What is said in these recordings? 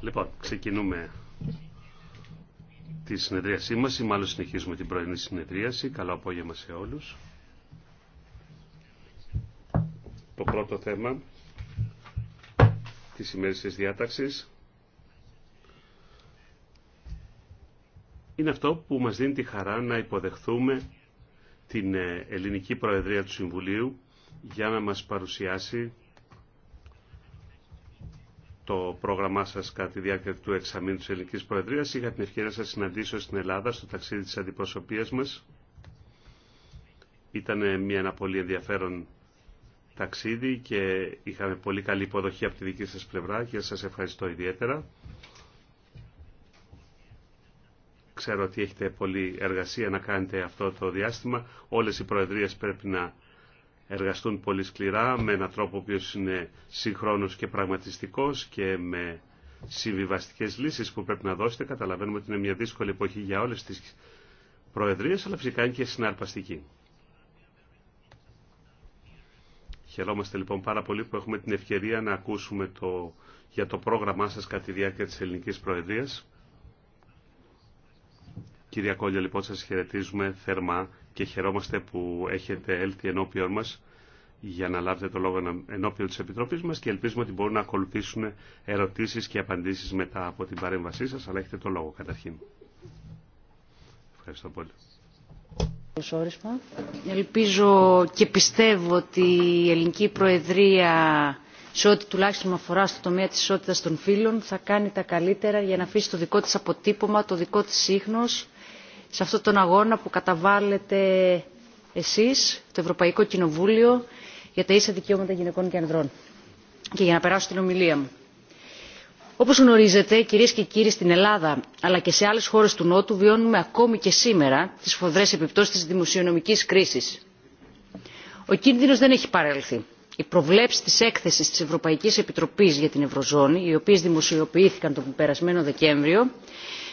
Λοιπόν, ξεκινούμε τη συνεδρίασή μας ή μάλλον συνεχίζουμε την πρωινή συνεδρίαση. Καλό απόγευμα σε όλους. Το πρώτο θέμα της ημέρησης διάταξης είναι αυτό που μας δίνει τη χαρά να υποδεχθούμε την ε, Ελληνική Προεδρία του Συμβουλίου για να μας παρουσιάσει το πρόγραμμά σας κατά τη διάρκεια του εξαμήνου τη ελληνική Προεδρίας. Είχα την ευκαιρία να σα συναντήσω στην Ελλάδα στο ταξίδι της αντιπροσωπείας μας. Ήταν μια, ένα πολύ ενδιαφέρον ταξίδι και είχαμε πολύ καλή υποδοχή από τη δική σας πλευρά και σας ευχαριστώ ιδιαίτερα. Ξέρω ότι έχετε πολλή εργασία να κάνετε αυτό το διάστημα. Όλες οι προεδρίες πρέπει να εργαστούν πολύ σκληρά με έναν τρόπο που είναι συγχρόνος και πραγματιστικός και με συμβιβαστικές λύσεις που πρέπει να δώσετε. Καταλαβαίνουμε ότι είναι μια δύσκολη εποχή για όλες τις προεδρίες, αλλά φυσικά είναι και συναρπαστική. Χαιρόμαστε λοιπόν πάρα πολύ που έχουμε την ευκαιρία να ακούσουμε το, για το πρόγραμμά σας κατά τη διάρκεια της Ελληνικής Προεδρίας. Κυρία Κόλια, λοιπόν, σας χαιρετίζουμε θερμά και χαιρόμαστε που έχετε έλθει ενώπιον μας για να λάβετε το λόγο ενώπιον της Επιτροπής μας και ελπίζουμε ότι μπορούν να ακολουθήσουν ερωτήσεις και απαντήσεις μετά από την παρέμβασή σας, αλλά έχετε το λόγο καταρχήν. Ευχαριστώ πολύ. Ελπίζω και πιστεύω ότι η ελληνική προεδρία σε ό,τι τουλάχιστον αφορά στο τομέα της ισότητας των φίλων, θα κάνει τα καλύτερα για να αφήσει το δικό της αποτύπωμα, το δικό της ίχνος σε αυτόν τον αγώνα που καταβάλλετε εσείς, το Ευρωπαϊκό Κοινοβούλιο, για τα ίσα δικαιώματα γυναικών και ανδρών. Και για να περάσω την ομιλία μου. Όπως γνωρίζετε, κυρίες και κύριοι, στην Ελλάδα αλλά και σε άλλες χώρες του Νότου βιώνουμε ακόμη και σήμερα τις φοδρές επιπτώσεις της δημοσιονομικής κρίσης. Ο κίνδυνος δεν έχει παρέλθει. Οι προβλέψεις της έκθεσης της Ευρωπαϊκής Επιτροπής για την Ευρωζώνη, οι οποίες δημοσιοποιήθηκαν τον περασμένο Δεκέμβριο,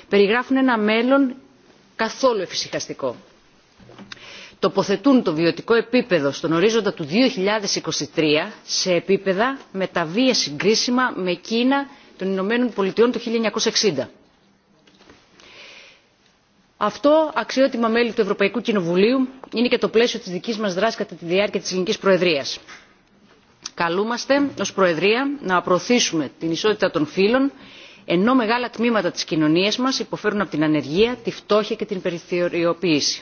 περιγράφουν ένα μέλλον καθόλου εφησυχαστικό. Τοποθετούν το βιωτικό επίπεδο στον ορίζοντα του 2023 σε επίπεδα με τα βία συγκρίσιμα με Κίνα των Ηνωμένων Πολιτειών το 1960. Αυτό, αξιότιμα μέλη του Ευρωπαϊκού Κοινοβουλίου, είναι και το πλαίσιο της δικής μας δράσης κατά τη διάρκεια της ελληνικής προεδρίας. Καλούμαστε ως Προεδρία να προωθήσουμε την ισότητα των φύλων ενώ μεγάλα τμήματα της κοινωνίας μας υποφέρουν από την ανεργία τη φτώχεια και την περιθωριοποίηση.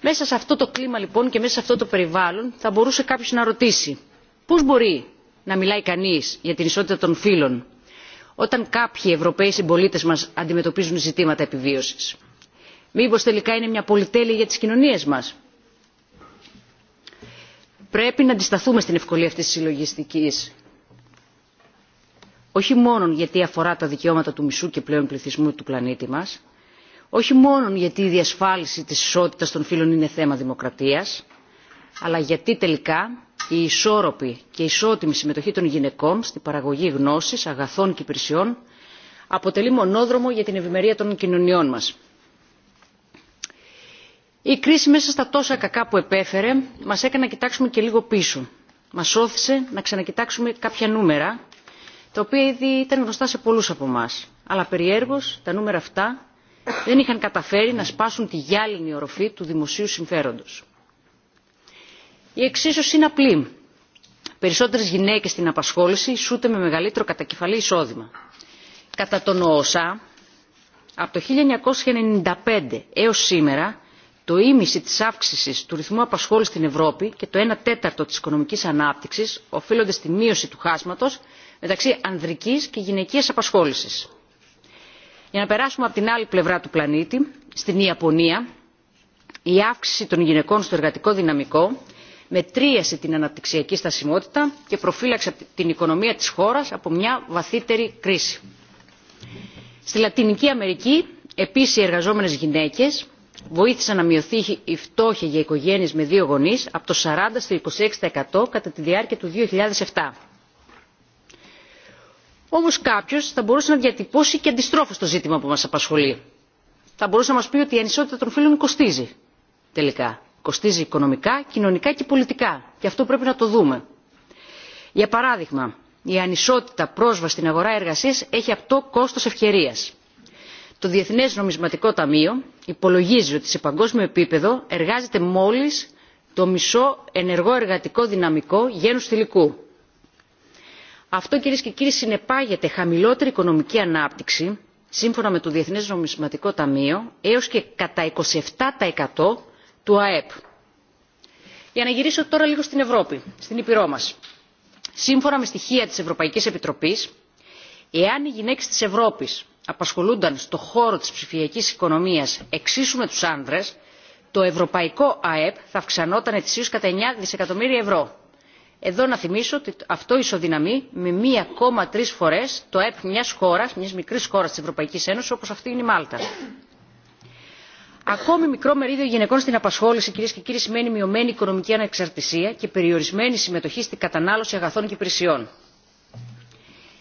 μέσα σε αυτό το κλίμα λοιπόν και μέσα σε αυτό το περιβάλλον θα μπορούσε κάποιος να ρωτήσει πώς μπορεί να μιλάει κανείς για την ισότητα των φύλων όταν κάποιοι ευρωπαίοι συμπολίτε μας αντιμετωπίζουν ζητήματα επιβίωσης. μήπως τελικά είναι μια πολυτέλεια για τις κοινωνίες μας. πρέπει να αντισταθούμε στην ευκολία αυτής της συλλογιστικής όχι μόνο γιατί αφορά τα δικαιώματα του μισού και πλέον πληθυσμού του πλανήτη μας, όχι μόνο γιατί η διασφάλιση της ισότητας των φύλων είναι θέμα δημοκρατίας, αλλά γιατί τελικά η ισόρροπη και ισότιμη συμμετοχή των γυναικών στην παραγωγή γνώσης, αγαθών και υπηρεσιών αποτελεί μονόδρομο για την ευημερία των κοινωνιών μας. Η κρίση μέσα στα τόσα κακά που επέφερε μας έκανε να κοιτάξουμε και λίγο πίσω. Μας όθησε να ξανακοιτάξουμε κάποια νούμερα τα οποία ήδη ήταν γνωστά σε πολλούς από εμά. Αλλά περιέργως τα νούμερα αυτά δεν είχαν καταφέρει να σπάσουν τη γυάλινη οροφή του δημοσίου συμφέροντος. Η εξίσωση είναι απλή. Περισσότερες γυναίκες στην απασχόληση ισούται με μεγαλύτερο κατακεφαλή εισόδημα. Κατά τον ΟΟΣΑ, από το 1995 έως σήμερα, το ίμιση της αύξησης του ρυθμού απασχόλησης στην Ευρώπη και το 1 τέταρτο της οικονομικής ανάπτυξης οφείλονται στη μείωση του χάσματος μεταξύ ανδρικής και γυναικείας απασχόλησης. Για να περάσουμε από την άλλη πλευρά του πλανήτη, στην Ιαπωνία, η αύξηση των γυναικών στο εργατικό δυναμικό μετρίασε την αναπτυξιακή στασιμότητα και προφύλαξε την οικονομία της χώρας από μια βαθύτερη κρίση. Στη Λατινική Αμερική, επίσης οι εργαζόμενες γυναίκες βοήθησαν να μειωθεί η φτώχεια για οικογένειες με δύο γονείς από το 40% στο 26% κατά τη διάρκεια του 2007 Όμω κάποιο θα μπορούσε να διατυπώσει και αντιστρόφως το ζήτημα που μα απασχολεί. Θα μπορούσε να μα πει ότι η ανισότητα των φίλων κοστίζει τελικά. Κοστίζει οικονομικά, κοινωνικά και πολιτικά. Και αυτό πρέπει να το δούμε. Για παράδειγμα, η ανισότητα πρόσβαση στην αγορά εργασία έχει αυτό κόστο ευκαιρία. Το διεθνέ Νομισματικό Ταμείο υπολογίζει ότι σε παγκόσμιο επίπεδο εργάζεται μόλι το μισό ενεργό εργατικό δυναμικό γένου θηλυκού αυτό κυρίε και κύριοι συνεπάγεται χαμηλότερη οικονομική ανάπτυξη σύμφωνα με το διεθνές νομισματικό ταμείο έως και κατά 27% του αεπ. για να γυρίσω τώρα λίγο στην ευρώπη στην ήπειρό μας σύμφωνα με στοιχεία της ευρωπαϊκής επιτροπής εάν οι γυναίκες της ευρώπης απασχολούνταν στον χώρο της ψηφιακής οικονομίας εξίσου με τους άνδρες το ευρωπαϊκό αεπ θα αυξανόταν ετησίως κατά 9 δισεκατομμύρια ευρώ εδώ να θυμίσω ότι αυτό ισοδυναμεί με 1,3 φορές το ΕΠ μιας χώρας, μιας μικρής χώρας της Ευρωπαϊκής Ένωσης όπως αυτή είναι η Μάλτα. Ακόμη μικρό μερίδιο γυναικών στην απασχόληση, κυρίε και κύριοι, σημαίνει μειωμένη οικονομική ανεξαρτησία και περιορισμένη συμμετοχή στην κατανάλωση αγαθών και υπηρεσιών.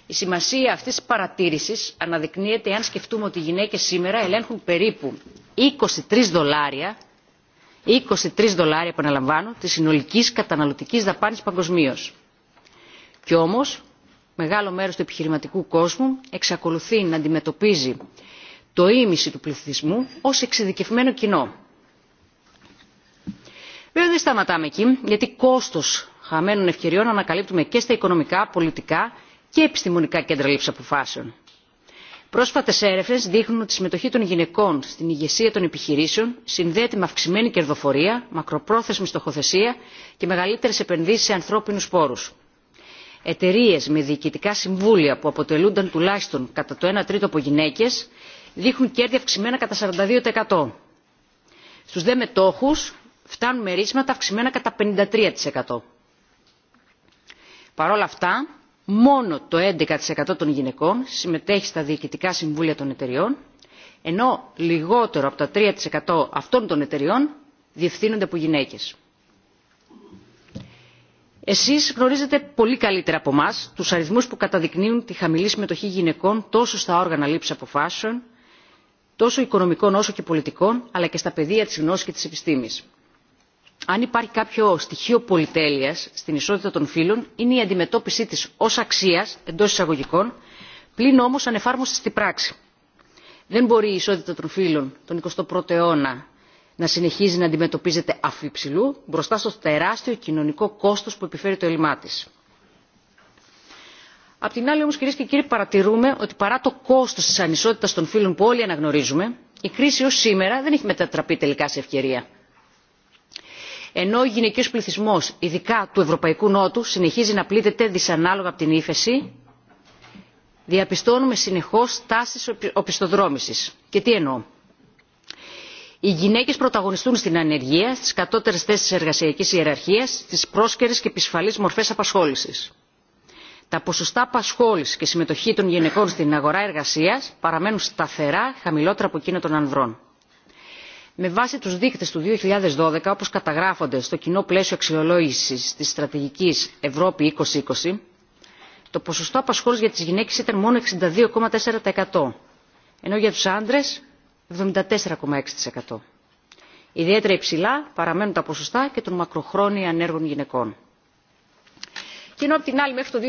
Η σημασία αυτή τη παρατήρηση αναδεικνύεται εάν σκεφτούμε ότι οι γυναίκε σήμερα ελέγχουν περίπου 23 δολάρια 23 δολάρια, επαναλαμβάνω, της συνολικής καταναλωτικής δαπάνης παγκοσμίω. Κι όμως, μεγάλο μέρος του επιχειρηματικού κόσμου εξακολουθεί να αντιμετωπίζει το ίμιση του πληθυσμού ως εξειδικευμένο κοινό. Βέβαια δεν σταματάμε εκεί, γιατί κόστος χαμένων ευκαιριών ανακαλύπτουμε και στα οικονομικά, πολιτικά και επιστημονικά κέντρα λήψη αποφάσεων. Πρόσφατες έρευνες δείχνουν ότι η συμμετοχή των γυναικών στην ηγεσία των επιχειρήσεων συνδέεται με αυξημένη κερδοφορία, μακροπρόθεσμη στοχοθεσία και μεγαλύτερες επενδύσεις σε ανθρώπινους πόρους. Εταιρείε με διοικητικά συμβούλια που αποτελούνταν τουλάχιστον κατά το 1 τρίτο από γυναίκε δείχνουν κέρδη αυξημένα κατά 42%. Στους δε μετόχους φτάνουν μερίσματα αυξημένα κατά 53%. Παρ' αυτά, μόνο το 11% των γυναικών συμμετέχει στα διοικητικά συμβούλια των εταιριών, ενώ λιγότερο από τα 3% αυτών των εταιριών διευθύνονται από γυναίκες. Εσείς γνωρίζετε πολύ καλύτερα από εμά τους αριθμούς που καταδεικνύουν τη χαμηλή συμμετοχή γυναικών τόσο στα όργανα λήψη αποφάσεων, τόσο οικονομικών όσο και πολιτικών, αλλά και στα πεδία της γνώσης και της επιστήμης αν υπάρχει κάποιο στοιχείο πολυτέλειας στην ισότητα των φύλων είναι η αντιμετώπιση της ως αξίας εντός εισαγωγικών πλην όμως ανεφάρμοστη στην πράξη. δεν μπορεί η ισότητα των φύλων τον 21ο αιώνα να συνεχίζει να αντιμετωπίζεται αφιψηλού μπροστά στο τεράστιο κοινωνικό κόστος που επιφέρει το έλλειμμά της. Απ' την άλλη όμως κυρίες και κύριοι παρατηρούμε ότι παρά το κόστος της ανισότητας των φύλων που όλοι αναγνωρίζουμε η κρίση ως σήμερα δεν έχει μετατραπεί τελικά σε ευκαιρία ενώ ο γυναικείο πληθυσμός ειδικά του ευρωπαϊκού νότου συνεχίζει να πλήττεται δυσανάλογα από την ύφεση διαπιστώνουμε συνεχώς τάσεις οπισθοδρόμησης. και τι εννοώ. οι γυναίκες πρωταγωνιστούν στην ανεργία στις κατώτερες θέσεις εργασιακής ιεραρχίας στις πρόσκαιρες και επισφαλείς μορφές απασχόλησης. τα ποσοστά απασχόλησης και συμμετοχή των γυναικών στην αγορά εργασίας παραμένουν σταθερά χαμηλότερα από εκείνα των ανδρών με βάση τους δείκτες του 2012 όπως καταγράφονται στο κοινό πλαίσιο αξιολόγησης της στρατηγικής Ευρώπη 2020 το ποσοστό απασχόλησης για τις γυναίκες ήταν μόνο 62,4% ενώ για τους άντρες 74,6%. Ιδιαίτερα υψηλά παραμένουν τα ποσοστά και των μακροχρόνια ανέργων γυναικών. Και ενώ από την άλλη μέχρι το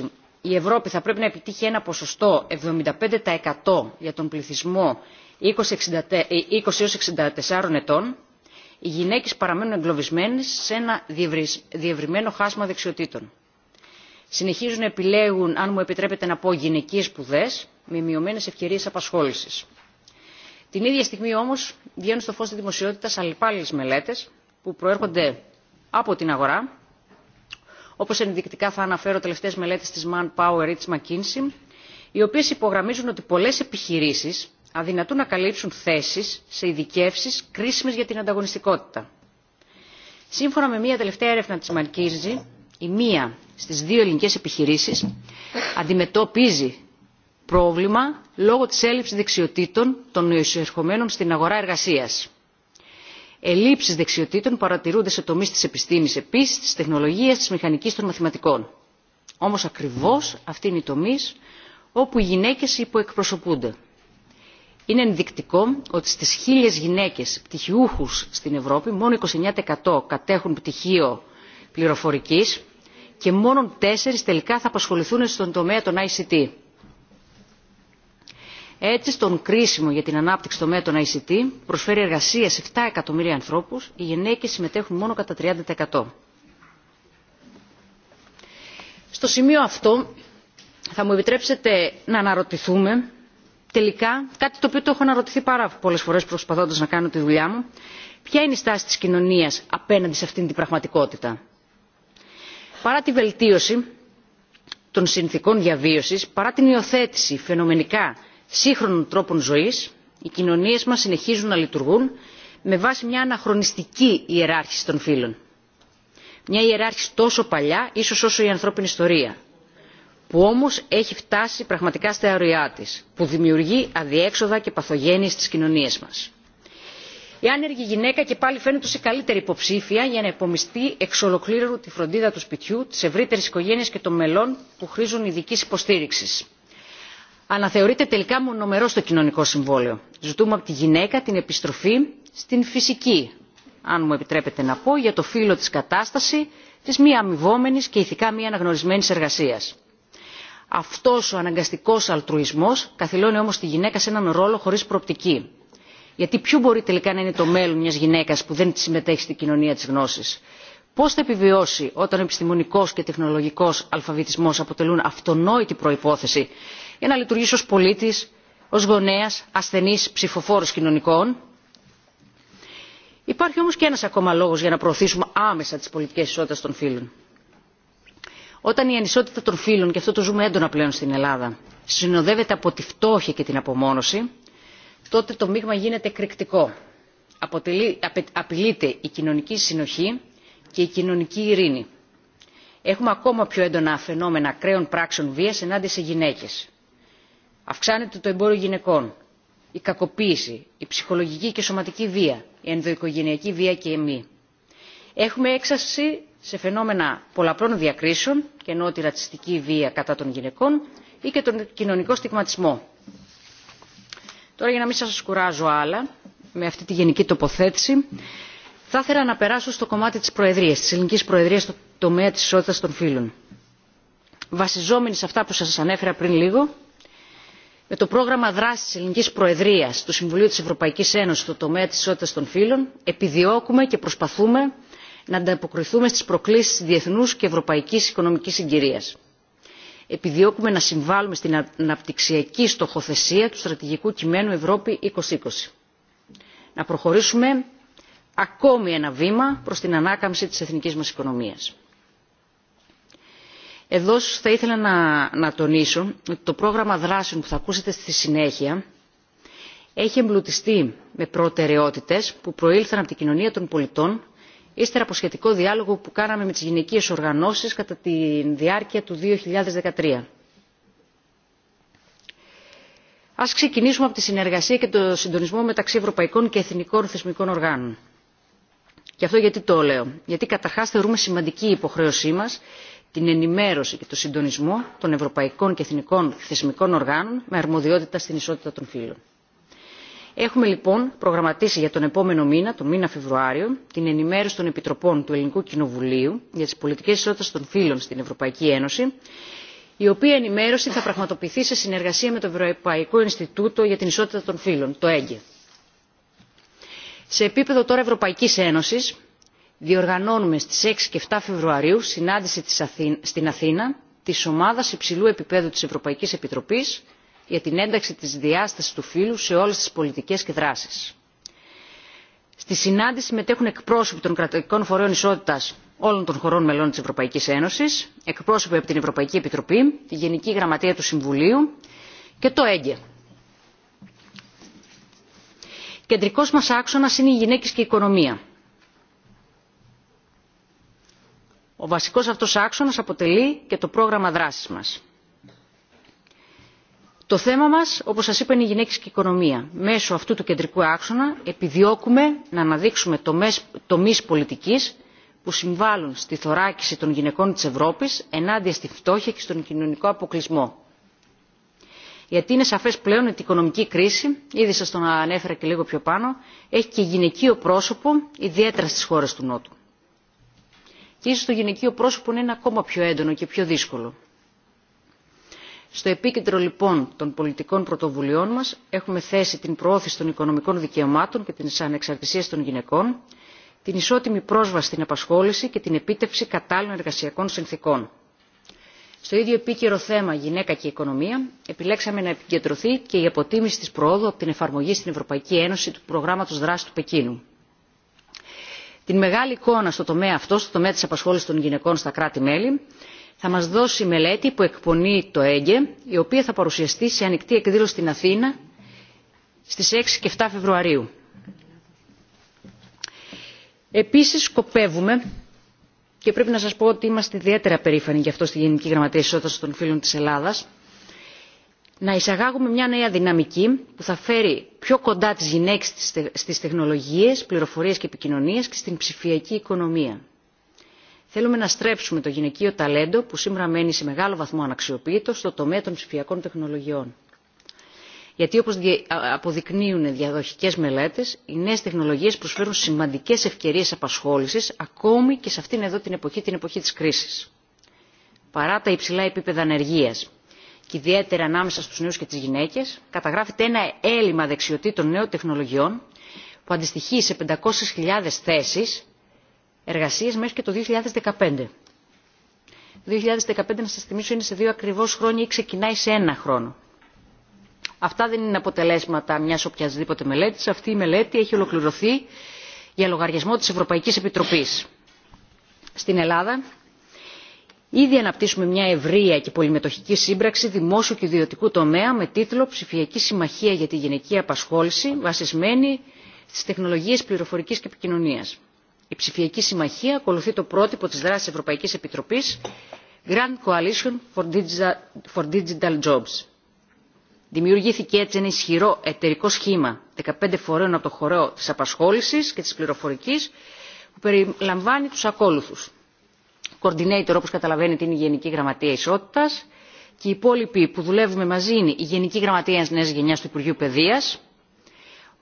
2020 η Ευρώπη θα πρέπει να επιτύχει ένα ποσοστό 75% για τον πληθυσμό 20-64 ετών, οι γυναίκες παραμένουν εγκλωβισμένες σε ένα διευρυμένο χάσμα δεξιοτήτων. Συνεχίζουν να επιλέγουν, αν μου επιτρέπετε να πω, γυναικείες σπουδέ με μειωμένες ευκαιρίες απασχόλησης. Την ίδια στιγμή όμως βγαίνουν στο φως της δημοσιότητας αλληπάλληλες μελέτες που προέρχονται από την αγορά, όπως ενδεικτικά θα αναφέρω τελευταίες μελέτες της Manpower ή της McKinsey, οι οποίες υπογραμμίζουν ότι πολλές επιχειρήσεις αδυνατούν να καλύψουν θέσεις σε ειδικεύσει κρίσιμες για την ανταγωνιστικότητα. Σύμφωνα με μια τελευταία έρευνα της Μαρκίζη, η μία στις δύο ελληνικές επιχειρήσεις αντιμετωπίζει πρόβλημα λόγω της έλλειψης δεξιοτήτων των νεοεισερχομένων στην αγορά εργασίας. Ελλείψεις δεξιοτήτων παρατηρούνται σε τομείς της επιστήμης επίσης, της τεχνολογίας, της μηχανικής, των μαθηματικών. Όμως ακριβώς αυτή είναι η τομής όπου οι γυναίκες υποεκπροσωπούνται είναι ενδεικτικό ότι στις χίλιες γυναίκες πτυχιούχους στην Ευρώπη μόνο 29% κατέχουν πτυχίο πληροφορικής και μόνο 4 τελικά θα απασχοληθούν στον τομέα των ICT. Έτσι, στον κρίσιμο για την ανάπτυξη τομέα των ICT προσφέρει εργασία σε 7 εκατομμύρια ανθρώπους, οι γυναίκες συμμετέχουν μόνο κατά 30%. Στο σημείο αυτό θα μου επιτρέψετε να αναρωτηθούμε τελικά κάτι το οποίο το έχω αναρωτηθεί πάρα πολλέ φορέ προσπαθώντα να κάνω τη δουλειά μου ποια είναι η στάση τη κοινωνία απέναντι σε αυτήν την πραγματικότητα. παρά τη βελτίωση των συνθηκών διαβίωση παρά την υιοθέτηση φαινομενικά σύγχρονων τρόπων ζωή οι κοινωνίε μα συνεχίζουν να λειτουργούν με βάση μια αναχρονιστική ιεράρχηση των φύλων. Μια ιεράρχηση τόσο παλιά ίσω όσο η ανθρώπινη ιστορία που όμως έχει φτάσει πραγματικά στα ωριά της, που δημιουργεί αδιέξοδα και παθογένειες στις κοινωνίες μας. Η άνεργη γυναίκα και πάλι φαίνεται σε καλύτερη υποψήφια για να υπομειστεί εξ ολοκλήρου τη φροντίδα του σπιτιού, της ευρύτερης οικογένειας και των μελών που χρήζουν ειδική υποστήριξη. Αναθεωρείται τελικά μονομερό στο κοινωνικό συμβόλαιο. Ζητούμε από τη γυναίκα την επιστροφή στην φυσική, αν μου επιτρέπετε να πω, για το φύλλο τη κατάσταση τη μη αμοιβόμενη και ηθικά μη αναγνωρισμένη εργασία αυτό ο αναγκαστικό αλτρούισμό καθυλώνει όμω τη γυναίκα σε έναν ρόλο χωρί προοπτική. Γιατί ποιο μπορεί τελικά να είναι το μέλλον μια γυναίκα που δεν συμμετέχει στην κοινωνία τη γνώση, πώ θα επιβιώσει όταν ο επιστημονικό και τεχνολογικό αλφαβητισμός αποτελούν αυτονόητη προπόθεση για να λειτουργήσει ω πολίτης, ως γονέας, ασθενής, ψηφοφόρο κοινωνικών. Υπάρχει όμω και ένα ακόμα λόγο για να προωθήσουμε άμεσα τι πολιτικέ ισότητε των φίλων όταν η ανισότητα των φύλων και αυτό το ζούμε έντονα πλέον στην ελλάδα συνοδεύεται από τη φτώχεια και την απομόνωση τότε το μείγμα γίνεται εκρηκτικό. απειλείται η κοινωνική συνοχή και η κοινωνική ειρήνη. Έχουμε ακόμα πιο έντονα φαινόμενα ακραίων πράξεων βίας ενάντια σε γυναίκες. Αυξάνεται το εμπόριο γυναικών, η κακοποίηση, η ψυχολογική και σωματική βία, η ενδοοικογενειακή βία και η Έχουμε έξαρση σε φαινόμενα πολλαπλών διακρίσεων και εννοώ τη ρατσιστική βία κατά των γυναικών ή και τον κοινωνικό στιγματισμό. Τώρα για να μην σας κουράζω άλλα με αυτή τη γενική τοποθέτηση θα ήθελα να περάσω στο κομμάτι της Προεδρίας, της ελληνικής Προεδρίας στο τομέα της ισότητας των φύλων. Βασιζόμενοι σε αυτά που σας ανέφερα πριν λίγο, με το πρόγραμμα δράσης της ελληνικής προεδρίας του συμβουλίου της ευρωπαϊκής ένωσης στο τομέα της ισότητας των φύλων επιδιώκουμε και προσπαθούμε να ανταποκριθούμε στις προκλήσεις της διεθνούς και ευρωπαϊκής οικονομικής συγκυρίας. Επιδιώκουμε να συμβάλλουμε στην αναπτυξιακή στοχοθεσία του στρατηγικού κειμένου Ευρώπη 2020. Να προχωρήσουμε ακόμη ένα βήμα προς την ανάκαμψη της εθνικής μας οικονομίας. Εδώ θα ήθελα να, να τονίσω ότι το πρόγραμμα δράσεων που θα ακούσετε στη συνέχεια έχει εμπλουτιστεί με προτεραιότητες που προήλθαν από την κοινωνία των πολιτών ύστερα από σχετικό διάλογο που κάναμε με τις γυναικείες οργανώσεις κατά τη διάρκεια του 2013. Ας ξεκινήσουμε από τη συνεργασία και το συντονισμό μεταξύ ευρωπαϊκών και εθνικών θεσμικών οργάνων. Και αυτό γιατί το λέω. Γιατί καταρχάς θεωρούμε σημαντική η υποχρέωσή μας την ενημέρωση και το συντονισμό των ευρωπαϊκών και εθνικών θεσμικών οργάνων με αρμοδιότητα στην ισότητα των φύλων. Έχουμε λοιπόν προγραμματίσει για τον επόμενο μήνα, τον μήνα Φεβρουάριο, την ενημέρωση των Επιτροπών του Ελληνικού Κοινοβουλίου για τι πολιτικέ ισότητε των φύλων στην Ευρωπαϊκή Ένωση, η οποία ενημέρωση θα πραγματοποιηθεί σε συνεργασία με το Ευρωπαϊκό Ινστιτούτο για την Ισότητα των Φύλων, το ΕΓΕ. Σε επίπεδο τώρα Ευρωπαϊκής Ένωσης, διοργανώνουμε στις 6 και 7 Φεβρουαρίου συνάντηση στην Αθήνα της ομάδα υψηλού επίπεδου της Ευρωπαϊκής Επιτροπής για την ένταξη της διάστασης του φύλου σε όλες τις πολιτικές και δράσεις. Στη συνάντηση συμμετέχουν εκπρόσωποι των κρατικών φορέων ισότητας όλων των χωρών μελών της Ευρωπαϊκής Ένωσης, εκπρόσωποι από την Ευρωπαϊκή Επιτροπή, τη Γενική Γραμματεία του Συμβουλίου και το ΕΓΚΕ. Κεντρικός μας άξονας είναι οι γυναίκες και η οικονομία. Ο βασικός αυτός άξονας αποτελεί και το πρόγραμμα δράσης μας. Το θέμα μας, όπως σας είπα, είναι οι γυναίκες και η οικονομία. Μέσω αυτού του κεντρικού άξονα επιδιώκουμε να αναδείξουμε τομείς πολιτικής που συμβάλλουν στη θωράκιση των γυναικών της Ευρώπης ενάντια στη φτώχεια και στον κοινωνικό αποκλεισμό. Γιατί είναι σαφές πλέον ότι η οικονομική κρίση, ήδη σας τον ανέφερα και λίγο πιο πάνω, έχει και γυναικείο πρόσωπο, ιδιαίτερα στις χώρες του Νότου. Και ίσως το γυναικείο πρόσωπο είναι ακόμα πιο έντονο και πιο δύσκολο στο επίκεντρο λοιπόν των πολιτικών πρωτοβουλειών μας έχουμε θέσει την προώθηση των οικονομικών δικαιωμάτων και της ανεξαρτησίας των γυναικών, την ισότιμη πρόσβαση στην απασχόληση και την επίτευξη κατάλληλων εργασιακών συνθήκων. Στο ίδιο επίκαιρο θέμα γυναίκα και οικονομία, επιλέξαμε να επικεντρωθεί και η αποτίμηση της προόδου από την εφαρμογή στην Ευρωπαϊκή Ένωση του προγράμματος δράσης του Πεκίνου. Την μεγάλη εικόνα στο τομέα αυτό, στο τομέα της απασχόλησης των γυναικών στα κράτη-μέλη, θα μας δώσει μελέτη που εκπονεί το ΕΓΕ, η οποία θα παρουσιαστεί σε ανοιχτή εκδήλωση στην Αθήνα στις 6 και 7 Φεβρουαρίου. Επίσης σκοπεύουμε, και πρέπει να σας πω ότι είμαστε ιδιαίτερα περήφανοι γι' αυτό στη Γενική Γραμματεία Ισότητας των Φίλων της Ελλάδας, να εισαγάγουμε μια νέα δυναμική που θα φέρει πιο κοντά τις γυναίκες στις τεχνολογίες, πληροφορίες και επικοινωνίες και στην ψηφιακή οικονομία θέλουμε να στρέψουμε το γυναικείο ταλέντο που σήμερα μένει σε μεγάλο βαθμό αναξιοποιητό στο τομέα των ψηφιακών τεχνολογιών. Γιατί όπως αποδεικνύουν διαδοχικές μελέτες, οι νέες τεχνολογίες προσφέρουν σημαντικές ευκαιρίες απασχόλησης ακόμη και σε αυτήν εδώ την εποχή, την εποχή της κρίσης. Παρά τα υψηλά επίπεδα ανεργίας και ιδιαίτερα ανάμεσα στους νέους και τις γυναίκες, καταγράφεται ένα έλλειμμα δεξιοτήτων νέων τεχνολογιών που αντιστοιχεί σε 500.000 θέσεις εργασίες μέχρι και το 2015. Το 2015 να σας θυμίσω είναι σε δύο ακριβώς χρόνια ή ξεκινάει σε ένα χρόνο. Αυτά δεν είναι αποτελέσματα μιας οποιασδήποτε μελέτης. Αυτή η μελέτη έχει ολοκληρωθεί για λογαριασμό της Ευρωπαϊκής Επιτροπής. Στην Ελλάδα ήδη αναπτύσσουμε μια ευρεία και πολυμετοχική σύμπραξη δημόσιου και ιδιωτικού τομέα με τίτλο Ψηφιακή Συμμαχία για τη Γυναική Απασχόληση βασισμένη στις τεχνολογίες πληροφορικής και επικοινωνίας η ψηφιακή συμμαχία ακολουθεί το πρότυπο της δράσης Ευρωπαϊκής Επιτροπής Grand Coalition for Digital Jobs. Δημιουργήθηκε έτσι ένα ισχυρό εταιρικό σχήμα 15 φορέων από το χωρό της απασχόλησης και της πληροφορικής που περιλαμβάνει τους ακόλουθους. Coordinator, όπως καταλαβαίνετε, είναι η Γενική Γραμματεία Ισότητας και οι υπόλοιποι που δουλεύουμε μαζί είναι η Γενική Γραμματεία Νέας Γενιάς του Υπουργείου Παιδείας,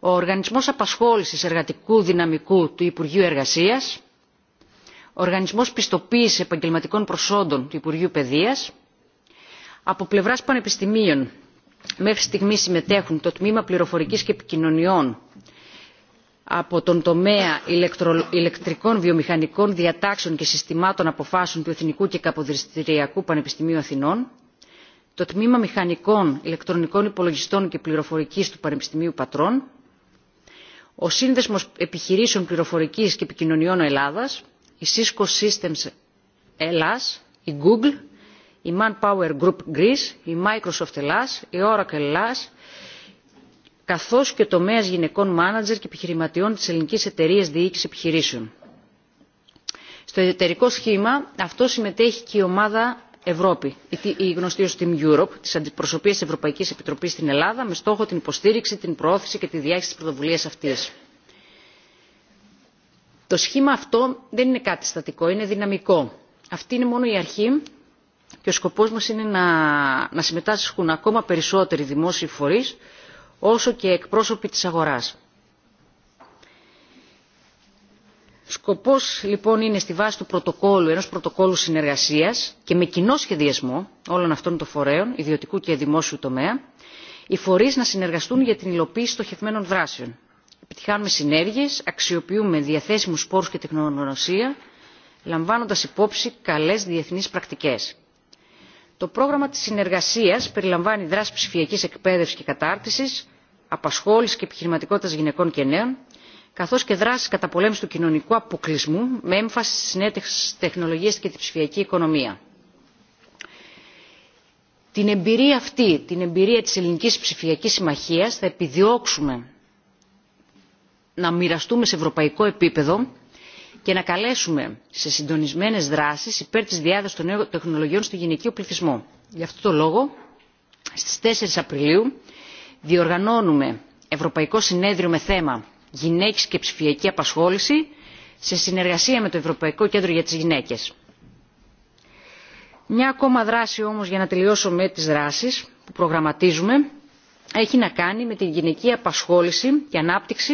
ο Οργανισμός Απασχόλησης Εργατικού Δυναμικού του Υπουργείου Εργασίας, ο Οργανισμός Πιστοποίησης Επαγγελματικών Προσόντων του Υπουργείου Παιδείας. Από πλευράς πανεπιστημίων μέχρι στιγμή συμμετέχουν το Τμήμα Πληροφορικής και Επικοινωνιών από τον τομέα ηλεκτρικών βιομηχανικών διατάξεων και συστημάτων αποφάσεων του Εθνικού και Καποδιστηριακού Πανεπιστημίου Αθηνών, το Τμήμα Μηχανικών, Ηλεκτρονικών Υπολογιστών και Πληροφορικής του Πανεπιστημίου Πατρών, ο σύνδεσμος επιχειρήσεων πληροφορικής και επικοινωνιών ελλάδας η cisco systems ελλάς η google η manpower group greece η microsoft ελλάς η oracle ελλάς καθώς και ο τομέας γυναικών μάνατζερ και επιχειρηματιών της ελληνικής εταιρείας διοίκησης επιχειρήσεων. Στο εταιρικό σχήμα αυτό συμμετέχει και η ομάδα Ευρώπη, η γνωστή ω Team Europe, της τη Ευρωπαϊκής Επιτροπής στην Ελλάδα, με στόχο την υποστήριξη, την προώθηση και τη διάχυση τη πρωτοβουλία αυτή. Το σχήμα αυτό δεν είναι κάτι στατικό, είναι δυναμικό. Αυτή είναι μόνο η αρχή και ο σκοπός μας είναι να, να συμμετάσχουν ακόμα περισσότεροι δημόσιοι φορεί όσο και εκπρόσωποι τη αγορά. Σκοπός λοιπόν είναι στη βάση του πρωτοκόλου, ενός πρωτοκόλου συνεργασίας και με κοινό σχεδιασμό όλων αυτών των φορέων, ιδιωτικού και δημόσιου τομέα, οι φορείς να συνεργαστούν για την υλοποίηση στοχευμένων δράσεων. Επιτυχάνουμε συνέργειες, αξιοποιούμε διαθέσιμους πόρους και τεχνογνωσία, λαμβάνοντας υπόψη καλές διεθνείς πρακτικές. Το πρόγραμμα της συνεργασίας περιλαμβάνει δράση ψηφιακής εκπαίδευσης και κατάρτισης, απασχόληση και επιχειρηματικότητας γυναικών και νέων, καθώ και δράσει κατά πολέμηση του κοινωνικού αποκλεισμού με έμφαση στι της τεχνολογίε και τη ψηφιακή οικονομία. Την εμπειρία αυτή, την εμπειρία τη ελληνική ψηφιακή συμμαχία, θα επιδιώξουμε να μοιραστούμε σε ευρωπαϊκό επίπεδο και να καλέσουμε σε συντονισμένες δράσεις υπέρ της διάδοσης των νέων τεχνολογιών στο γυναικείο πληθυσμό. Γι' αυτό το λόγο στις 4 Απριλίου διοργανώνουμε Ευρωπαϊκό Συνέδριο με θέμα γυναίκες και ψηφιακή απασχόληση σε συνεργασία με το Ευρωπαϊκό Κέντρο για τις Γυναίκες. Μια ακόμα δράση όμως για να τελειώσω με τις δράσεις που προγραμματίζουμε έχει να κάνει με την γυναική απασχόληση και ανάπτυξη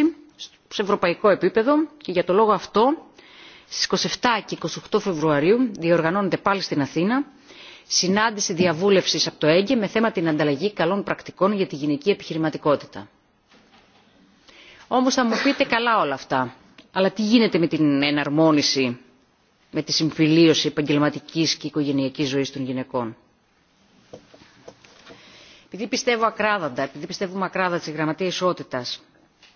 σε ευρωπαϊκό επίπεδο και για το λόγο αυτό στις 27 και 28 Φεβρουαρίου διοργανώνεται πάλι στην Αθήνα συνάντηση διαβούλευσης από το ΕΓΚΕ με θέμα την ανταλλαγή καλών πρακτικών για τη γυναική επιχειρηματικότητα. Όμως θα μου πείτε καλά όλα αυτά. Αλλά τι γίνεται με την εναρμόνιση, με τη συμφιλίωση επαγγελματική και οικογενειακής ζωής των γυναικών. Επειδή πιστεύω ακράδαντα, επειδή πιστεύουμε ακράδαντα στη γραμματεία ισότητα,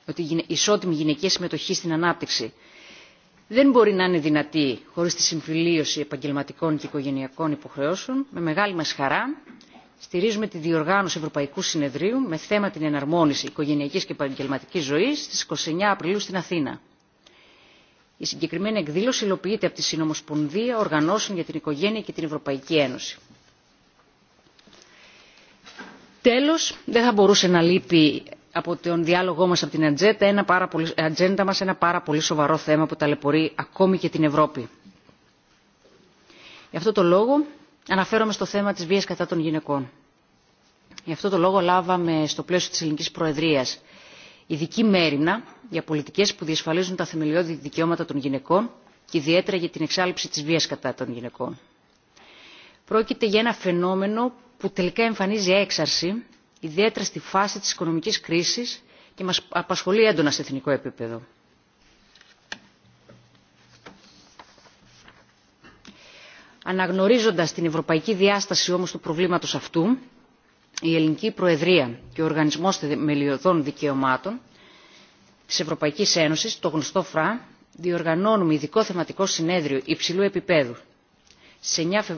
ότι η ισότιμη γυναική συμμετοχή στην ανάπτυξη δεν μπορεί να είναι δυνατή χωρίς τη συμφιλίωση επαγγελματικών και οικογενειακών υποχρεώσεων, με μεγάλη μας χαρά στηρίζουμε τη διοργάνωση Ευρωπαϊκού Συνεδρίου με θέμα την εναρμόνιση οικογενειακής και επαγγελματικής ζωής στις 29 Απριλίου στην Αθήνα. Η συγκεκριμένη εκδήλωση υλοποιείται από τη Συνομοσπονδία Οργανώσεων για την Οικογένεια και την Ευρωπαϊκή Ένωση. Τέλος, δεν θα μπορούσε να λείπει από τον διάλογό μας από την ατζέντα, ένα πάρα πολύ, μας ένα πάρα πολύ σοβαρό θέμα που ταλαιπωρεί ακόμη και την Ευρώπη. Γι' αυτό το λόγο Αναφέρομαι στο θέμα της βίας κατά των γυναικών. Γι' αυτό το λόγο λάβαμε στο πλαίσιο της ελληνικής προεδρίας ειδική μέρημνα για πολιτικές που διασφαλίζουν τα θεμελιώδη δικαιώματα των γυναικών και ιδιαίτερα για την εξάλληψη της βίας κατά των γυναικών. Πρόκειται για ένα φαινόμενο που τελικά εμφανίζει έξαρση, ιδιαίτερα στη φάση της οικονομικής κρίσης και μας απασχολεί έντονα σε εθνικό επίπεδο. αναγνωρίζοντας την ευρωπαϊκή διάσταση όμως του προβλήματος αυτού η ελληνική προεδρία και ο οργανισμός θεμελιωδών δικαιωμάτων της ευρωπαϊκής ένωσης το γνωστό φρα διοργανώνουμε ειδικό θεματικό συνέδριο υψηλού επίπεδου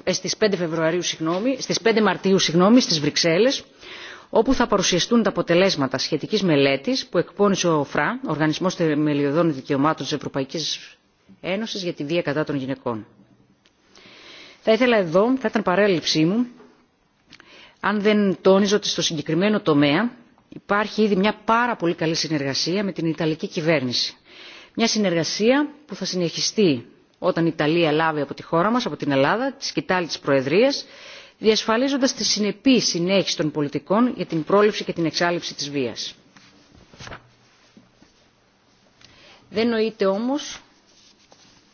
ε, στις 5, Φεβρουαρίου, συγγνώμη, στις 5 Μαρτίου συγγνώμη, στις Βρυξέλλες όπου θα παρουσιαστούν τα αποτελέσματα σχετικής μελέτης που εκπώνησε ο ΦΡΑ, Οργανισμός Θεμελιωδών Δικαιωμάτων της Ευρωπαϊκής Ένωσης για τη Βία κατά των Γυναικών. Θα ήθελα εδώ, θα ήταν παρέλειψή μου, αν δεν τόνιζω ότι στο συγκεκριμένο τομέα υπάρχει ήδη μια πάρα πολύ καλή συνεργασία με την Ιταλική κυβέρνηση. Μια συνεργασία που θα συνεχιστεί όταν η Ιταλία λάβει από τη χώρα μας, από την Ελλάδα, τη σκητάλη της Προεδρίας, διασφαλίζοντας τη συνεπή συνέχιση των πολιτικών για την πρόληψη και την εξάλληψη της βίας. Δεν νοείται όμως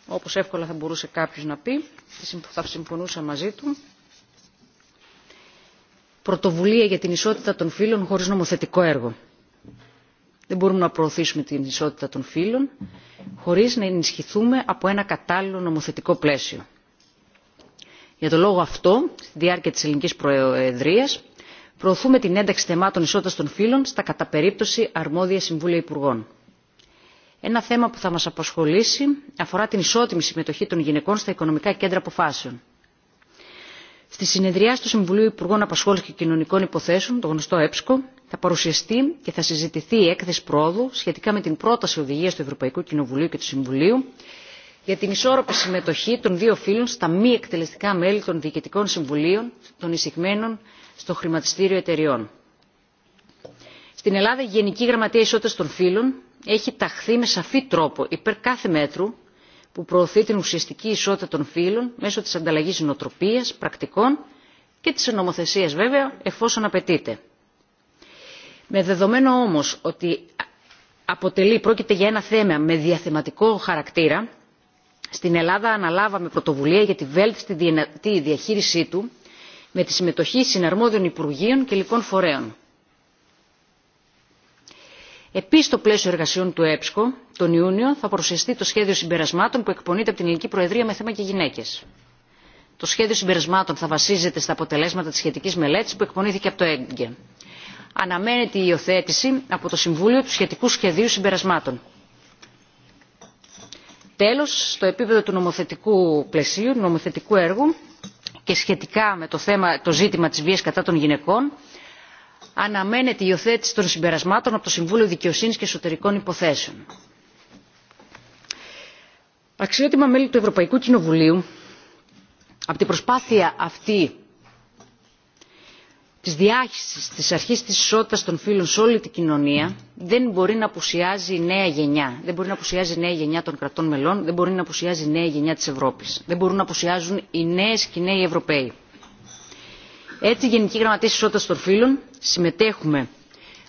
όπως εύκολα θα μπορούσε κάποιος να πει, θα συμφωνούσα μαζί του. Πρωτοβουλία για την ισότητα των φύλων χωρίς νομοθετικό έργο. Δεν μπορούμε να προωθήσουμε την ισότητα των φύλων χωρίς να ενισχυθούμε από ένα κατάλληλο νομοθετικό πλαίσιο. Για τον λόγο αυτό, στη διάρκεια της ελληνικής προεδρίας, προωθούμε την ένταξη θεμάτων ισότητας των φύλων στα κατά περίπτωση αρμόδια Συμβούλια Υπουργών. Ένα θέμα που θα μας απασχολήσει αφορά την ισότιμη συμμετοχή των γυναικών στα οικονομικά κέντρα αποφάσεων. Στη συνεδριά του Συμβουλίου Υπουργών Απασχόληση και Κοινωνικών Υποθέσεων, το γνωστό ΕΠΣΚΟ, θα παρουσιαστεί και θα συζητηθεί η έκθεση πρόοδου σχετικά με την πρόταση οδηγία του Ευρωπαϊκού Κοινοβουλίου και του Συμβουλίου για την ισόρροπη συμμετοχή των δύο φύλων στα μη εκτελεστικά μέλη των διοικητικών συμβουλίων των εισηγμένων στο χρηματιστήριο εταιριών. Στην Ελλάδα, η Γενική Γραμματεία ισότητα των Φύλων έχει ταχθεί με σαφή τρόπο υπέρ κάθε μέτρου που προωθεί την ουσιαστική ισότητα των φύλων μέσω της ανταλλαγής νοοτροπίας, πρακτικών και της νομοθεσίας βέβαια εφόσον απαιτείται. Με δεδομένο όμως ότι αποτελεί, πρόκειται για ένα θέμα με διαθεματικό χαρακτήρα, στην Ελλάδα αναλάβαμε πρωτοβουλία για τη βέλτιστη διαχείρισή του με τη συμμετοχή συναρμόδιων Υπουργείων και υλικών Φορέων Επίση, στο πλαίσιο εργασιών του ΕΠΣΚΟ, τον Ιούνιο, θα παρουσιαστεί το σχέδιο συμπερασμάτων που εκπονείται από την Ελληνική Προεδρία με θέμα και γυναίκε. Το σχέδιο συμπερασμάτων θα βασίζεται στα αποτελέσματα τη σχετική μελέτη που εκπονήθηκε από το ΕΓΚΕ. Αναμένεται η υιοθέτηση από το Συμβούλιο του σχετικού σχεδίου συμπερασμάτων. Τέλο, στο επίπεδο του νομοθετικού πλαισίου, του νομοθετικού έργου και σχετικά με το ζήτημα τη βία κατά των γυναικών, αναμένεται η υιοθέτηση των συμπερασμάτων από το Συμβούλιο Δικαιοσύνης και Εσωτερικών Υποθέσεων. Αξιότιμα μέλη του Ευρωπαϊκού Κοινοβουλίου, από την προσπάθεια αυτή της διάχυσης της αρχής της ισότητας των φίλων σε όλη την κοινωνία δεν μπορεί να απουσιάζει η νέα γενιά. Δεν μπορεί να απουσιάζει η νέα γενιά των κρατών μελών, δεν μπορεί να απουσιάζει η νέα γενιά της Ευρώπης. Δεν μπορούν να απουσιάζουν οι νέες και οι νέοι Ευρωπαίοι. Έτσι, γενική Γενικοί της Ισότητας των Φύλων συμμετέχουμε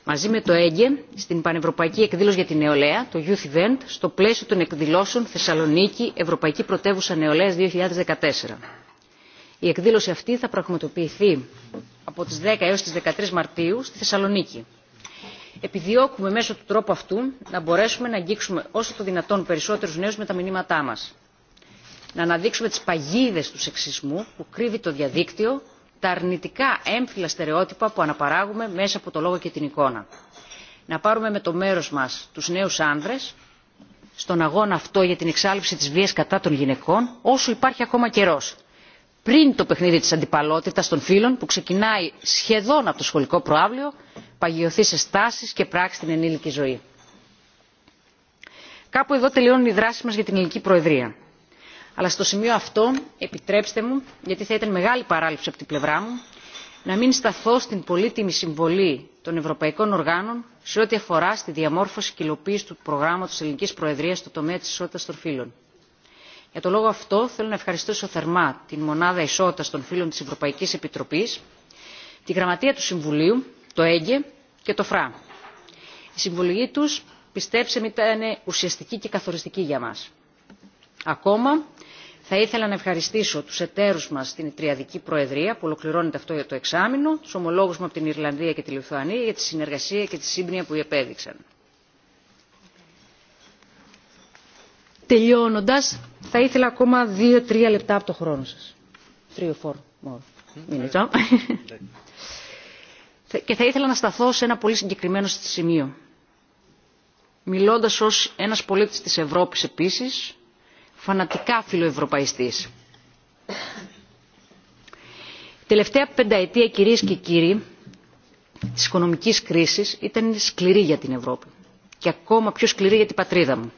μαζί με το ΕΓΕ στην Πανευρωπαϊκή Εκδήλωση για την Νεολαία, το Youth Event, στο πλαίσιο των εκδηλώσεων Θεσσαλονίκη Ευρωπαϊκή Πρωτεύουσα Νεολαίας 2014. Η εκδήλωση αυτή θα πραγματοποιηθεί από τις 10 έως τις 13 Μαρτίου στη Θεσσαλονίκη. Επιδιώκουμε μέσω του τρόπου αυτού να μπορέσουμε να αγγίξουμε όσο το δυνατόν περισσότερους νέους με τα μηνύματά μας. Να αναδείξουμε τις παγίδες του σεξισμού που κρύβει το διαδίκτυο τα αρνητικά έμφυλα στερεότυπα που αναπαράγουμε μέσα από το λόγο και την εικόνα. Να πάρουμε με το μέρος μας τους νέους άνδρες στον αγώνα αυτό για την εξάλληψη της βίας κατά των γυναικών όσο υπάρχει ακόμα καιρός. Πριν το παιχνίδι της αντιπαλότητας των φίλων που ξεκινάει σχεδόν από το σχολικό προάβλιο παγιωθεί σε στάσεις και πράξει στην ενήλικη ζωή. Κάπου εδώ τελειώνουν οι δράσεις μας για την ελληνική προεδρία αλλά στο σημείο αυτό επιτρέψτε μου γιατί θα ήταν μεγάλη παράληψη από την πλευρά μου να μην σταθώ στην πολύτιμη συμβολή των ευρωπαϊκών οργάνων σε ό,τι αφορά στη διαμόρφωση και υλοποίηση του προγράμματο τη ελληνική προεδρία στο τομέα τη ισότητα των φύλων. Για τον λόγο αυτό θέλω να ευχαριστήσω θερμά την Μονάδα Ισότητα των Φύλων τη Ευρωπαϊκή Επιτροπή, τη Γραμματεία του Συμβουλίου, το ΕΓΕ και το ΦΡΑ. Η συμβολή του, πιστέψτε με, ήταν ουσιαστική και καθοριστική για μα. Ακόμα θα ήθελα να ευχαριστήσω τους εταίρους μας στην Τριαδική Προεδρία που ολοκληρώνεται αυτό για το εξάμεινο, τους ομολόγους μου από την Ιρλανδία και τη Λιθουανία για τη συνεργασία και τη σύμπνοια που επέδειξαν. Τελειώνοντας, θα ήθελα ακόμα δύο-τρία λεπτά από το χρόνο σας. Three or more και θα ήθελα να σταθώ σε ένα πολύ συγκεκριμένο σημείο. Μιλώντας ως ένας πολίτης της Ευρώπης επίσης, φανατικά φιλοευρωπαϊστής. Τελευταία πενταετία, κυρίες και κύριοι, της οικονομικής κρίσης ήταν σκληρή για την Ευρώπη και ακόμα πιο σκληρή για την πατρίδα μου.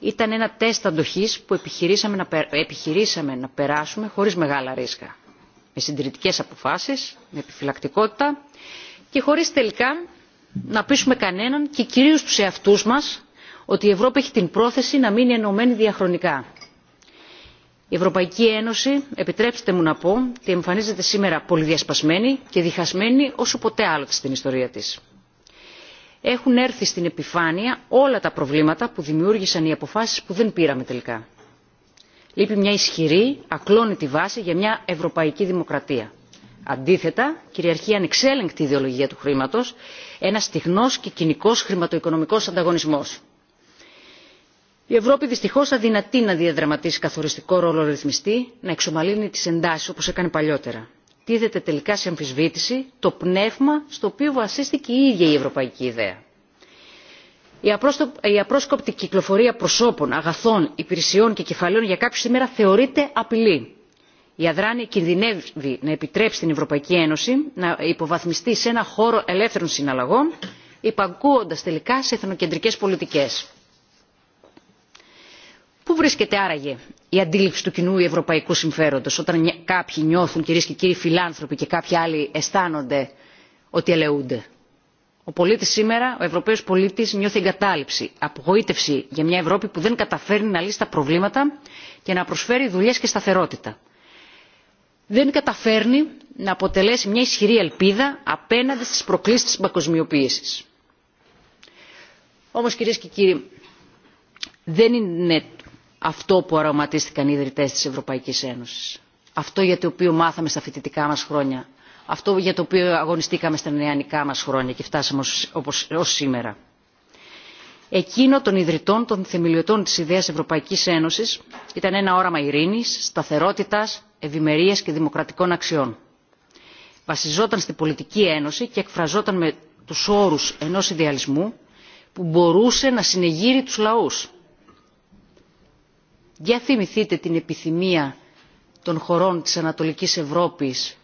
Ήταν ένα τεστ αντοχής που επιχειρήσαμε να, επιχειρήσαμε να περάσουμε χωρίς μεγάλα ρίσκα. Με συντηρητικές αποφάσεις, με επιφυλακτικότητα και χωρίς τελικά να πείσουμε κανέναν και κυρίως τους εαυτούς μας ότι η Ευρώπη έχει την πρόθεση να μείνει ενωμένη διαχρονικά. Η Ευρωπαϊκή Ένωση, επιτρέψτε μου να πω, ότι εμφανίζεται σήμερα πολυδιασπασμένη και διχασμένη όσο ποτέ άλλοτε στην ιστορία της. Έχουν έρθει στην επιφάνεια όλα τα προβλήματα που δημιούργησαν οι αποφάσεις που δεν πήραμε τελικά. Λείπει μια ισχυρή, ακλόνητη βάση για μια ευρωπαϊκή δημοκρατία. Αντίθετα, κυριαρχεί ανεξέλεγκτη ιδεολογία του χρήματος, ένας στιγνός και κοινικός χρηματοοικονομικός ανταγωνισμός η ευρώπη δυστυχώς αδυνατεί να διαδραματίσει καθοριστικό ρόλο ρυθμιστή να εξομαλύνει τις εντάσεις όπως έκανε παλιότερα. τίθεται τελικά σε αμφισβήτηση το πνεύμα στο οποίο βασίστηκε η ίδια η ευρωπαϊκή ιδέα. η απρόσκοπτη κυκλοφορία προσώπων αγαθών υπηρεσιών και κεφαλαίων για κάποιους σήμερα θεωρείται απειλή. η αδράνεια κινδυνεύει να επιτρέψει στην ευρωπαϊκή ένωση να υποβαθμιστεί σε ένα χώρο ελεύθερων συναλλαγών υπαγκούοντας τελικά σε εθνοκεντρικές πολιτικές. Πού βρίσκεται άραγε η αντίληψη του κοινού ευρωπαϊκού συμφέροντο, όταν κάποιοι νιώθουν, κυρίε και κύριοι, φιλάνθρωποι και κάποιοι άλλοι αισθάνονται ότι ελεούνται. Ο πολίτη σήμερα, ο Ευρωπαίο πολίτη, νιώθει εγκατάλειψη, απογοήτευση για μια Ευρώπη που δεν καταφέρνει να λύσει τα προβλήματα και να προσφέρει δουλειέ και σταθερότητα. Δεν καταφέρνει να αποτελέσει μια ισχυρή ελπίδα απέναντι στι προκλήσει τη παγκοσμιοποίηση. Όμω, κυρίε και κύριοι, δεν είναι αυτό που οραματίστηκαν οι ιδρυτές της Ευρωπαϊκής Ένωσης. Αυτό για το οποίο μάθαμε στα φοιτητικά μας χρόνια. Αυτό για το οποίο αγωνιστήκαμε στα νεανικά μας χρόνια και φτάσαμε ως, σήμερα. Εκείνο των ιδρυτών των θεμελιωτών της ιδέας Ευρωπαϊκής Ένωσης ήταν ένα όραμα ειρήνης, σταθερότητας, ευημερίας και δημοκρατικών αξιών. Βασιζόταν στην πολιτική ένωση και εκφραζόταν με τους όρους ενός ιδεαλισμού που μπορούσε να συνεγείρει τους λαούς για θυμηθείτε την επιθυμία των χωρών της Ανατολικής Ευρώπης,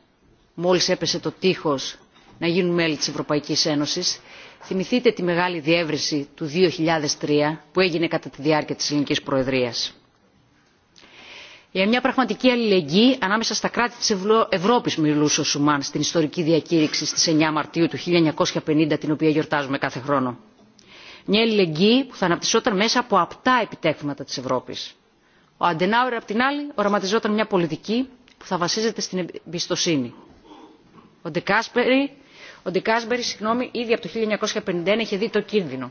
μόλις έπεσε το τείχος, να γίνουν μέλη της Ευρωπαϊκής Ένωσης. Θυμηθείτε τη μεγάλη διεύρυνση του 2003 που έγινε κατά τη διάρκεια της ελληνικής προεδρίας. Για μια πραγματική αλληλεγγύη ανάμεσα στα κράτη της Ευρώπης μιλούσε ο Σουμάν στην ιστορική διακήρυξη στις 9 Μαρτίου του 1950 την οποία γιορτάζουμε κάθε χρόνο. Μια αλληλεγγύη που θα αναπτυσσόταν μέσα από απτά επιτεύγματα της Ευρώπης. Ο Αντενάουερ, απ' την άλλη, οραματιζόταν μια πολιτική που θα βασίζεται στην εμπιστοσύνη. Ο Ντεκάσπερι, ο Ντεκάσπερι συγγνώμη, ήδη από το 1951 είχε δει το κίνδυνο.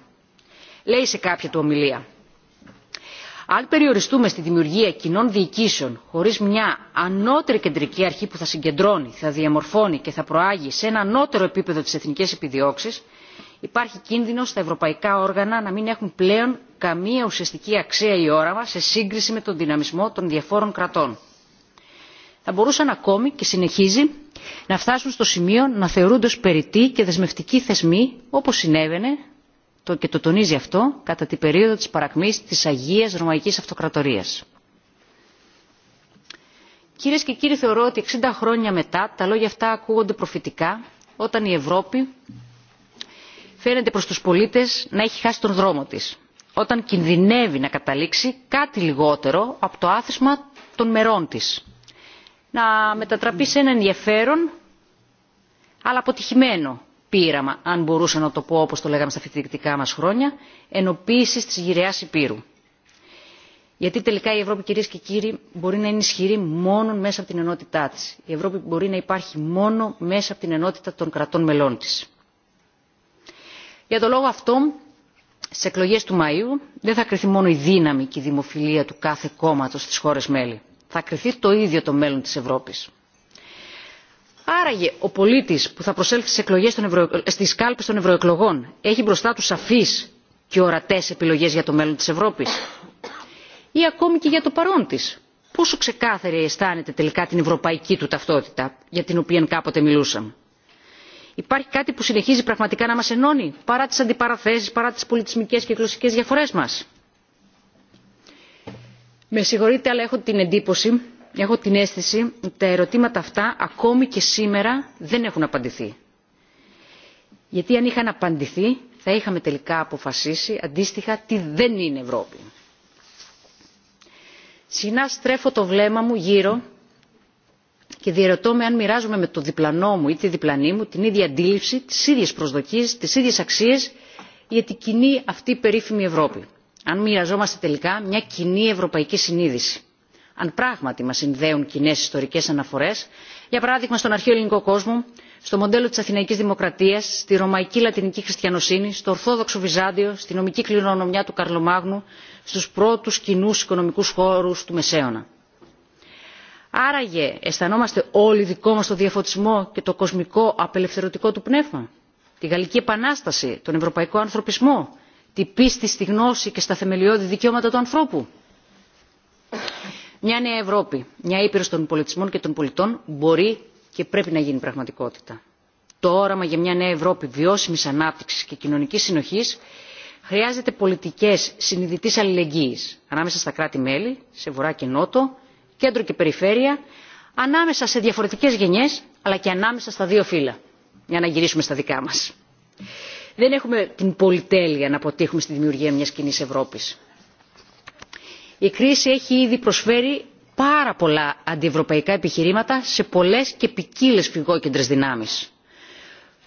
Λέει σε κάποια του ομιλία. Αν περιοριστούμε στη δημιουργία κοινών διοικήσεων χωρί μια ανώτερη κεντρική αρχή που θα συγκεντρώνει, θα διαμορφώνει και θα προάγει σε ένα ανώτερο επίπεδο τι εθνικέ επιδιώξει, υπάρχει κίνδυνο τα ευρωπαϊκά όργανα να μην έχουν πλέον καμία ουσιαστική αξία ή όραμα σε σύγκριση με τον δυναμισμό των διαφόρων κρατών. Θα μπορούσαν ακόμη και συνεχίζει να φτάσουν στο σημείο να θεωρούνται ως περιττοί και δεσμευτικοί θεσμοί όπως συνέβαινε και το τονίζει αυτό κατά την περίοδο της παρακμής της Αγίας Ρωμαϊκής Αυτοκρατορίας. Κυρίες και κύριοι, θεωρώ ότι 60 χρόνια μετά τα λόγια αυτά ακούγονται προφητικά όταν η Ευρώπη φαίνεται προς τους πολίτες να έχει χάσει τον δρόμο της όταν κινδυνεύει να καταλήξει κάτι λιγότερο από το άθροισμα των μερών της να μετατραπεί σε ένα ενδιαφέρον αλλά αποτυχημένο πείραμα αν μπορούσα να το πω όπως το λέγαμε στα φοιτητικά μας χρόνια ενοποίησης της γυραιάς υπήρου. Γιατί τελικά η Ευρώπη, κυρίε και κύριοι, μπορεί να είναι ισχυρή μόνο μέσα από την ενότητά τη. Η Ευρώπη μπορεί να υπάρχει μόνο μέσα από την ενότητα των κρατών μελών της. Για τον λόγο αυτό, στι εκλογέ του Μαΐου δεν θα κρυθεί μόνο η δύναμη και η δημοφιλία του κάθε κόμματο στι χώρε μέλη. Θα κρυθεί το ίδιο το μέλλον τη Ευρώπη. Άραγε, ο πολίτη που θα προσέλθει στι Ευρω... κάλπε των ευρωεκλογών έχει μπροστά του σαφεί και ορατέ επιλογέ για το μέλλον τη Ευρώπη ή ακόμη και για το παρόν τη. Πόσο ξεκάθαρη αισθάνεται τελικά την ευρωπαϊκή του ταυτότητα για την οποία κάποτε μιλούσαμε. Υπάρχει κάτι που συνεχίζει πραγματικά να μας ενώνει, παρά τις αντιπαραθέσεις, παρά τις πολιτισμικές και γλωσσικές διαφορές μας. Με συγχωρείτε, αλλά έχω την εντύπωση, έχω την αίσθηση ότι τα ερωτήματα αυτά ακόμη και σήμερα δεν έχουν απαντηθεί. Γιατί αν είχαν απαντηθεί θα είχαμε τελικά αποφασίσει αντίστοιχα τι δεν είναι Ευρώπη. Συνά στρέφω το βλέμμα μου γύρω και διερωτώ με αν μοιράζομαι με το διπλανό μου ή τη διπλανή μου την ίδια αντίληψη, τις ίδιες προσδοκίες, τις ίδιες αξίες για την κοινή αυτή περίφημη Ευρώπη. Αν μοιραζόμαστε τελικά μια κοινή ευρωπαϊκή συνείδηση. Αν πράγματι μας συνδέουν κοινέ ιστορικές αναφορές, για παράδειγμα στον αρχαίο ελληνικό κόσμο, στο μοντέλο της Αθηναϊκής Δημοκρατίας, στη ρωμαϊκή λατινική χριστιανοσύνη, στο ορθόδοξο Βυζάντιο, στη νομική κληρονομιά του Καρλομάγνου, στους πρώτους κοινούς οικονομικούς χώρους του Μεσαίωνα Άραγε αισθανόμαστε όλοι δικό μας το διαφωτισμό και το κοσμικό απελευθερωτικό του πνεύμα, τη Γαλλική Επανάσταση, τον Ευρωπαϊκό Ανθρωπισμό, τη πίστη στη γνώση και στα θεμελιώδη δικαιώματα του ανθρώπου. Μια νέα Ευρώπη, μια ήπειρος των πολιτισμών και των πολιτών μπορεί και πρέπει να γίνει πραγματικότητα. Το όραμα για μια νέα Ευρώπη βιώσιμης ανάπτυξης και κοινωνικής συνοχής χρειάζεται πολιτικές συνειδητής αλληλεγγύης ανάμεσα στα κράτη-μέλη, σε βορρά και νότο, κέντρο και περιφέρεια ανάμεσα σε διαφορετικές γενιές αλλά και ανάμεσα στα δύο φύλλα για να γυρίσουμε στα δικά μας. Δεν έχουμε την πολυτέλεια να αποτύχουμε στη δημιουργία μιας κοινή Ευρώπης. Η κρίση έχει ήδη προσφέρει πάρα πολλά αντιευρωπαϊκά επιχειρήματα σε πολλές και ποικίλε φυγόκεντρες δυνάμεις.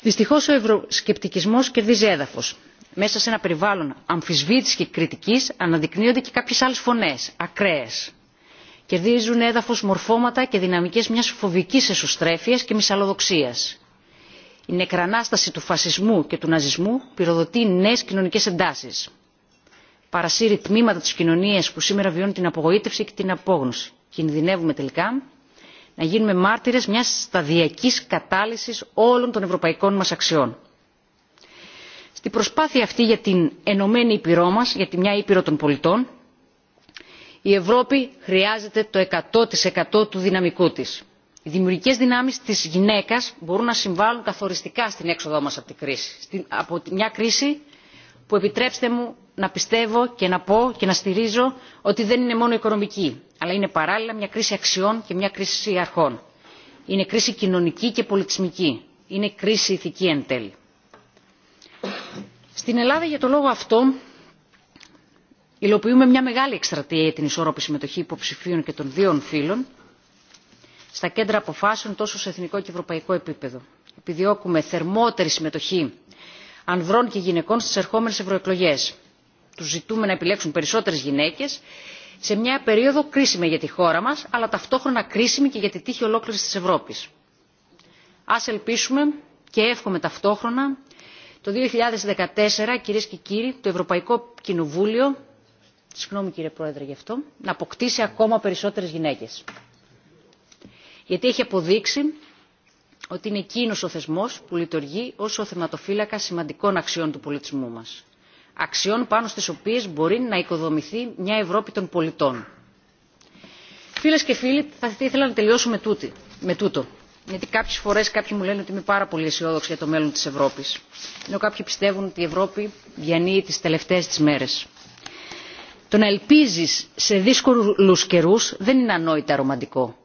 Δυστυχώς ο ευρωσκεπτικισμός κερδίζει έδαφος. Μέσα σε ένα περιβάλλον αμφισβήτηση και κριτικής αναδεικνύονται και κάποιες άλλες φωνές, ακραίε κερδίζουν έδαφο μορφώματα και δυναμικέ μια φοβική εσωστρέφεια και μυσαλλοδοξία. Η νεκρανάσταση του φασισμού και του ναζισμού πυροδοτεί νέε κοινωνικέ εντάσει. Παρασύρει τμήματα τη κοινωνία που σήμερα βιώνουν την απογοήτευση και την απόγνωση. Κινδυνεύουμε τελικά να γίνουμε μάρτυρες μιας σταδιακής κατάλυσης όλων των ευρωπαϊκών μας αξιών. Στη προσπάθεια αυτή για την ενωμένη ήπειρό μας, για τη μια ήπειρο των πολιτών, η ευρώπη χρειάζεται το 100% του δυναμικού της. οι δημιουργικές δυνάμεις της γυναίκας μπορούν να συμβάλλουν καθοριστικά στην έξοδό μας από την κρίση από μια κρίση που επιτρέψτε μου να πιστεύω και να πω και να στηρίζω ότι δεν είναι μόνο οικονομική αλλά είναι παράλληλα μια κρίση αξιών και μια κρίση αρχών. είναι κρίση κοινωνική και πολιτισμική είναι κρίση ηθική εν τέλει. στην ελλάδα για το λόγο αυτό υλοποιούμε μια μεγάλη εκστρατεία για την ισόρροπη συμμετοχή υποψηφίων και των δύο φύλων στα κέντρα αποφάσεων τόσο σε εθνικό και ευρωπαϊκό επίπεδο. Επιδιώκουμε θερμότερη συμμετοχή ανδρών και γυναικών στι ερχόμενε ευρωεκλογέ. Του ζητούμε να επιλέξουν περισσότερε γυναίκε σε μια περίοδο κρίσιμη για τη χώρα μα, αλλά ταυτόχρονα κρίσιμη και για τη τύχη ολόκληρη τη Ευρώπη. Α ελπίσουμε και εύχομαι ταυτόχρονα το 2014, κυρίε και κύριοι, το Ευρωπαϊκό Κοινοβούλιο συγγνώμη κύριε Πρόεδρε γι' αυτό, να αποκτήσει ακόμα περισσότερες γυναίκες. Γιατί έχει αποδείξει ότι είναι εκείνο ο θεσμός που λειτουργεί ως ο θεματοφύλακα σημαντικών αξιών του πολιτισμού μας. Αξιών πάνω στις οποίες μπορεί να οικοδομηθεί μια Ευρώπη των πολιτών. Φίλε και φίλοι, θα ήθελα να τελειώσω με, τούτη, με τούτο. Γιατί κάποιε φορέ κάποιοι μου λένε ότι είμαι πάρα πολύ αισιόδοξη για το μέλλον τη Ευρώπη. Ενώ κάποιοι πιστεύουν ότι η Ευρώπη διανύει τι τελευταίε τη μέρε. Το να ελπίζει σε δύσκολου καιρούς δεν είναι ανόητα ρομαντικό.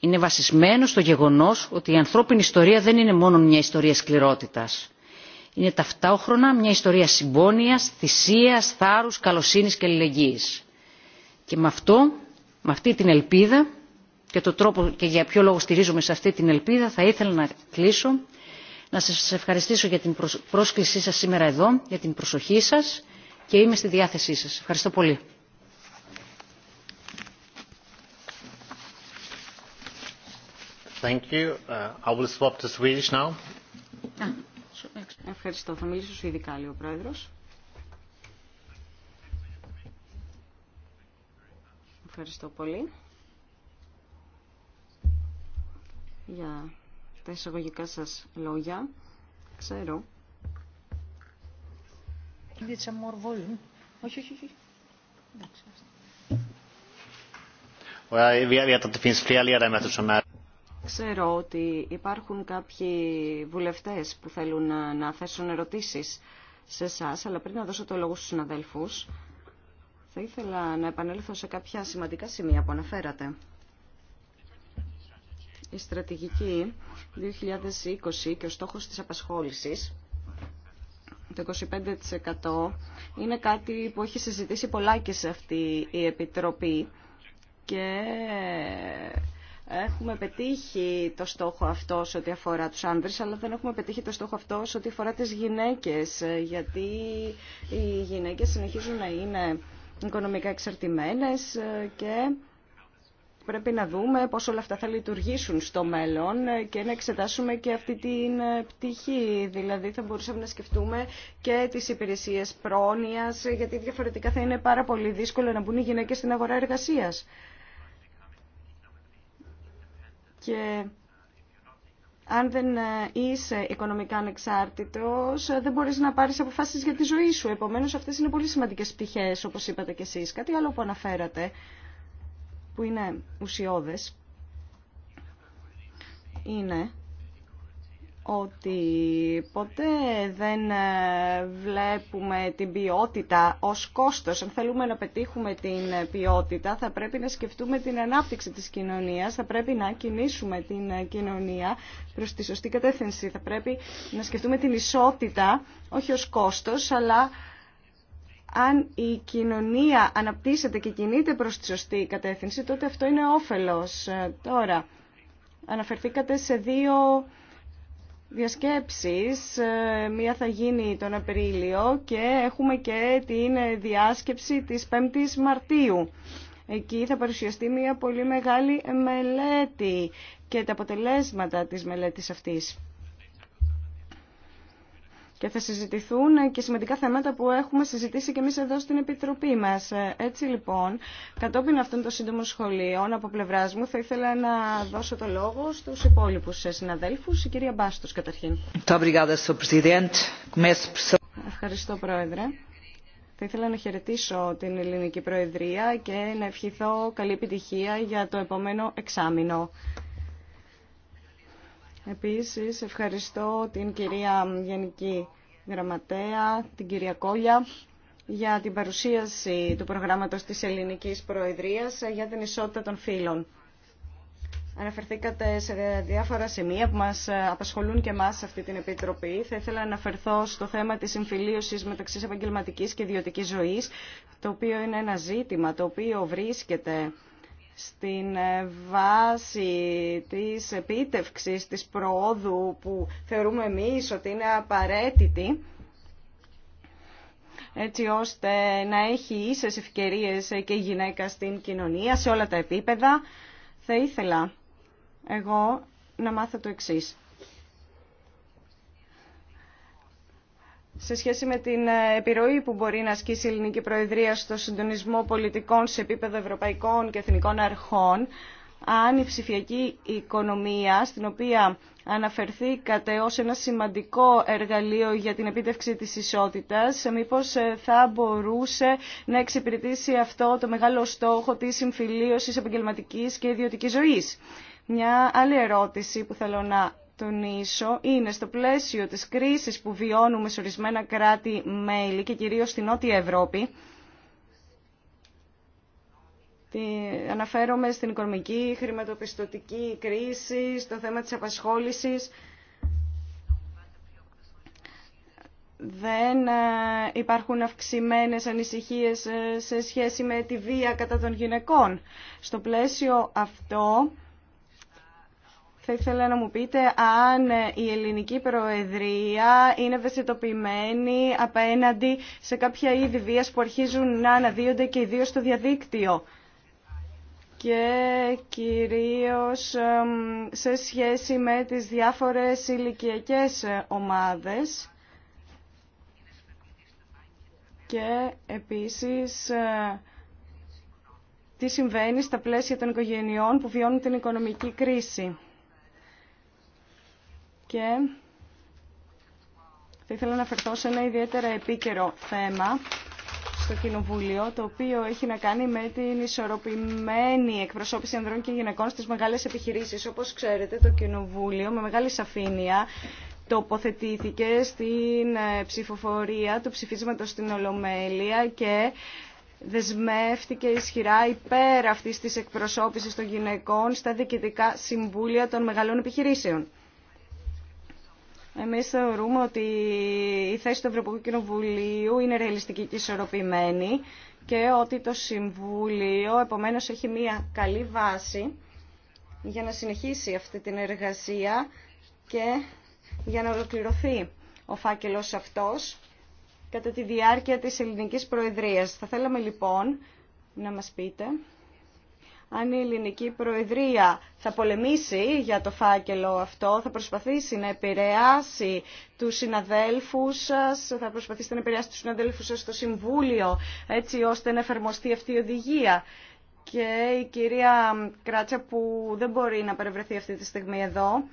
Είναι βασισμένο στο γεγονό ότι η ανθρώπινη ιστορία δεν είναι μόνο μια ιστορία σκληρότητα. Είναι ταυτόχρονα μια ιστορία συμπόνια, θυσία, θάρρου, καλοσύνη και αλληλεγγύη. Και με αυτό, με αυτή την ελπίδα και το τρόπο και για ποιο λόγο στηρίζομαι σε αυτή την ελπίδα θα ήθελα να κλείσω να σας ευχαριστήσω για την πρόσκλησή σας σήμερα εδώ, για την προσοχή σας και είμαι στη διάθεσή σας. Ευχαριστώ πολύ. Ευχαριστώ. Θα μιλήσω σου ειδικά, λέει ο Πρόεδρος. Ευχαριστώ πολύ για τα εισαγωγικά σας λόγια. Ξέρω Ξέρω ότι υπάρχουν κάποιοι βουλευτές που θέλουν να θέσουν ερωτήσεις σε εσά, αλλά πριν να δώσω το λόγο στους συναδέλφους, θα ήθελα να επανέλθω σε κάποια σημαντικά σημεία που αναφέρατε. Η στρατηγική 2020 και ο στόχος της απασχόλησης το 25% είναι κάτι που έχει συζητήσει πολλά και σε αυτή η Επιτροπή και έχουμε πετύχει το στόχο αυτό σε ό,τι αφορά τους άνδρες, αλλά δεν έχουμε πετύχει το στόχο αυτό σε ό,τι αφορά τις γυναίκες, γιατί οι γυναίκες συνεχίζουν να είναι οικονομικά εξαρτημένες και πρέπει να δούμε πώς όλα αυτά θα λειτουργήσουν στο μέλλον και να εξετάσουμε και αυτή την ε, πτυχή. Δηλαδή θα μπορούσαμε να σκεφτούμε και τις υπηρεσίες πρόνοιας, γιατί διαφορετικά θα είναι πάρα πολύ δύσκολο να μπουν οι γυναίκες στην αγορά εργασίας. Και αν δεν ε, είσαι οικονομικά ανεξάρτητος, ε, δεν μπορείς να πάρεις αποφάσεις για τη ζωή σου. Επομένως, αυτές είναι πολύ σημαντικές πτυχές, όπως είπατε και εσείς. Κάτι άλλο που αναφέρατε που είναι ουσιώδες είναι ότι ποτέ δεν ε, βλέπουμε την ποιότητα ως κόστος. Αν θέλουμε να πετύχουμε την ε, ποιότητα θα πρέπει να σκεφτούμε την ανάπτυξη της κοινωνίας, θα πρέπει να κινήσουμε την ε, κοινωνία προς τη σωστή κατεύθυνση, θα πρέπει να σκεφτούμε την ισότητα όχι ως κόστος αλλά αν η κοινωνία αναπτύσσεται και κινείται προς τη σωστή κατεύθυνση, τότε αυτό είναι όφελος. Ε, τώρα, αναφερθήκατε σε δύο διασκέψεις. Ε, μία θα γίνει τον Απρίλιο και έχουμε και την διάσκεψη της 5ης Μαρτίου. Εκεί θα παρουσιαστεί μία πολύ μεγάλη μελέτη και τα αποτελέσματα της μελέτης αυτής και θα συζητηθούν και σημαντικά θέματα που έχουμε συζητήσει και εμείς εδώ στην Επιτροπή μας. Ε, έτσι λοιπόν, κατόπιν αυτών των σύντομων σχολείων από πλευρά μου θα ήθελα να δώσω το λόγο στους υπόλοιπους ε, συναδέλφους, η κυρία Μπάστος καταρχήν. Ευχαριστώ Πρόεδρε. Θα ήθελα να χαιρετήσω την Ελληνική Προεδρία και να ευχηθώ καλή επιτυχία για το επόμενο εξάμεινο. Επίσης ευχαριστώ την κυρία Γενική Γραμματέα, την κυρία Κόλια, για την παρουσίαση του προγράμματος της Ελληνικής Προεδρίας για την ισότητα των φύλων. Αναφερθήκατε σε διάφορα σημεία που μας απασχολούν και μας αυτή την Επιτροπή. Θα ήθελα να αναφερθώ στο θέμα της συμφιλίωσης μεταξύ επαγγελματικής και ιδιωτικής ζωής, το οποίο είναι ένα ζήτημα το οποίο βρίσκεται στην ε, βάση της επίτευξης, της προόδου που θεωρούμε εμείς ότι είναι απαραίτητη, έτσι ώστε να έχει ίσες ευκαιρίες και η γυναίκα στην κοινωνία, σε όλα τα επίπεδα, θα ήθελα εγώ να μάθω το εξής. σε σχέση με την ε, επιρροή που μπορεί να ασκήσει η ελληνική προεδρία στο συντονισμό πολιτικών σε επίπεδο ευρωπαϊκών και εθνικών αρχών, αν η ψηφιακή οικονομία, στην οποία αναφερθήκατε ως ένα σημαντικό εργαλείο για την επίτευξη της ισότητας, ε, μήπως ε, θα μπορούσε να εξυπηρετήσει αυτό το μεγάλο στόχο της συμφιλίωσης επαγγελματικής και ιδιωτικής ζωής. Μια άλλη ερώτηση που θέλω να τονίσω είναι στο πλαίσιο της κρίσης που βιώνουμε σε ορισμένα κράτη-μέλη και κυρίως στην Νότια Ευρώπη, αναφέρομαι στην οικονομική, χρηματοπιστωτική κρίση, στο θέμα της απασχόλησης. Δεν ε, υπάρχουν αυξημένες ανησυχίες ε, σε σχέση με τη βία κατά των γυναικών. Στο πλαίσιο αυτό, θα ήθελα να μου πείτε αν η ελληνική προεδρία είναι ευαισθητοποιημένη απέναντι σε κάποια είδη βίας που αρχίζουν να αναδύονται και ιδίω στο διαδίκτυο και κυρίως σε σχέση με τις διάφορες ηλικιακέ ομάδες και επίσης ε, τι συμβαίνει στα πλαίσια των οικογενειών που βιώνουν την οικονομική κρίση και θα ήθελα να αφαιρθώ σε ένα ιδιαίτερα επίκαιρο θέμα στο Κοινοβούλιο, το οποίο έχει να κάνει με την ισορροπημένη εκπροσώπηση ανδρών και γυναικών στις μεγάλες επιχειρήσεις. Όπως ξέρετε, το Κοινοβούλιο με μεγάλη σαφήνεια τοποθετήθηκε στην ε, ψηφοφορία του ψηφίσματος στην Ολομέλεια και δεσμεύτηκε ισχυρά υπέρ αυτής της εκπροσώπησης των γυναικών στα διοικητικά συμβούλια των μεγαλών επιχειρήσεων. Εμεί θεωρούμε ότι η θέση του Ευρωπαϊκού Κοινοβουλίου είναι ρεαλιστική και ισορροπημένη και ότι το Συμβούλιο επομένως έχει μία καλή βάση για να συνεχίσει αυτή την εργασία και για να ολοκληρωθεί ο φάκελος αυτός κατά τη διάρκεια της ελληνικής προεδρίας. Θα θέλαμε λοιπόν να μας πείτε αν η ελληνική προεδρία θα πολεμήσει για το φάκελο αυτό, θα προσπαθήσει να επηρεάσει τους συναδέλφους σας, θα προσπαθήσει να επηρεάσει τους συναδέλφους σας στο Συμβούλιο, έτσι ώστε να εφαρμοστεί αυτή η οδηγία. Και η κυρία Κράτσα που δεν μπορεί να παρευρεθεί αυτή τη στιγμή εδώ,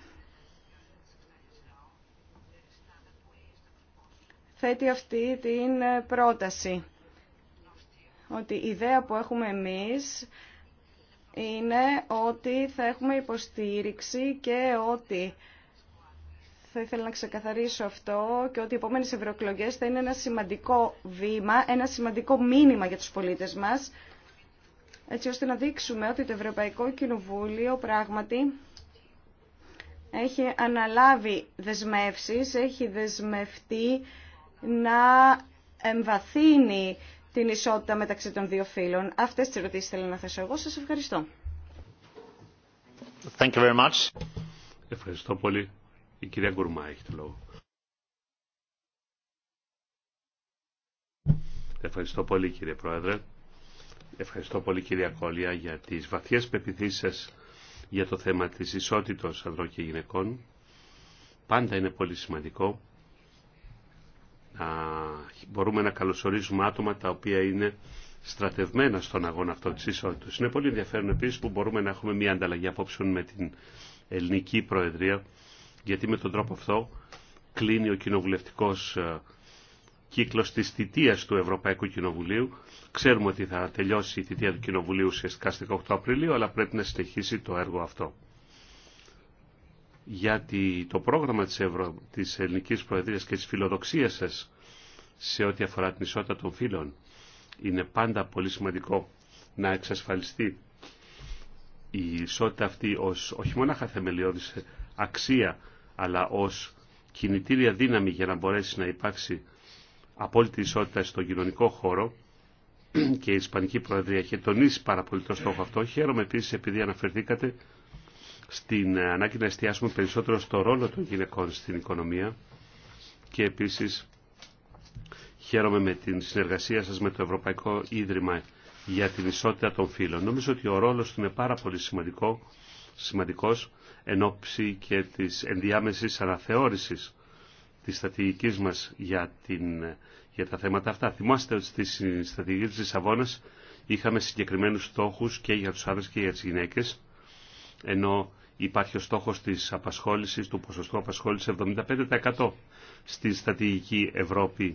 θέτει αυτή την πρόταση. Ότι η ιδέα που έχουμε εμείς είναι ότι θα έχουμε υποστήριξη και ότι θα ήθελα να ξεκαθαρίσω αυτό και ότι οι επόμενες ευρωεκλογέ θα είναι ένα σημαντικό βήμα, ένα σημαντικό μήνυμα για τους πολίτες μας, έτσι ώστε να δείξουμε ότι το Ευρωπαϊκό Κοινοβούλιο πράγματι έχει αναλάβει δεσμεύσεις, έχει δεσμευτεί να εμβαθύνει την ισότητα μεταξύ των δύο φύλων. Αυτές τις ερωτήσεις θέλω να θέσω εγώ. Σας ευχαριστώ. Thank you very much. Ευχαριστώ πολύ. Η κυρία Γκουρμά έχει το λόγο. Ευχαριστώ πολύ κύριε Πρόεδρε. Ευχαριστώ πολύ κυρία Κόλια για τις βαθιές πεπιθήσεις σας για το θέμα της ισότητας ανδρών και γυναικών. Πάντα είναι πολύ σημαντικό να μπορούμε να καλωσορίζουμε άτομα τα οποία είναι στρατευμένα στον αγώνα αυτό τη ισότητα. Είναι πολύ ενδιαφέρον επίσης που μπορούμε να έχουμε μια ανταλλαγή απόψεων με την ελληνική προεδρία, γιατί με τον τρόπο αυτό κλείνει ο κοινοβουλευτικό ε, κύκλος της θητείας του Ευρωπαϊκού Κοινοβουλίου. Ξέρουμε ότι θα τελειώσει η θητεία του Κοινοβουλίου ουσιαστικά στις 18 Απριλίου, αλλά πρέπει να συνεχίσει το έργο αυτό γιατί το πρόγραμμα της, της Ελληνικής Προεδρίας και της φιλοδοξίας σας σε ό,τι αφορά την ισότητα των φίλων Είναι πάντα πολύ σημαντικό να εξασφαλιστεί η ισότητα αυτή ως όχι μόνο θεμελιώδης αξία, αλλά ως κινητήρια δύναμη για να μπορέσει να υπάρξει απόλυτη ισότητα στον κοινωνικό χώρο και η Ισπανική Προεδρία έχει τονίσει πάρα πολύ το στόχο αυτό. Χαίρομαι επίσης επειδή αναφερθήκατε στην ε, ανάγκη να εστιάσουμε περισσότερο στο ρόλο των γυναικών στην οικονομία και επίσης χαίρομαι με την συνεργασία σας με το Ευρωπαϊκό Ίδρυμα για την Ισότητα των Φύλων. Νομίζω ότι ο ρόλος του είναι πάρα πολύ σημαντικό, σημαντικός εν ώψη και της ενδιάμεσης αναθεώρησης της στρατηγικής μας για, την, για τα θέματα αυτά. Θυμάστε ότι στη στρατηγική της Λισαβόνας είχαμε συγκεκριμένους στόχους και για τους άντρες και για τις γυναίκες ενώ υπάρχει ο στόχος της απασχόλησης, του ποσοστού απασχόλησης 75% στη στρατηγική 2020,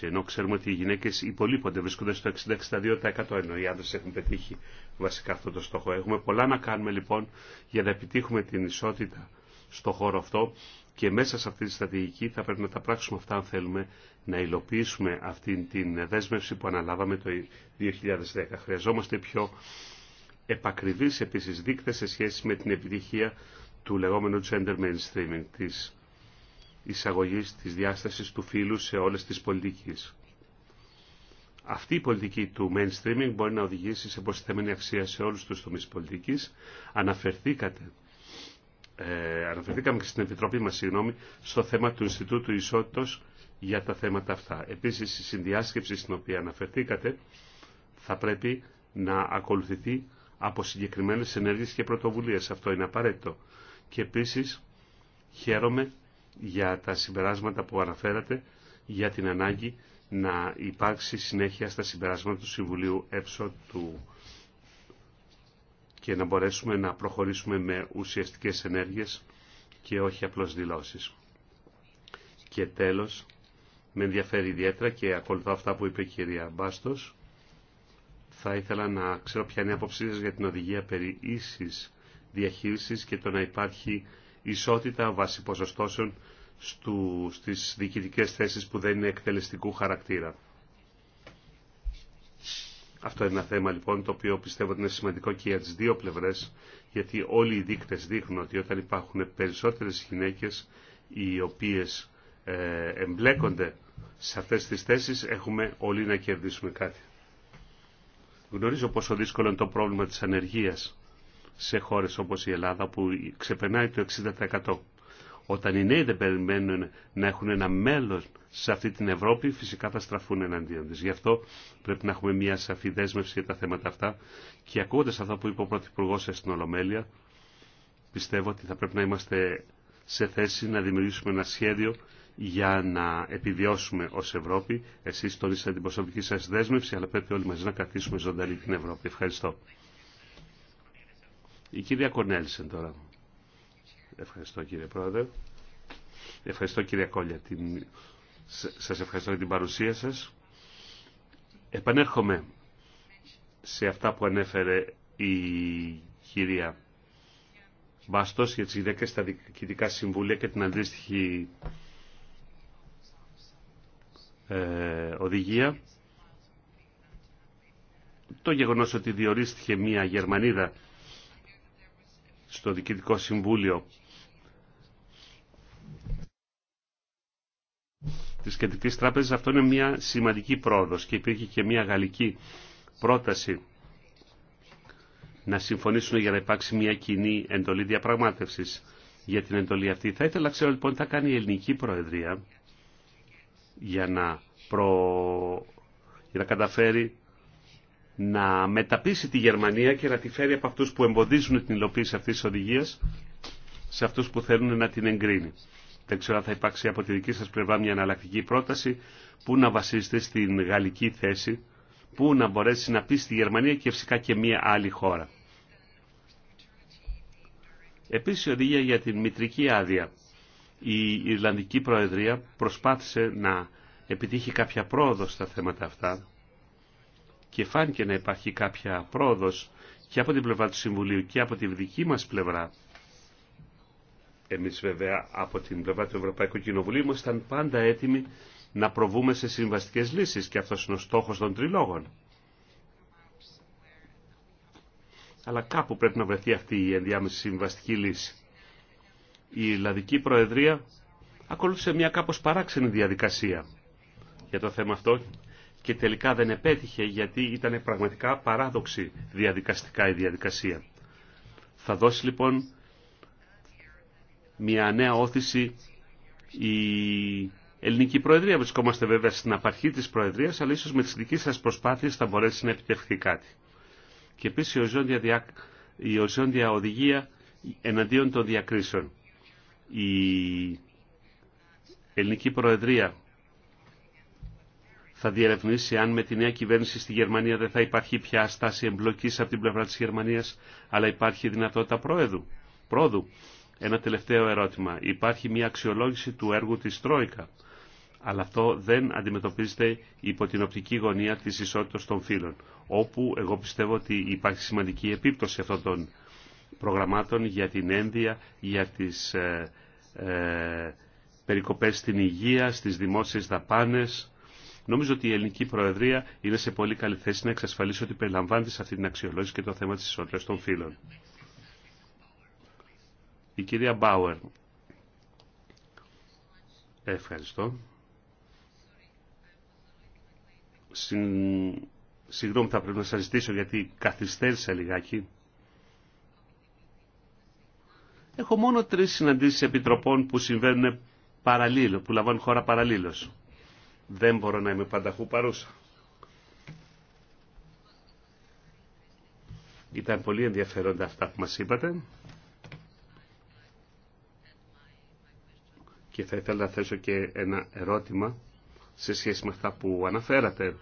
ενώ ξέρουμε ότι οι γυναίκες υπολείπονται, βρίσκονται στο 60-62% ενώ οι άντρες έχουν πετύχει βασικά αυτό το στόχο. Έχουμε πολλά να κάνουμε λοιπόν για να επιτύχουμε την ισότητα στο χώρο αυτό και μέσα σε αυτή τη στρατηγική θα πρέπει να τα πράξουμε αυτά αν θέλουμε να υλοποιήσουμε αυτή την δέσμευση που αναλάβαμε το 2010. Χρειαζόμαστε πιο επακριβείς επίσης δείκτες σε σχέση με την επιτυχία του λεγόμενου gender mainstreaming, της εισαγωγής της διάστασης του φύλου σε όλες τις πολιτικές. Αυτή η πολιτική του mainstreaming μπορεί να οδηγήσει σε προσθέμενη αξία σε όλους τους τομείς πολιτικής. Αναφερθήκατε, ε, αναφερθήκαμε και στην Επιτροπή μας, συγγνώμη, στο θέμα του Ινστιτούτου Ισότητος για τα θέματα αυτά. Επίσης, η συνδιάσκεψη στην οποία αναφερθήκατε θα πρέπει να ακολουθηθεί από συγκεκριμένες ενέργειες και πρωτοβουλίες. Αυτό είναι απαραίτητο. Και επίσης χαίρομαι για τα συμπεράσματα που αναφέρατε για την ανάγκη να υπάρξει συνέχεια στα συμπεράσματα του Συμβουλίου έψω του και να μπορέσουμε να προχωρήσουμε με ουσιαστικές ενέργειες και όχι απλώς δηλώσεις. Και τέλος, με ενδιαφέρει ιδιαίτερα και ακολουθώ αυτά που είπε η κυρία Μπάστος, θα ήθελα να ξέρω ποια είναι η άποψή σας για την οδηγία περί ίσης διαχείρισης και το να υπάρχει ισότητα βάσει ποσοστώσεων στις διοικητικές θέσεις που δεν είναι εκτελεστικού χαρακτήρα. Αυτό είναι ένα θέμα λοιπόν το οποίο πιστεύω ότι είναι σημαντικό και για τις δύο πλευρές γιατί όλοι οι δείκτες δείχνουν ότι όταν υπάρχουν περισσότερες γυναίκες οι οποίες ε, εμπλέκονται σε αυτές τις θέσεις έχουμε όλοι να κερδίσουμε κάτι. Γνωρίζω πόσο δύσκολο είναι το πρόβλημα της ανεργίας σε χώρες όπως η Ελλάδα που ξεπερνάει το 60%. Όταν οι νέοι δεν περιμένουν να έχουν ένα μέλλον σε αυτή την Ευρώπη, φυσικά θα στραφούν εναντίον της. Γι' αυτό πρέπει να έχουμε μια σαφή δέσμευση για τα θέματα αυτά. Και ακούγοντα αυτό που είπε ο Πρωθυπουργό στην Ολομέλεια, πιστεύω ότι θα πρέπει να είμαστε σε θέση να δημιουργήσουμε ένα σχέδιο για να επιβιώσουμε ως Ευρώπη. Εσείς τονίσατε την προσωπική σας δέσμευση, αλλά πρέπει όλοι μαζί να κρατήσουμε ζωντανή την Ευρώπη. Ευχαριστώ. Η κυρία Κονέλσεν τώρα. Ευχαριστώ κύριε Πρόεδρε. Ευχαριστώ κύριε Κόλια. Την... Σας ευχαριστώ για την παρουσία σας. Επανέρχομαι σε αυτά που ανέφερε η κυρία Μπάστος για τις γυναίκες στα διοικητικά συμβούλια και την αντίστοιχη ε, οδηγία. Το γεγονός ότι διορίστηκε μία Γερμανίδα στο Διοικητικό Συμβούλιο της Κεντρικής Τράπεζας, αυτό είναι μία σημαντική πρόοδος και υπήρχε και μία γαλλική πρόταση να συμφωνήσουν για να υπάρξει μια κοινή εντολή διαπραγμάτευσης για την εντολή αυτή. Θα ήθελα να ξέρω λοιπόν τι θα κάνει η ελληνική προεδρία για να, προ... για να καταφέρει να μεταπίσει τη Γερμανία και να τη φέρει από αυτούς που εμποδίζουν την υλοποίηση αυτής της οδηγίας σε αυτούς που θέλουν να την εγκρίνει. Δεν ξέρω αν θα υπάρξει από τη δική σας πλευρά μια αναλλακτική πρόταση που να βασίζεται στην γαλλική θέση, που να μπορέσει να πει στη Γερμανία και φυσικά και μια άλλη χώρα. Επίσης η οδηγία για την μητρική άδεια η Ιρλανδική Προεδρία προσπάθησε να επιτύχει κάποια πρόοδο στα θέματα αυτά και φάνηκε να υπάρχει κάποια πρόοδος και από την πλευρά του Συμβουλίου και από τη δική μας πλευρά. Εμείς βέβαια από την πλευρά του Ευρωπαϊκού Κοινοβουλίου ήμασταν πάντα έτοιμοι να προβούμε σε συμβαστικές λύσεις και αυτός είναι ο στόχος των τριλόγων. Αλλά κάπου πρέπει να βρεθεί αυτή η ενδιάμεση συμβαστική λύση η Ελλαδική Προεδρία ακολούθησε μια κάπως παράξενη διαδικασία για το θέμα αυτό και τελικά δεν επέτυχε γιατί ήταν πραγματικά παράδοξη διαδικαστικά η διαδικασία. Θα δώσει λοιπόν μια νέα όθηση η Ελληνική Προεδρία. Βρισκόμαστε βέβαια στην απαρχή της Προεδρίας, αλλά ίσως με τις δικές σας προσπάθειες θα μπορέσει να επιτευχθεί κάτι. Και επίσης η η οδηγία εναντίον των διακρίσεων η ελληνική προεδρία θα διερευνήσει αν με τη νέα κυβέρνηση στη Γερμανία δεν θα υπάρχει πια στάση εμπλοκής από την πλευρά της Γερμανίας, αλλά υπάρχει δυνατότητα πρόεδρου. πρόοδου. Ένα τελευταίο ερώτημα. Υπάρχει μια αξιολόγηση του έργου της Τρόικα, αλλά αυτό δεν αντιμετωπίζεται υπό την οπτική γωνία της ισότητας των φύλων, όπου εγώ πιστεύω ότι υπάρχει σημαντική επίπτωση αυτών των προγραμμάτων για την ένδια, για τις ε, ε, περικοπές στην υγεία, στις δημόσιες δαπάνες. Νομίζω ότι η ελληνική προεδρία είναι σε πολύ καλή θέση να εξασφαλίσει ότι περιλαμβάνεται σε αυτή την αξιολόγηση και το θέμα της ισότητας των φύλων. Η κυρία Μπάουερ. Ευχαριστώ. Συγγνώμη θα πρέπει να σας ζητήσω γιατί καθυστέρησα λιγάκι. Έχω μόνο τρεις συναντήσεις επιτροπών που συμβαίνουν παραλίλω, που λαμβάνουν χώρα παραλίλως. Δεν μπορώ να είμαι πανταχού παρούσα. Ήταν πολύ ενδιαφέροντα αυτά που μας είπατε. Και θα ήθελα να θέσω και ένα ερώτημα σε σχέση με αυτά που αναφέρατε.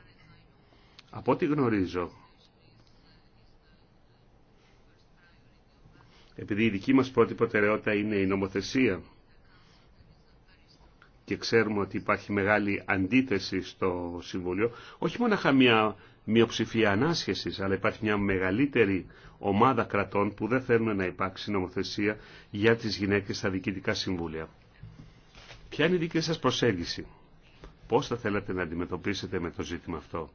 Από ό,τι γνωρίζω, επειδή η δική μας πρώτη προτεραιότητα είναι η νομοθεσία και ξέρουμε ότι υπάρχει μεγάλη αντίθεση στο Συμβούλιο, όχι μόνο μια μειοψηφία ανάσχεση, αλλά υπάρχει μια μεγαλύτερη ομάδα κρατών που δεν θέλουν να υπάρξει νομοθεσία για τις γυναίκες στα διοικητικά συμβούλια. Ποια είναι η δική σας προσέγγιση. Πώς θα θέλατε να αντιμετωπίσετε με το ζήτημα αυτό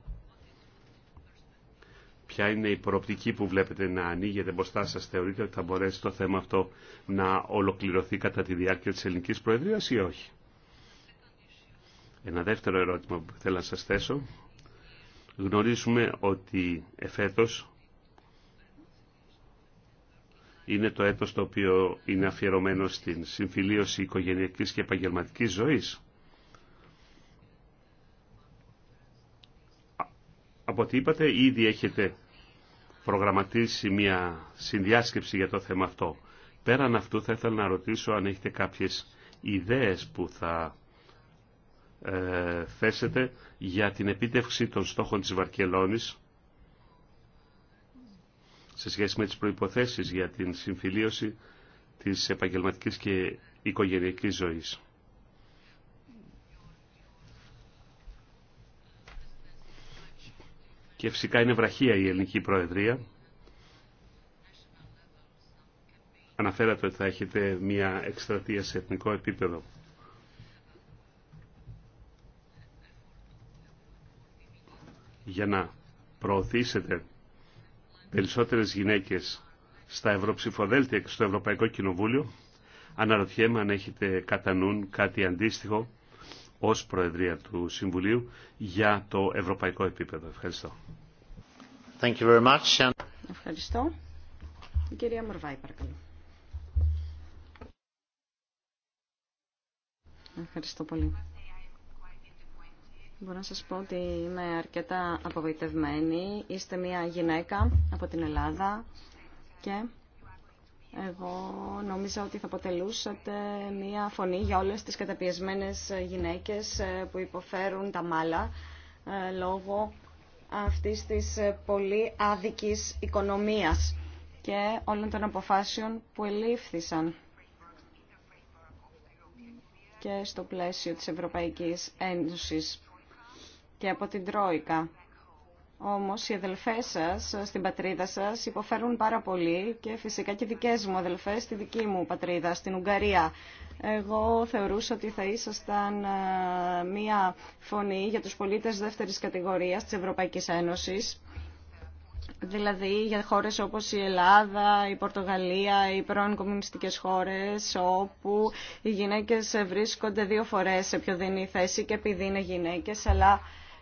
ποια είναι η προοπτική που βλέπετε να ανοίγεται μπροστά σας, θεωρείτε ότι θα μπορέσει το θέμα αυτό να ολοκληρωθεί κατά τη διάρκεια της ελληνικής προεδρίας ή όχι. Ένα δεύτερο ερώτημα που θέλω να σας θέσω. Γνωρίζουμε ότι εφέτος είναι το έτος το οποίο είναι αφιερωμένο στην συμφιλίωση οικογενειακής και επαγγελματικής ζωής. Από ό,τι είπατε, ήδη έχετε προγραμματίσει μια συνδιάσκεψη για το θέμα αυτό. Πέραν αυτού θα ήθελα να ρωτήσω αν έχετε κάποιες ιδέες που θα ε, θέσετε για την επίτευξη των στόχων της Βαρκελόνης σε σχέση με τις προϋποθέσεις για την συμφιλίωση της επαγγελματικής και οικογενειακής ζωής. και φυσικά είναι βραχία η ελληνική προεδρία. Αναφέρατε ότι θα έχετε μια εκστρατεία σε εθνικό επίπεδο. Για να προωθήσετε περισσότερες γυναίκες στα Ευρωψηφοδέλτια και στο Ευρωπαϊκό Κοινοβούλιο, αναρωτιέμαι αν έχετε κατά νου κάτι αντίστοιχο ως Προεδρία του Συμβουλίου για το ευρωπαϊκό επίπεδο. Ευχαριστώ. Thank you very much. Ευχαριστώ. κυρία Μορβάη, παρακαλώ. Ευχαριστώ πολύ. Μπορώ να σας πω ότι είμαι αρκετά απογοητευμένη. Είστε μια γυναίκα από την Ελλάδα και εγώ νόμιζα ότι θα αποτελούσατε μία φωνή για όλες τις καταπιεσμένες γυναίκες ε, που υποφέρουν τα μάλα ε, λόγω αυτής της ε, πολύ άδικης οικονομίας και όλων των αποφάσεων που ελήφθησαν και στο πλαίσιο της Ευρωπαϊκής Ένωσης και από την Τρόικα. Όμως οι αδελφές σας στην πατρίδα σας υποφέρουν πάρα πολύ και φυσικά και δικές μου αδελφές στη δική μου πατρίδα, στην Ουγγαρία. Εγώ θεωρούσα ότι θα ήσασταν ε, μία φωνή για τους πολίτες δεύτερης κατηγορίας της Ευρωπαϊκής Ένωσης. Δηλαδή για χώρες όπως η Ελλάδα, η Πορτογαλία, οι πρώην κομμουνιστικές χώρες όπου οι γυναίκες βρίσκονται δύο φορές σε πιο δινή θέση και επειδή είναι γυναίκες αλλά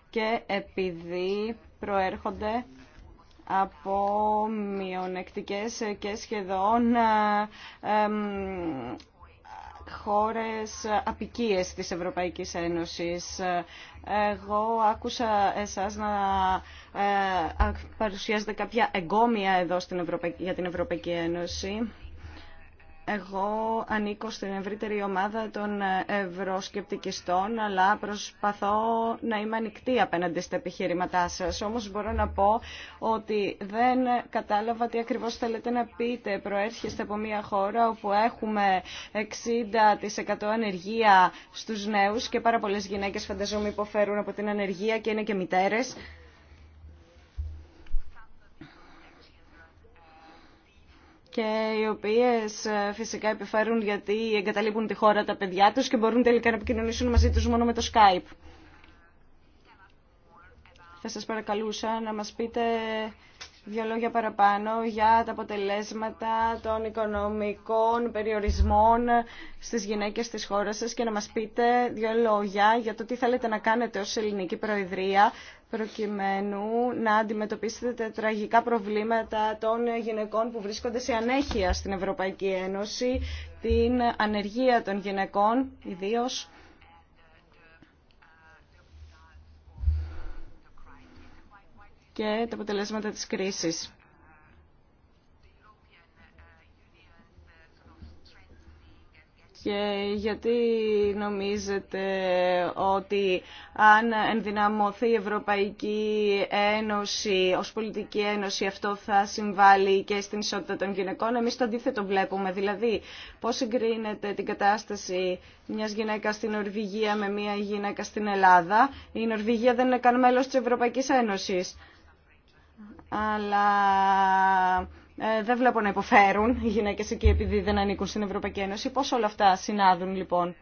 και επειδή προέρχονται από μειονεκτικές και σχεδόν ε, ε, χώρες απικίες της Ευρωπαϊκής Ένωσης. Εγώ άκουσα εσάς να ε, παρουσιάζετε κάποια εγκόμια εδώ στην Ευρωπαϊκή, για την Ευρωπαϊκή Ένωση. Εγώ ανήκω στην ευρύτερη ομάδα των ευρωσκεπτικιστών, αλλά προσπαθώ να είμαι ανοιχτή απέναντι στα επιχείρηματά σας. Όμως μπορώ να πω ότι δεν κατάλαβα τι ακριβώς θέλετε να πείτε. Προέρχεστε από μια χώρα όπου έχουμε 60% ανεργία στους νέους και πάρα πολλές γυναίκες φανταζόμαι υποφέρουν από την ανεργία και είναι και μητέρες. και οι οποίες ε, φυσικά επιφέρουν γιατί εγκαταλείπουν τη χώρα τα παιδιά τους και μπορούν τελικά να επικοινωνήσουν μαζί τους μόνο με το Skype. Θα σας παρακαλούσα να μας πείτε Δύο λόγια παραπάνω για τα αποτελέσματα των οικονομικών περιορισμών στις γυναίκες της χώρας σας και να μας πείτε δύο λόγια για το τι θέλετε να κάνετε ως ελληνική προεδρία προκειμένου να αντιμετωπίσετε τα τραγικά προβλήματα των γυναικών που βρίσκονται σε ανέχεια στην Ευρωπαϊκή Ένωση, την ανεργία των γυναικών ιδίως και τα αποτελέσματα της κρίσης. Και γιατί νομίζετε ότι αν ενδυναμωθεί η Ευρωπαϊκή Ένωση ως πολιτική ένωση αυτό θα συμβάλλει και στην ισότητα των γυναικών. Εμείς το αντίθετο βλέπουμε. Δηλαδή πώς συγκρίνεται την κατάσταση μιας γυναίκας στην Νορβηγία με μια γυναίκα στην Ελλάδα. Η Νορβηγία δεν είναι καν μέλος της Ευρωπαϊκής Ένωσης αλλά ε, δεν βλέπω να υποφέρουν οι γυναίκε εκεί επειδή δεν ανήκουν στην Ευρωπαϊκή Ένωση. Πώ όλα αυτά συνάδουν λοιπόν.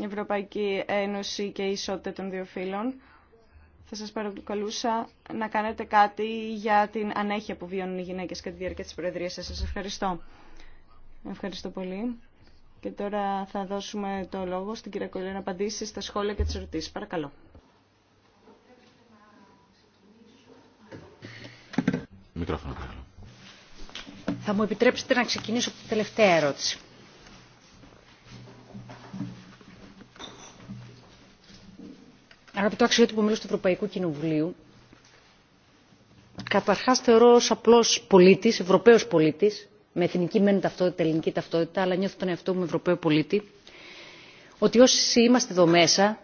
Η Ευρωπαϊκή Ένωση και η ισότητα των δύο φύλων. Θα σας παρακαλούσα να κάνετε κάτι για την ανέχεια που βιώνουν οι γυναίκες κατά τη διάρκεια της Προεδρίας σας. Σας ευχαριστώ. Ευχαριστώ πολύ. Και τώρα θα δώσουμε το λόγο στην κυρία Κολλή να απαντήσει στα σχόλια και τις ερωτήσεις. Παρακαλώ. Θα μου επιτρέψετε να ξεκινήσω από την τελευταία ερώτηση. Αγαπητό αξιότιμο μιλούσε του Ευρωπαϊκού Κοινοβουλίου, καταρχάς θεωρώ ως απλός πολίτης, Ευρωπαίος πολίτης, με εθνική μένει ταυτότητα, ελληνική ταυτότητα, αλλά νιώθω τον εαυτό μου Ευρωπαίο πολίτη, ότι όσοι είμαστε εδώ μέσα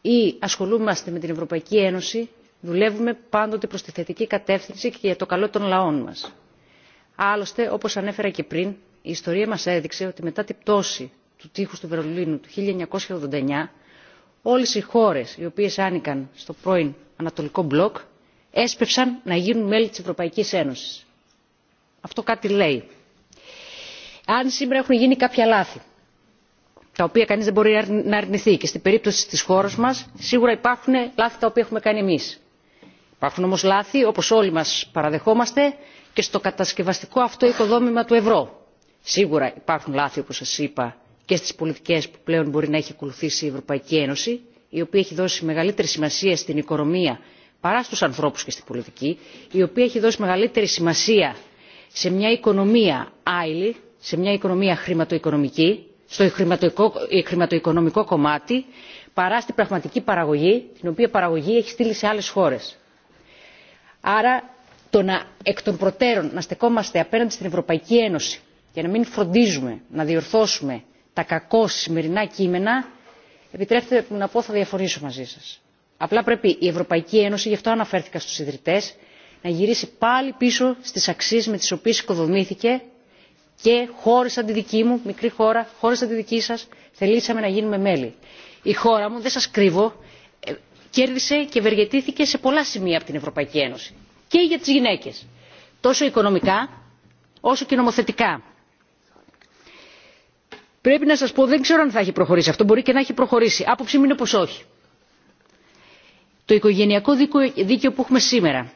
ή ασχολούμαστε με την Ευρωπαϊκή Ένωση, δουλεύουμε πάντοτε προ τη θετική κατεύθυνση και για το καλό των λαών μα, Άλλωστε, όπω ανέφερα και πριν, η ιστορία μα έδειξε ότι μετά την πτώση του τείχους του Βερολίνου του 1989, όλε οι χώρε οι οποίε άνοικαν στο πρώην Ανατολικό Μπλοκ έσπευσαν να γίνουν μέλη τη Ευρωπαϊκή Ένωση. Αυτό κάτι λέει. Αν σήμερα έχουν γίνει κάποια λάθη, τα οποία κανεί δεν μπορεί να αρνηθεί και στην περίπτωση τη χώρα μα, σίγουρα υπάρχουν λάθη τα οποία έχουμε κάνει εμεί. Υπάρχουν όμως λάθη, όπως όλοι μας παραδεχόμαστε, και στο κατασκευαστικό αυτό οικοδόμημα του ευρώ. Σίγουρα υπάρχουν λάθη, όπως σας είπα, και στις πολιτικές που πλέον μπορεί να έχει ακολουθήσει η Ευρωπαϊκή Ένωση, η οποία έχει δώσει μεγαλύτερη σημασία στην οικονομία παρά στους ανθρώπους και στην πολιτική, η οποία έχει δώσει μεγαλύτερη σημασία σε μια οικονομία άειλη, σε μια οικονομία χρηματοοικονομική, στο ε, χρηματοοικονομικό κομμάτι, παρά στην πραγματική παραγωγή, την οποία παραγωγή έχει στείλει σε άλλε χώρε. Άρα το να εκ των προτέρων να στεκόμαστε απέναντι στην Ευρωπαϊκή Ένωση για να μην φροντίζουμε να διορθώσουμε τα κακό σημερινά κείμενα, επιτρέψτε μου να πω θα διαφωνήσω μαζί σας. Απλά πρέπει η Ευρωπαϊκή Ένωση, γι' αυτό αναφέρθηκα στους ιδρυτές, να γυρίσει πάλι πίσω στις αξίες με τις οποίες οικοδομήθηκε και χώρε σαν τη δική μου, μικρή χώρα, χώρε σαν τη δική σα, θελήσαμε να γίνουμε μέλη. Η χώρα μου, δεν σα κρύβω, κέρδισε και ευεργετήθηκε σε πολλά σημεία από την Ευρωπαϊκή Ένωση και για τις γυναίκες, τόσο οικονομικά όσο και νομοθετικά. Πρέπει να σας πω, δεν ξέρω αν θα έχει προχωρήσει αυτό, μπορεί και να έχει προχωρήσει. Άποψή μου είναι πως όχι. Το οικογενειακό δίκαιο που έχουμε σήμερα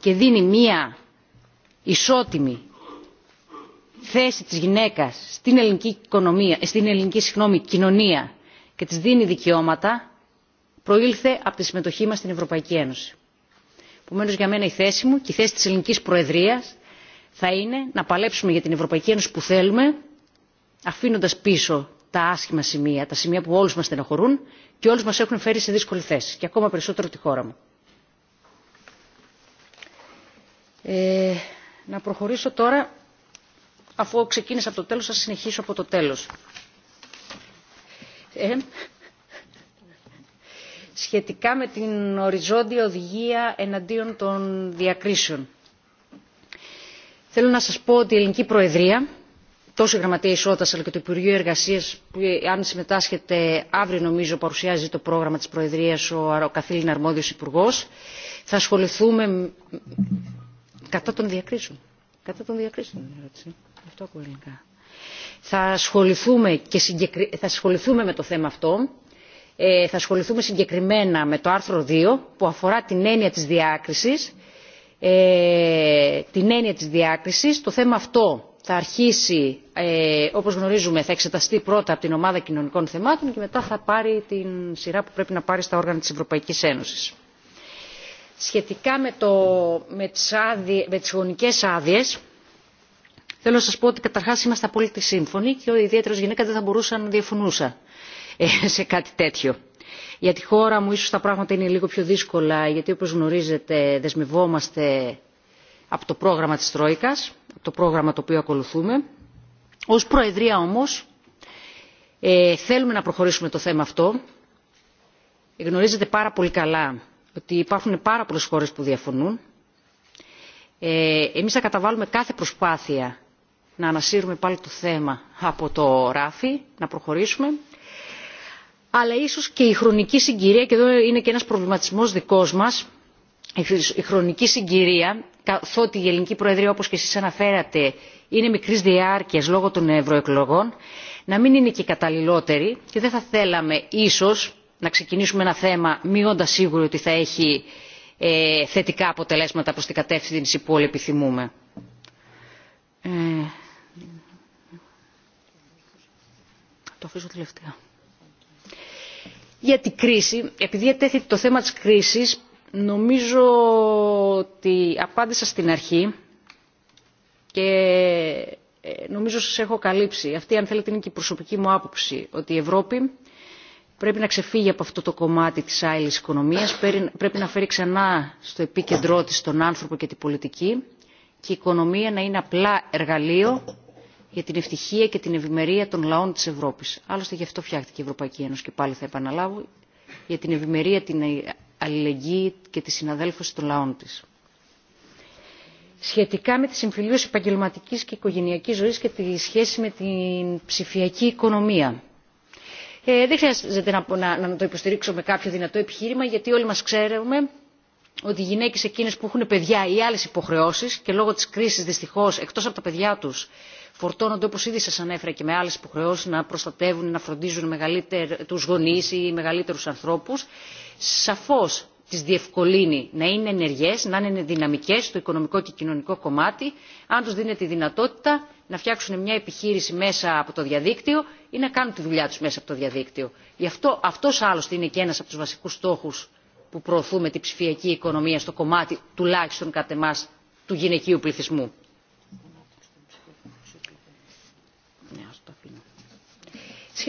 και δίνει μία ισότιμη θέση της γυναίκας στην ελληνική, οικονομία, στην ελληνική κοινωνία και της δίνει δικαιώματα προήλθε από τη συμμετοχή μα στην Ευρωπαϊκή Ένωση. Επομένω, για μένα η θέση μου και η θέση τη ελληνική προεδρία θα είναι να παλέψουμε για την Ευρωπαϊκή Ένωση που θέλουμε, αφήνοντα πίσω τα άσχημα σημεία, τα σημεία που όλου μα στενοχωρούν και όλου μα έχουν φέρει σε δύσκολη θέση και ακόμα περισσότερο τη χώρα μου. Ε, να προχωρήσω τώρα, αφού ξεκίνησα από το τέλος, θα συνεχίσω από το τέλος. Ε, σχετικά με την οριζόντια οδηγία εναντίον των διακρίσεων. Θέλω να σας πω ότι η Ελληνική Προεδρία, τόσο η Γραμματεία Ισότητας αλλά και το Υπουργείο Εργασίας, που ε, αν συμμετάσχετε αύριο νομίζω παρουσιάζει το πρόγραμμα της Προεδρίας ο καθήλυνα αρμόδιος Υπουργός, θα ασχοληθούμε κατά των διακρίσεων. Κατά διακρίσεων Αυτό Θα και θα ασχοληθούμε με το θέμα αυτό ε, θα ασχοληθούμε συγκεκριμένα με το άρθρο 2 που αφορά την έννοια της διάκρισης. Ε, έννοια της Το θέμα αυτό θα αρχίσει, ε, όπως γνωρίζουμε, θα εξεταστεί πρώτα από την ομάδα κοινωνικών θεμάτων και μετά θα πάρει την σειρά που πρέπει να πάρει στα όργανα της Ευρωπαϊκής Ένωσης. Σχετικά με, το, με, τις, γονικές άδειες, θέλω να σας πω ότι καταρχάς είμαστε απόλυτοι σύμφωνοι και ο ιδιαίτερος γυναίκα δεν θα μπορούσα να διαφωνούσα ε, σε κάτι τέτοιο. Για τη χώρα μου ίσως τα πράγματα είναι λίγο πιο δύσκολα γιατί όπως γνωρίζετε δεσμευόμαστε από το πρόγραμμα της Τρόικας, το πρόγραμμα το οποίο ακολουθούμε. Ως Προεδρία όμως ε, θέλουμε να προχωρήσουμε το θέμα αυτό. Ε, γνωρίζετε πάρα πολύ καλά ότι υπάρχουν πάρα πολλές χώρες που διαφωνούν. Ε, εμείς θα καταβάλουμε κάθε προσπάθεια να ανασύρουμε πάλι το θέμα από το ράφι, να προχωρήσουμε αλλά ίσως και η χρονική συγκυρία και εδώ είναι και ένας προβληματισμός δικός μας η χρονική συγκυρία καθότι η ελληνική προεδρία όπως και εσείς αναφέρατε είναι μικρής διάρκειας λόγω των ευρωεκλογών να μην είναι και καταλληλότερη και δεν θα θέλαμε ίσως να ξεκινήσουμε ένα θέμα μειώντας σίγουρο ότι θα έχει ε, θετικά αποτελέσματα προς την κατεύθυνση που όλοι επιθυμούμε. Ε, το αφήσω τελευταία για την κρίση. Επειδή ετέθη το θέμα της κρίσης, νομίζω ότι απάντησα στην αρχή και ε, νομίζω σας έχω καλύψει. Αυτή, αν θέλετε, είναι και η προσωπική μου άποψη, ότι η Ευρώπη πρέπει να ξεφύγει από αυτό το κομμάτι της άλλης οικονομίας, πρέπει να φέρει ξανά στο επίκεντρό της τον άνθρωπο και την πολιτική και η οικονομία να είναι απλά εργαλείο για την ευτυχία και την ευημερία των λαών της Ευρώπης. Άλλωστε γι' αυτό φτιάχτηκε η Ευρωπαϊκή Ένωση και πάλι θα επαναλάβω για την ευημερία, την αλληλεγγύη και τη συναδέλφωση των λαών της. Σχετικά με τη συμφιλίωση επαγγελματική και οικογενειακής ζωής και τη σχέση με την ψηφιακή οικονομία. Ε, δεν χρειάζεται να, να, να το υποστηρίξω με κάποιο δυνατό επιχείρημα γιατί όλοι μας ξέρουμε ότι οι γυναίκες εκείνες που έχουν παιδιά ή άλλες υποχρεώσεις και λόγω της κρίσης δυστυχώς εκτός από τα παιδιά τους φορτώνονται όπως ήδη σας ανέφερα και με άλλες υποχρεώσεις να προστατεύουν να φροντίζουν τους γονείς ή μεγαλύτερους ανθρώπους, σαφώς τις διευκολύνει να είναι ενεργές, να είναι δυναμικές στο οικονομικό και κοινωνικό κομμάτι, αν τους δίνεται η δυνατότητα να φτιάξουν μια επιχείρηση μέσα από το διαδίκτυο ή να κάνουν τη δουλειά τους μέσα από το διαδίκτυο. Γι' αυτό αυτός άλλωστε είναι και ένας από τους βασικούς στόχους που προωθούμε την ψηφιακή οικονομία στο κομμάτι τουλάχιστον κατά εμά του γυναικείου πληθυσμού.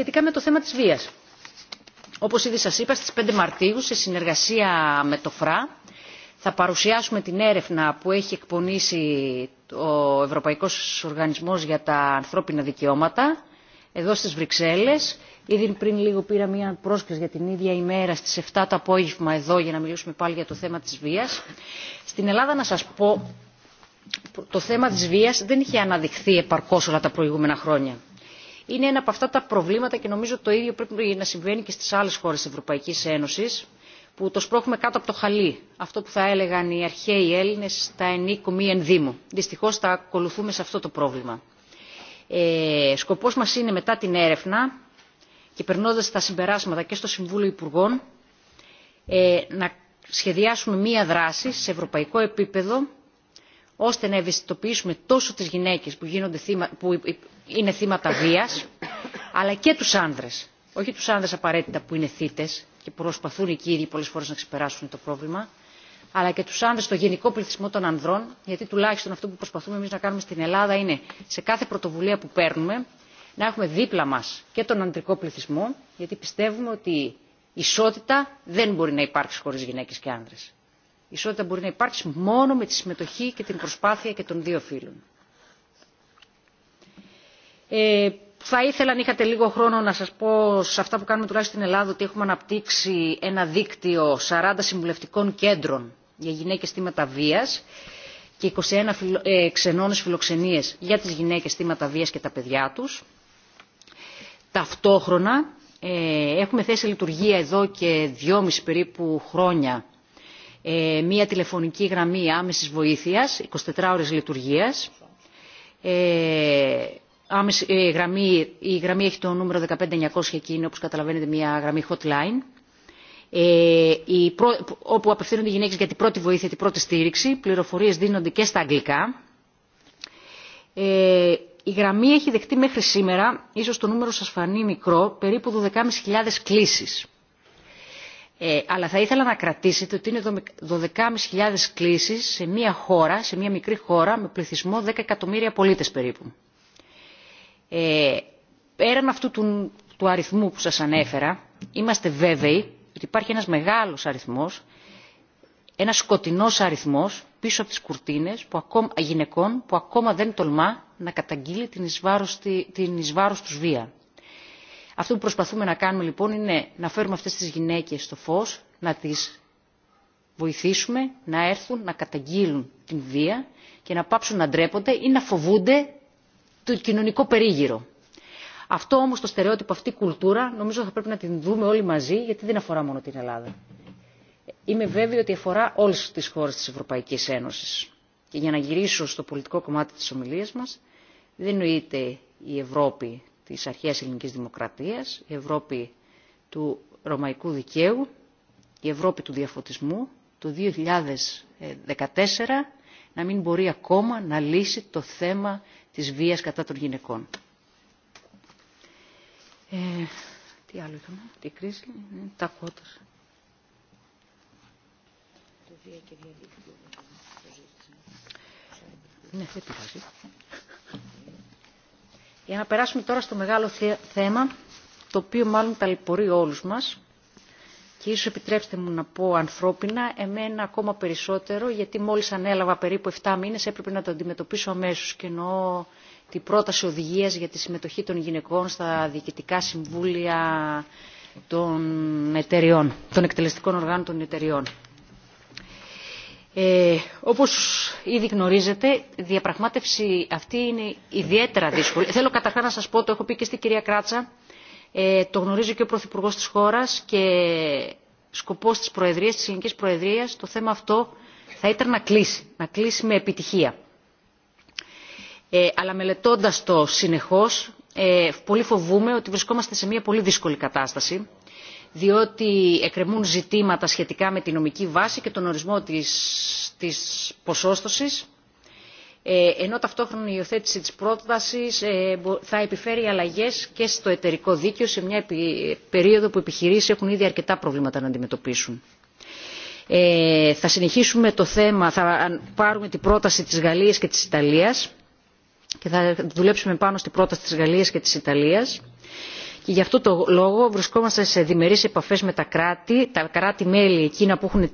σχετικά με το θέμα της βίας. Όπως ήδη σας είπα, στις 5 Μαρτίου, σε συνεργασία με το ΦΡΑ, θα παρουσιάσουμε την έρευνα που έχει εκπονήσει ο Ευρωπαϊκός Οργανισμός για τα Ανθρώπινα Δικαιώματα, εδώ στις Βρυξέλλες. Ήδη πριν λίγο πήρα μια πρόσκληση για την ίδια ημέρα στις 7 το απόγευμα εδώ για να μιλήσουμε πάλι για το θέμα της βίας. Στην Ελλάδα να σας πω, το θέμα της βίας δεν είχε αναδειχθεί επαρκώς όλα τα προηγούμενα χρόνια είναι ένα από αυτά τα προβλήματα και νομίζω το ίδιο πρέπει να συμβαίνει και στις άλλες χώρες της Ευρωπαϊκής Ένωσης που το σπρώχνουμε κάτω από το χαλί. Αυτό που θα έλεγαν οι αρχαίοι Έλληνες τα ενίκου μη ενδύμου. Δυστυχώς τα ακολουθούμε σε αυτό το πρόβλημα. Ε, σκοπός μας είναι μετά την έρευνα και περνώντας τα συμπεράσματα και στο Συμβούλιο Υπουργών ε, να σχεδιάσουμε μία δράση σε ευρωπαϊκό επίπεδο ώστε να ευαισθητοποιήσουμε τόσο τις γυναίκες που, θύμα, που είναι θύματα βίας, αλλά και τους άνδρες. Όχι τους άνδρες απαραίτητα που είναι θύτες και προσπαθούν οι κύριοι πολλές φορές να ξεπεράσουν το πρόβλημα, αλλά και τους άνδρες, στο γενικό πληθυσμό των ανδρών, γιατί τουλάχιστον αυτό που προσπαθούμε εμείς να κάνουμε στην Ελλάδα είναι σε κάθε πρωτοβουλία που παίρνουμε να έχουμε δίπλα μας και τον ανδρικό πληθυσμό, γιατί πιστεύουμε ότι ισότητα δεν μπορεί να υπάρξει χωρίς γυναίκες και άνδρες ισότητα μπορεί να υπάρξει μόνο με τη συμμετοχή και την προσπάθεια και των δύο φίλων. Ε, θα ήθελα, αν είχατε λίγο χρόνο, να σας πω σε αυτά που κάνουμε τουλάχιστον στην Ελλάδα ότι έχουμε αναπτύξει ένα δίκτυο 40 συμβουλευτικών κέντρων για γυναίκες θύματα βίας και 21 φιλο... ε, ξενώνες φιλοξενίες για τις γυναίκες θύματα βίας και τα παιδιά τους. Ταυτόχρονα ε, έχουμε θέσει λειτουργία εδώ και δυόμιση περίπου χρόνια ε, μία τηλεφωνική γραμμή άμεσης βοήθειας, 24 ώρες λειτουργίας. Ε, η, ε, γραμμή, η γραμμή έχει το νούμερο 15900 και είναι, όπως καταλαβαίνετε, μια γραμμή hotline. όπου απευθύνονται οι γυναίκες για την πρώτη βοήθεια, την πρώτη στήριξη. Πληροφορίες δίνονται και στα αγγλικά. η γραμμή έχει δεχτεί μέχρι σήμερα, ίσως το νούμερο σας φανεί μικρό, περίπου 12.500 κλήσεις. Ε, αλλά θα ήθελα να κρατήσετε ότι είναι 12.500 κλήσεις σε μια χώρα, σε μια μικρή χώρα με πληθυσμό 10 εκατομμύρια πολίτες περίπου. Ε, πέραν αυτού του, αριθμού που σας ανέφερα, είμαστε βέβαιοι ότι υπάρχει ένας μεγάλος αριθμός, ένας σκοτεινός αριθμός πίσω από τις κουρτίνες γυναικών που ακόμα δεν τολμά να καταγγείλει την βία. Αυτό που προσπαθούμε να κάνουμε λοιπόν είναι να φέρουμε αυτές τις γυναίκες στο φως, να τις βοηθήσουμε να έρθουν να καταγγείλουν την βία και να πάψουν να ντρέπονται ή να φοβούνται το κοινωνικό περίγυρο. Αυτό όμω το στερεότυπο, αυτή η να φοβουνται το κοινωνικο περιγυρο αυτο ομως νομίζω θα πρέπει να την δούμε όλοι μαζί, γιατί δεν αφορά μόνο την Ελλάδα. Είμαι βέβαιη ότι αφορά όλες τις χώρες της Ευρωπαϊκής Ένωσης. Και για να γυρίσω στο πολιτικό κομμάτι της ομιλίας μας, δεν εννοείται η Ευρώπη της αρχαίας ελληνικής δημοκρατίας, η Ευρώπη του ρωμαϊκού δικαίου, η Ευρώπη του διαφωτισμού, το 2014 να μην μπορεί ακόμα να λύσει το θέμα της βίας κατά των γυναικών. Ε, τι άλλο είχαμε, τι κρίση, ε, τα Ναι, δεν για να περάσουμε τώρα στο μεγάλο θέμα, το οποίο μάλλον ταλαιπωρεί όλους μας και ίσως επιτρέψτε μου να πω ανθρώπινα, εμένα ακόμα περισσότερο, γιατί μόλις ανέλαβα περίπου 7 μήνες έπρεπε να το αντιμετωπίσω αμέσως και εννοώ την πρόταση οδηγίας για τη συμμετοχή των γυναικών στα διοικητικά συμβούλια των, των εκτελεστικών οργάνων των εταιριών. Ε, όπως ήδη γνωρίζετε, η διαπραγμάτευση αυτή είναι ιδιαίτερα δύσκολη. Θέλω καταρχά να σας πω, το έχω πει και στην κυρία Κράτσα, ε, το γνωρίζει και ο Πρωθυπουργός της χώρας και σκοπός της Προεδρίας, της Ελληνικής Προεδρίας, το θέμα αυτό θα ήταν να κλείσει, να κλείσει με επιτυχία. Ε, αλλά μελετώντας το συνεχώς, ε, πολύ φοβούμε ότι βρισκόμαστε σε μια πολύ δύσκολη κατάσταση διότι εκκρεμούν ζητήματα σχετικά με τη νομική βάση και τον ορισμό της, της ποσόστοσης ε, ενώ ταυτόχρονα η υιοθέτηση της πρότασης ε, θα επιφέρει αλλαγές και στο εταιρικό δίκαιο σε μια περίοδο που οι επιχειρήσεις έχουν ήδη αρκετά προβλήματα να αντιμετωπίσουν. Ε, θα συνεχίσουμε το θέμα, θα πάρουμε την πρόταση της Γαλλίας και της Ιταλίας και θα δουλέψουμε πάνω στην πρόταση της Γαλλίας και της Ιταλίας γι' αυτό το λόγο βρισκόμαστε σε διμερείς επαφές με τα κράτη, τα κράτη-μέλη εκείνα που έχουν,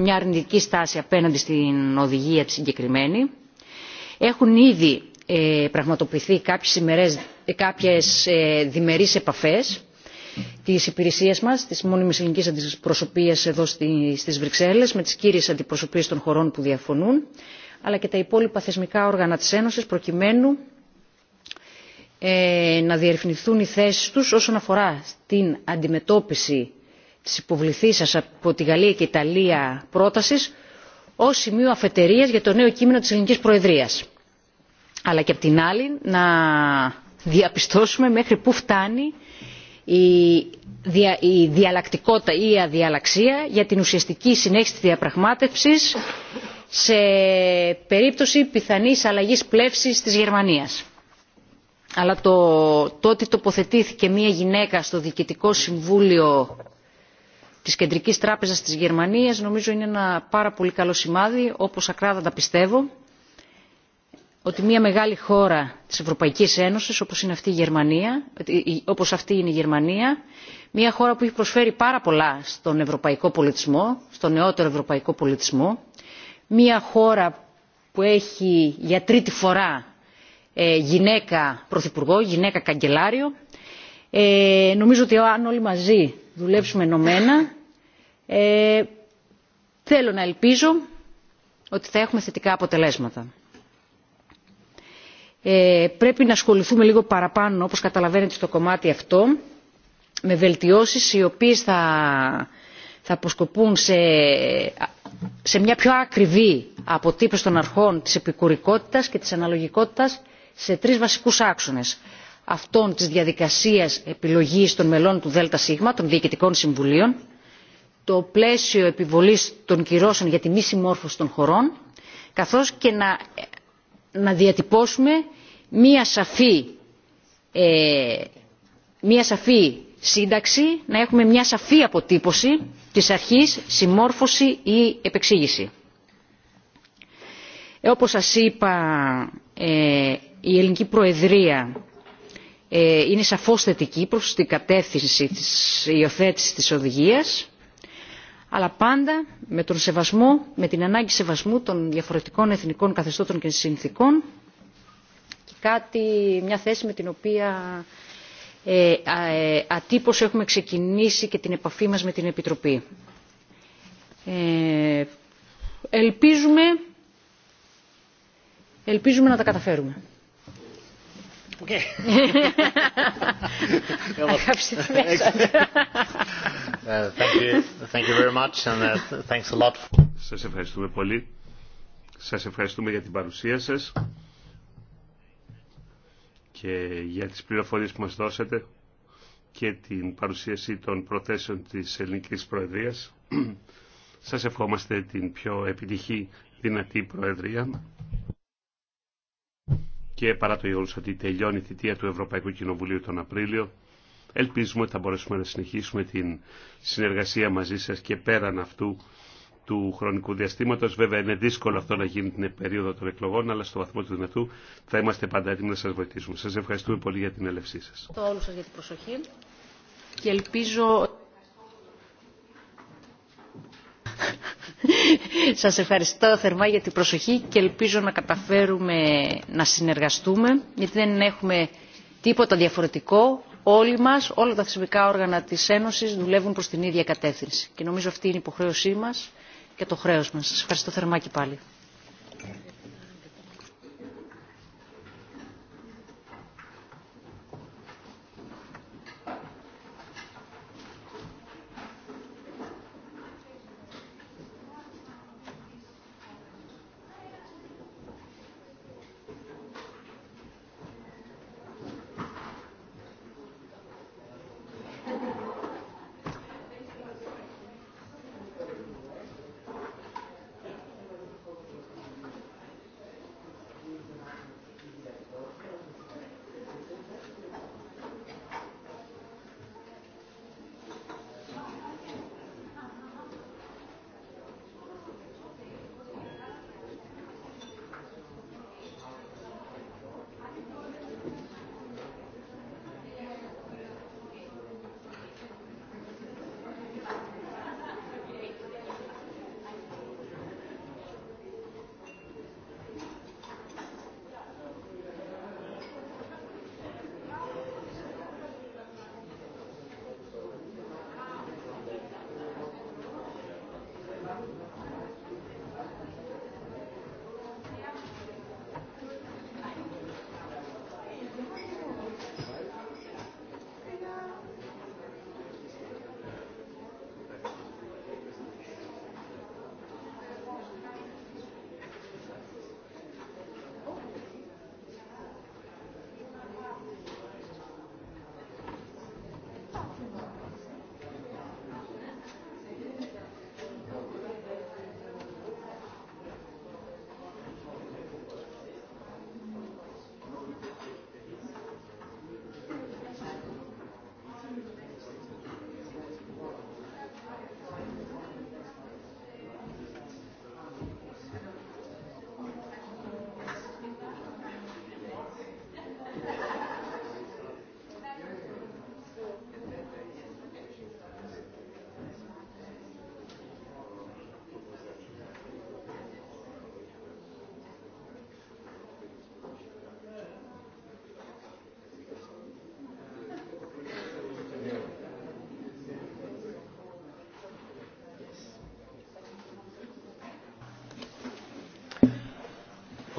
μια αρνητική στάση απέναντι στην οδηγία τη συγκεκριμένη. Έχουν ήδη ε, πραγματοποιηθεί κάποιες, ημερές, ε, διμερείς επαφές της υπηρεσίας μας, της μόνιμης ελληνικής αντιπροσωπείας εδώ στις Βρυξέλλες, με τις κύριες αντιπροσωπείες των χωρών που διαφωνούν, αλλά και τα υπόλοιπα θεσμικά όργανα της Ένωσης, προκειμένου ε, να διερευνηθούν οι θέσεις τους όσον αφορά την αντιμετώπιση της υποβληθής σας από τη Γαλλία και Ιταλία πρότασης ως σημείο αφετερίας για το νέο κείμενο της ελληνικής προεδρίας. Αλλά και απ' την άλλη να διαπιστώσουμε μέχρι πού φτάνει η, δια, η διαλλακτικότητα ή η αδιαλλαξία για την ουσιαστική συνέχιση της διαπραγμάτευσης σε περίπτωση πιθανής αλλαγής πλεύσης της Γερμανίας αλλά το, το ότι τοποθετήθηκε μια γυναίκα στο διοικητικό συμβούλιο της Κεντρικής Τράπεζας της Γερμανίας νομίζω είναι ένα πάρα πολύ καλό σημάδι, όπως ακράδαντα πιστεύω, ότι μια μεγάλη χώρα της Ευρωπαϊκής Ένωσης, όπως, είναι αυτή η Γερμανία, ε, όπως αυτή είναι η Γερμανία, μια χώρα που έχει προσφέρει πάρα πολλά στον ευρωπαϊκό πολιτισμό, στον νεότερο ευρωπαϊκό πολιτισμό, μια χώρα που έχει για τρίτη φορά ε, γυναίκα πρωθυπουργό, γυναίκα καγκελάριο. Ε, νομίζω ότι αν όλοι μαζί δουλέψουμε ενωμένα, ε, θέλω να ελπίζω ότι θα έχουμε θετικά αποτελέσματα. Πρέπει να ασχοληθούμε λίγο παραπάνω, όπως καταλαβαίνετε, στο κομμάτι αυτό, με βελτιώσεις οι οποίες θα, θα αποσκοπούν σε, σε μια πιο ακριβή αποτύπωση των αρχών της επικουρικότητας και της αναλογικότητας σε τρει βασικού άξονε αυτών τη διαδικασία επιλογή των μελών του ΔΣ, των διοικητικών συμβουλίων, το πλαίσιο επιβολή των κυρώσεων για τη μη συμμόρφωση των χωρών, καθώ και να, διατυπώσουμε μία σαφή, ε, μία σαφή σύνταξη, να έχουμε μία σαφή αποτύπωση της αρχής συμμόρφωση ή επεξήγηση. Ε, όπως είπα, ε, η ελληνική προεδρία ε, είναι σαφώς θετική προς την κατεύθυνση της υιοθέτησης της οδηγίας αλλά πάντα με, τον σεβασμό, με την ανάγκη σεβασμού των διαφορετικών εθνικών καθεστώτων και συνθήκων και κάτι, μια θέση με την οποία ε, ε έχουμε ξεκινήσει και την επαφή μας με την Επιτροπή. Ε, ελπίζουμε, ελπίζουμε να τα καταφέρουμε. Okay. Ε, thank you. Thank you very much and ε, thanks a lot. Σας ευχαριστούμε πολύ. Σας ευχαριστούμε για την παρουσία σας και για τις πληροφορίες που μας δώσατε και την παρουσίαση των προθέσεων της Ελληνικής Προεδρίας. Σας ευχόμαστε την πιο επιτυχή δυνατή Προεδρία και παρά το γεγονό ότι τελειώνει η θητεία του Ευρωπαϊκού Κοινοβουλίου τον Απρίλιο, ελπίζουμε ότι θα μπορέσουμε να συνεχίσουμε την συνεργασία μαζί σα και πέραν αυτού του χρονικού διαστήματο. Βέβαια είναι δύσκολο αυτό να γίνει την περίοδο των εκλογών, αλλά στο βαθμό του δυνατού θα είμαστε πάντα έτοιμοι να σα βοηθήσουμε. Σα ευχαριστούμε πολύ για την έλευσή σα. για την προσοχή και ελπίζω... Σας ευχαριστώ θερμά για την προσοχή και ελπίζω να καταφέρουμε να συνεργαστούμε γιατί δεν έχουμε τίποτα διαφορετικό. Όλοι μας, όλα τα θεσμικά όργανα της Ένωσης δουλεύουν προς την ίδια κατεύθυνση και νομίζω αυτή είναι η υποχρέωσή μας και το χρέος μας. Σας ευχαριστώ θερμά και πάλι.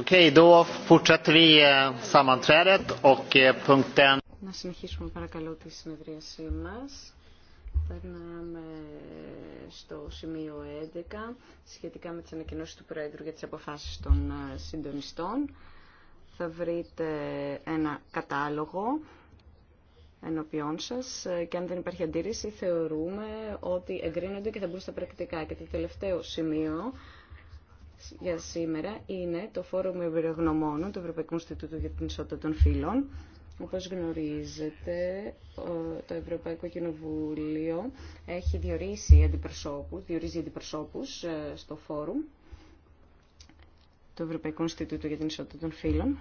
då eh, och eh, Να συνεχίσουμε παρακαλώ τη συνεδρίασή μας. Περνάμε στο σημείο 11 σχετικά με τι ανακοινώσει του Πρόεδρου για τις αποφάσεις των ε, συντονιστών. Θα βρείτε ένα κατάλογο ενώπιόν σας ε, και αν δεν υπάρχει αντίρρηση θεωρούμε ότι εγκρίνονται και θα μπουν στα πρακτικά. Και το τελευταίο σημείο για σήμερα είναι το Φόρουμ Εμπειρογνωμόνων του Ευρωπαϊκού Ινστιτούτου για την Ισότητα των Φύλων. Όπως γνωρίζετε, το Ευρωπαϊκό Κοινοβούλιο έχει διορίσει αντιπροσώπους, διορίζει αντιπροσώπους ε, στο Φόρουμ του Ευρωπαϊκού Ινστιτούτου για την Ισότητα των Φύλων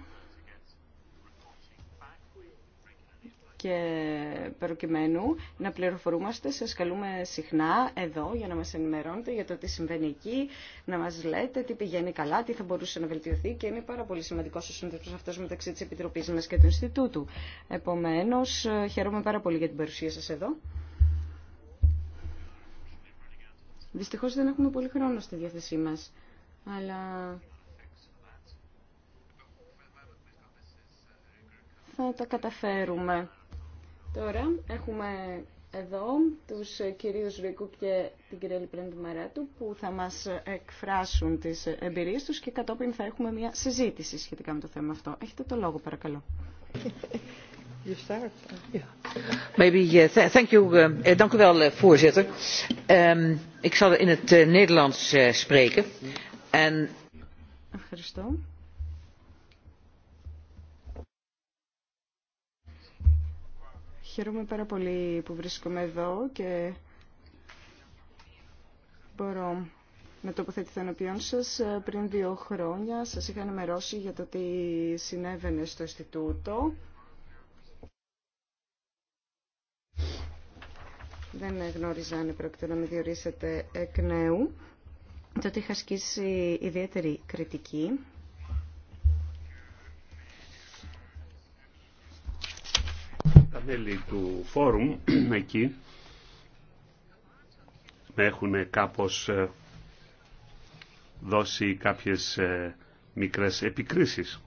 και προκειμένου να πληροφορούμαστε, σας καλούμε συχνά εδώ για να μας ενημερώνετε για το τι συμβαίνει εκεί, να μας λέτε τι πηγαίνει καλά, τι θα μπορούσε να βελτιωθεί και είναι πάρα πολύ σημαντικός ο σύνδεσμος αυτός μεταξύ της Επιτροπής μας και του Ινστιτούτου. Επομένως, χαίρομαι πάρα πολύ για την παρουσία σας εδώ. Δυστυχώς δεν έχουμε πολύ χρόνο στη διάθεσή μας, αλλά... Θα τα καταφέρουμε. Τώρα έχουμε εδώ τους κυρίους Ρίκου και την κυρία Λιπρέντη Μαράτου που θα μας εκφράσουν τις εμπειρίες τους και κατόπιν θα έχουμε μια συζήτηση σχετικά με το θέμα αυτό. Έχετε το λόγο παρακαλώ. Thank you. Ε, ε, dank u voorzitter. in Ευχαριστώ. Χαίρομαι πάρα πολύ που βρίσκομαι εδώ και μπορώ να τοποθετηθώ ενώπιον σας. Πριν δύο χρόνια σας είχα ενημερώσει για το τι συνέβαινε στο Ινστιτούτο. Δεν γνώριζα αν πρόκειται να με διορίσετε εκ νέου. Τότε είχα ασκήσει ιδιαίτερη κριτική μέλη του φόρουμ εκεί με έχουν κάπως ε, δώσει κάποιες ε, μικρές επικρίσεις.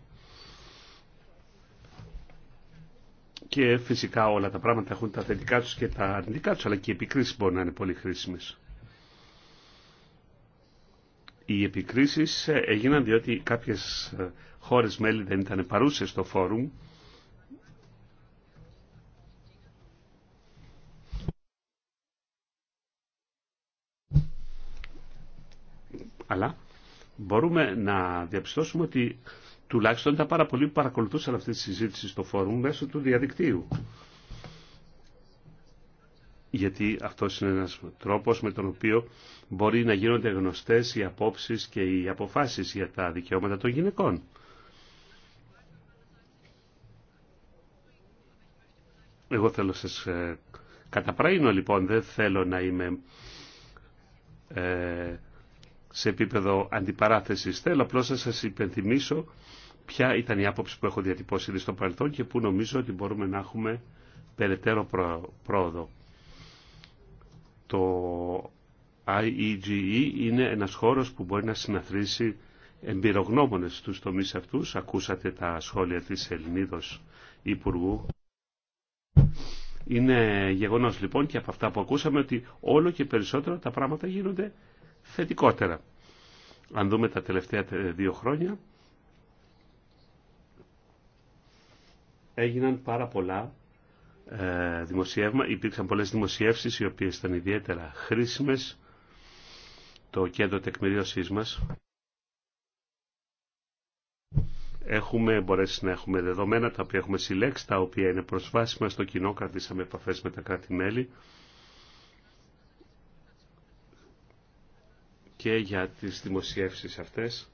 Και φυσικά όλα τα πράγματα έχουν τα θετικά τους και τα αρνητικά τους, αλλά και οι επικρίσεις μπορούν να είναι πολύ χρήσιμες. Οι επικρίσεις ε, έγιναν διότι κάποιες χώρες μέλη δεν ήταν παρούσες στο φόρουμ Αλλά μπορούμε να διαπιστώσουμε ότι τουλάχιστον τα πάρα πολλοί που παρακολουθούσαν αυτή τη συζήτηση στο φόρουμ μέσω του διαδικτύου. Γιατί αυτό είναι ένας τρόπος με τον οποίο μπορεί να γίνονται γνωστές οι απόψεις και οι αποφάσεις για τα δικαιώματα των γυναικών. Εγώ θέλω σας ε, καταπραίνω λοιπόν, δεν θέλω να είμαι ε, σε επίπεδο αντιπαράθεσης. Θέλω απλώς να σας υπενθυμίσω ποια ήταν η άποψη που έχω διατυπώσει ήδη στο παρελθόν και που νομίζω ότι μπορούμε να έχουμε περαιτέρω πρόοδο. Το IEGE e είναι ένας χώρος που μπορεί να συναθρήσει εμπειρογνώμονες στους τομείς αυτούς. Ακούσατε τα σχόλια της Ελληνίδος Υπουργού. Είναι γεγονός λοιπόν και από αυτά που ακούσαμε ότι όλο και περισσότερο τα πράγματα γίνονται θετικότερα. Αν δούμε τα τελευταία δύο χρόνια, έγιναν πάρα πολλά ε, υπήρξαν πολλές δημοσιεύσεις οι οποίες ήταν ιδιαίτερα χρήσιμες. Το κέντρο τεκμηρίωσής μας έχουμε μπορέσει να έχουμε δεδομένα τα οποία έχουμε συλλέξει, τα οποία είναι προσβάσιμα στο κοινό, κρατήσαμε επαφές με τα κράτη-μέλη και για τις δημοσιεύσεις αυτές,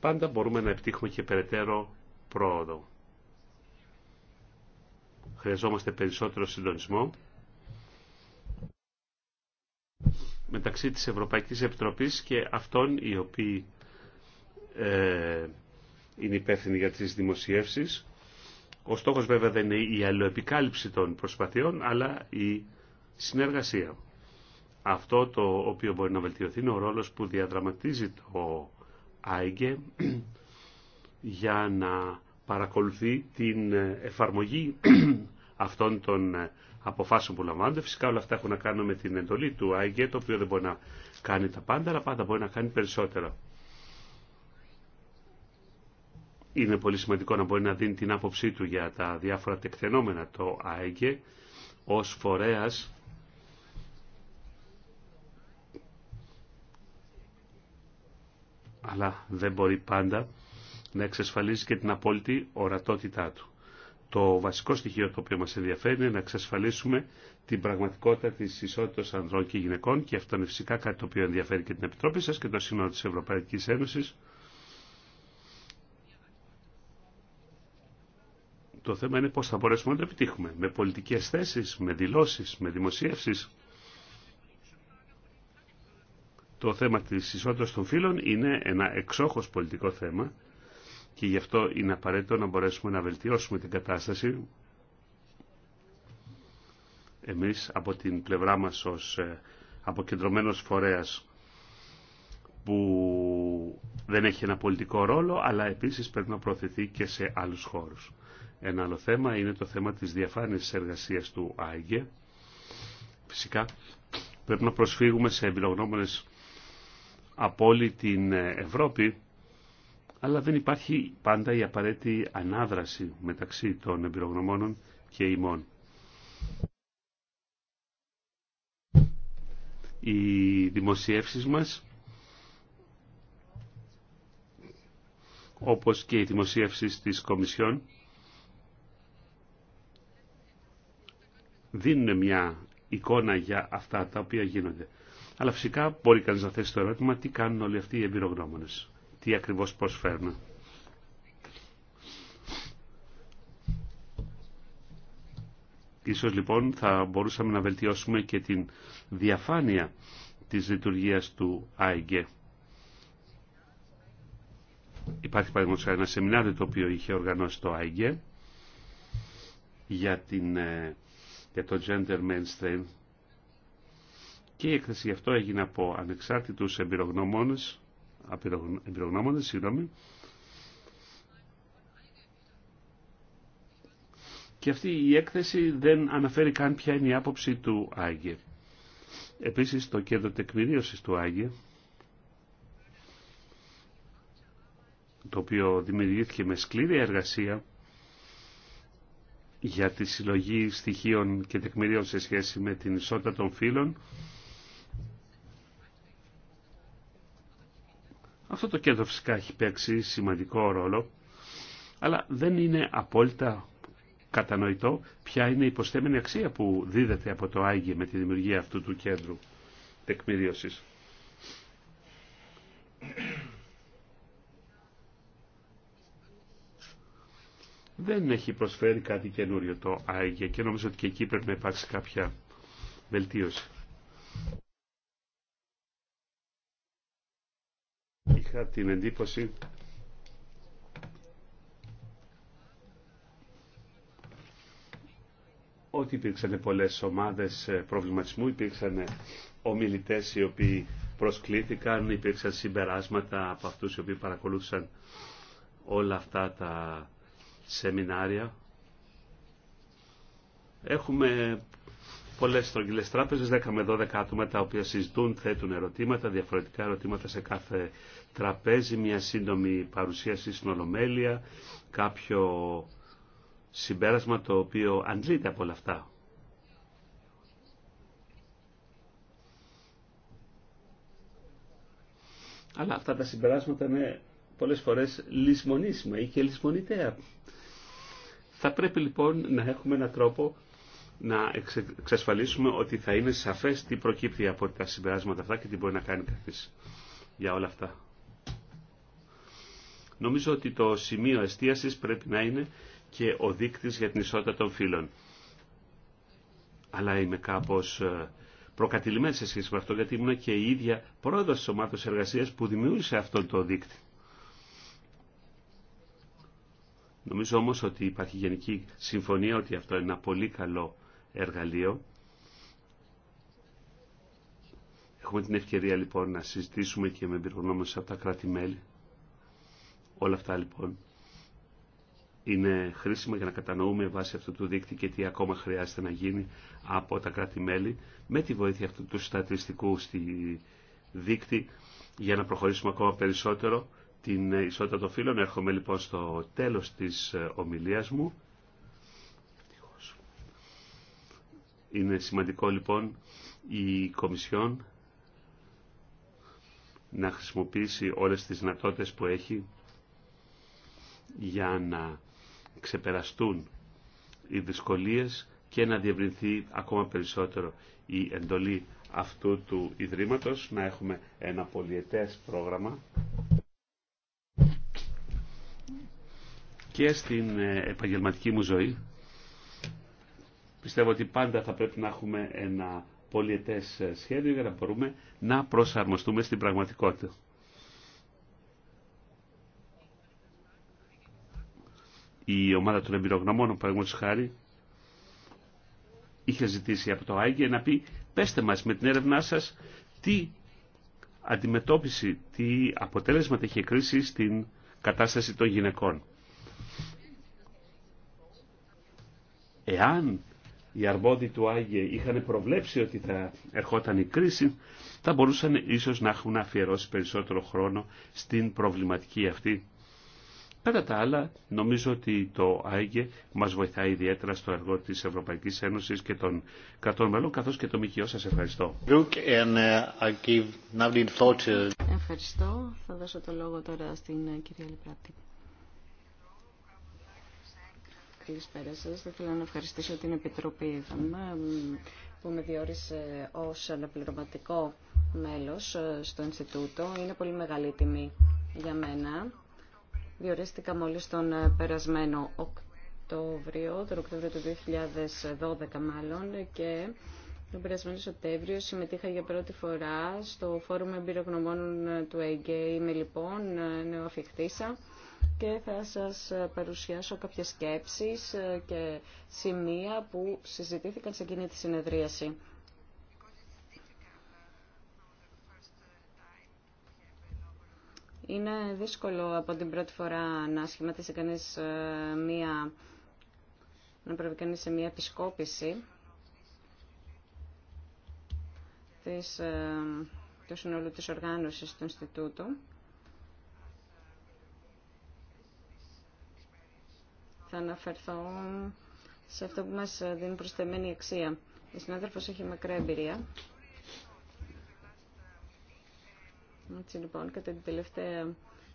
πάντα μπορούμε να επιτύχουμε και περαιτέρω πρόοδο. Χρειαζόμαστε περισσότερο συντονισμό μεταξύ της Ευρωπαϊκής Επιτροπής και αυτών οι οποίοι ε, είναι υπεύθυνοι για τις δημοσιεύσεις. Ο στόχος βέβαια δεν είναι η αλληλοεπικάλυψη των προσπαθειών, αλλά η συνεργασία. Αυτό το οποίο μπορεί να βελτιωθεί είναι ο ρόλος που διαδραματίζει το ΆΙΓΕ για να παρακολουθεί την εφαρμογή αυτών των αποφάσεων που λαμβάνονται. Φυσικά όλα αυτά έχουν να κάνουν με την εντολή του ΆΙΓΕ, το οποίο δεν μπορεί να κάνει τα πάντα, αλλά πάντα μπορεί να κάνει περισσότερα. Είναι πολύ σημαντικό να μπορεί να δίνει την άποψή του για τα διάφορα τεκθενόμενα το ΑΕΚΕ ως φορέας αλλά δεν μπορεί πάντα να εξασφαλίζει και την απόλυτη ορατότητά του. Το βασικό στοιχείο το οποίο μας ενδιαφέρει είναι να εξασφαλίσουμε την πραγματικότητα της ισότητας ανδρών και γυναικών και αυτό είναι φυσικά κάτι το οποίο ενδιαφέρει και την Επιτροπή σας και το Σύνολο της Ευρωπαϊκής Ένωσης. Το θέμα είναι πώς θα μπορέσουμε να το επιτύχουμε. Με πολιτικές θέσεις, με δηλώσεις, με δημοσίευσεις το θέμα της ισότητας των φύλων είναι ένα εξόχως πολιτικό θέμα και γι' αυτό είναι απαραίτητο να μπορέσουμε να βελτιώσουμε την κατάσταση. Εμείς από την πλευρά μας ως ε, αποκεντρωμένος φορέας που δεν έχει ένα πολιτικό ρόλο, αλλά επίσης πρέπει να προωθηθεί και σε άλλους χώρους. Ένα άλλο θέμα είναι το θέμα της διαφάνειας εργασίας του ΆΙΓΕ. Φυσικά πρέπει να προσφύγουμε σε εμπειρογνώμονες από όλη την Ευρώπη, αλλά δεν υπάρχει πάντα η απαραίτητη ανάδραση μεταξύ των εμπειρογνωμόνων και ημών. Οι δημοσιεύσεις μας, όπως και οι δημοσιεύσεις της Κομισιόν, δίνουν μια εικόνα για αυτά τα οποία γίνονται. Αλλά φυσικά μπορεί κανεί να θέσει το ερώτημα τι κάνουν όλοι αυτοί οι εμπειρογνώμονε. Τι ακριβώς προσφέρουν. Ίσως λοιπόν θα μπορούσαμε να βελτιώσουμε και την διαφάνεια της λειτουργίας του ΑΕΓΕ. Υπάρχει παραδείγματος ένα σεμινάριο το οποίο είχε οργανώσει το ΑΕΓΕ για, την, ε, για το gender mainstream και η έκθεση γι' αυτό έγινε από ανεξάρτητους εμπειρογνώμονες, εμπειρογνώμονες συγγνώμη, και αυτή η έκθεση δεν αναφέρει καν ποια είναι η άποψη του Άγιε. Επίσης το κέντρο τεκμηρίωσης του Άγιε, το οποίο δημιουργήθηκε με σκληρή εργασία για τη συλλογή στοιχείων και τεκμηρίων σε σχέση με την ισότητα των φύλων, Αυτό το κέντρο φυσικά έχει παίξει σημαντικό ρόλο, αλλά δεν είναι απόλυτα κατανοητό ποια είναι η υποστέμενη αξία που δίδεται από το Άγιε με τη δημιουργία αυτού του κέντρου τεκμηρίωσης. Δεν έχει προσφέρει κάτι καινούριο το Άγιε και νομίζω ότι και εκεί πρέπει να υπάρξει κάποια βελτίωση. Είχα την εντύπωση ότι υπήρξαν πολλές ομάδες ε, προβληματισμού, υπήρξαν ε, ομιλητές οι οποίοι προσκλήθηκαν, υπήρξαν συμπεράσματα από αυτούς οι οποίοι παρακολούθησαν όλα αυτά τα σεμινάρια. Έχουμε Πολλέ στρογγυλέ τράπεζε 10 με 12 άτομα τα οποία συζητούν, θέτουν ερωτήματα, διαφορετικά ερωτήματα σε κάθε τραπέζι, μια σύντομη παρουσίαση στην Ολομέλεια, κάποιο συμπέρασμα το οποίο αντλείται από όλα αυτά. Αλλά αυτά τα συμπεράσματα είναι πολλές φορές λησμονήσιμα ή και λησμονητέα. Θα πρέπει λοιπόν να έχουμε έναν τρόπο να εξασφαλίσουμε ότι θα είναι σαφές τι προκύπτει από τα συμπεράσματα αυτά και τι μπορεί να κάνει κανείς για όλα αυτά. Νομίζω ότι το σημείο εστίασης πρέπει να είναι και ο δείκτης για την ισότητα των φύλων. Αλλά είμαι κάπως ε, προκατηλημένη σε σχέση με αυτό, γιατί ήμουν και η ίδια πρόεδρος της ομάδας εργασίας που δημιούργησε αυτό το δείκτη. Νομίζω όμως ότι υπάρχει γενική συμφωνία ότι αυτό είναι ένα πολύ καλό εργαλείο. Έχουμε την ευκαιρία λοιπόν να συζητήσουμε και με εμπειρογνώμες από τα κράτη-μέλη. Όλα αυτά λοιπόν είναι χρήσιμα για να κατανοούμε βάσει αυτού του δείκτη και τι ακόμα χρειάζεται να γίνει από τα κράτη-μέλη με τη βοήθεια αυτού του στατιστικού στη δείκτη για να προχωρήσουμε ακόμα περισσότερο την ισότητα των φύλων. Έρχομαι λοιπόν στο τέλος της ομιλίας μου. Είναι σημαντικό λοιπόν η Κομισιόν να χρησιμοποιήσει όλες τις δυνατότητες που έχει για να ξεπεραστούν οι δυσκολίες και να διευρυνθεί ακόμα περισσότερο η εντολή αυτού του Ιδρύματος, να έχουμε ένα πολιετές πρόγραμμα και στην ε, επαγγελματική μου ζωή Πιστεύω ότι πάντα θα πρέπει να έχουμε ένα πολιετές ε, σχέδιο για να μπορούμε να προσαρμοστούμε στην πραγματικότητα. Η ομάδα των εμπειρογνωμών, παραδείγματος χάρη, είχε ζητήσει από το Άγγε να πει πέστε μας με την έρευνά σας τι αντιμετώπιση, τι αποτέλεσμα είχε κρίση στην κατάσταση των γυναικών. Εάν οι αρμόδιοι του Άγιε είχαν προβλέψει ότι θα ερχόταν η κρίση, θα μπορούσαν ίσως να έχουν αφιερώσει περισσότερο χρόνο στην προβληματική αυτή. Κατά τα άλλα, νομίζω ότι το Άγιε μας βοηθάει ιδιαίτερα στο έργο της Ευρωπαϊκής Ένωσης και των κρατών μελών, καθώς και το ΜΚΙΟ. Σας ευχαριστώ. Uh, ευχαριστώ. Θα δώσω το λόγο τώρα στην ε, κυρία Καλησπέρα σα. Θα ήθελα να ευχαριστήσω την Επιτροπή που με διόρισε ως αναπληρωματικό μέλος ε, στο Ινστιτούτο. Είναι πολύ μεγάλη τιμή για μένα. Διορίστηκα μόλις τον ε, περασμένο Οκτώβριο, τον Οκτώβριο του 2012 μάλλον, και τον περασμένο Σεπτέμβριο συμμετείχα για πρώτη φορά στο Φόρουμ Εμπειρογνωμών ε, του ΕΙΚΕΙ. Είμαι λοιπόν νεοαφιχτήσα και θα σας παρουσιάσω κάποιες σκέψεις και σημεία που συζητήθηκαν σε εκείνη τη συνεδρίαση. Είναι δύσκολο από την πρώτη φορά να σχηματίσει κανείς ε, μία, να πρέπει κανείς σε μία επισκόπηση της, ε, του συνόλου της οργάνωσης του Ινστιτούτου. αναφερθώ σε αυτό που μας δίνει προσθεμένη αξία. Η συνάδελφος έχει μακρά εμπειρία. Έτσι λοιπόν, κατά την τελευταία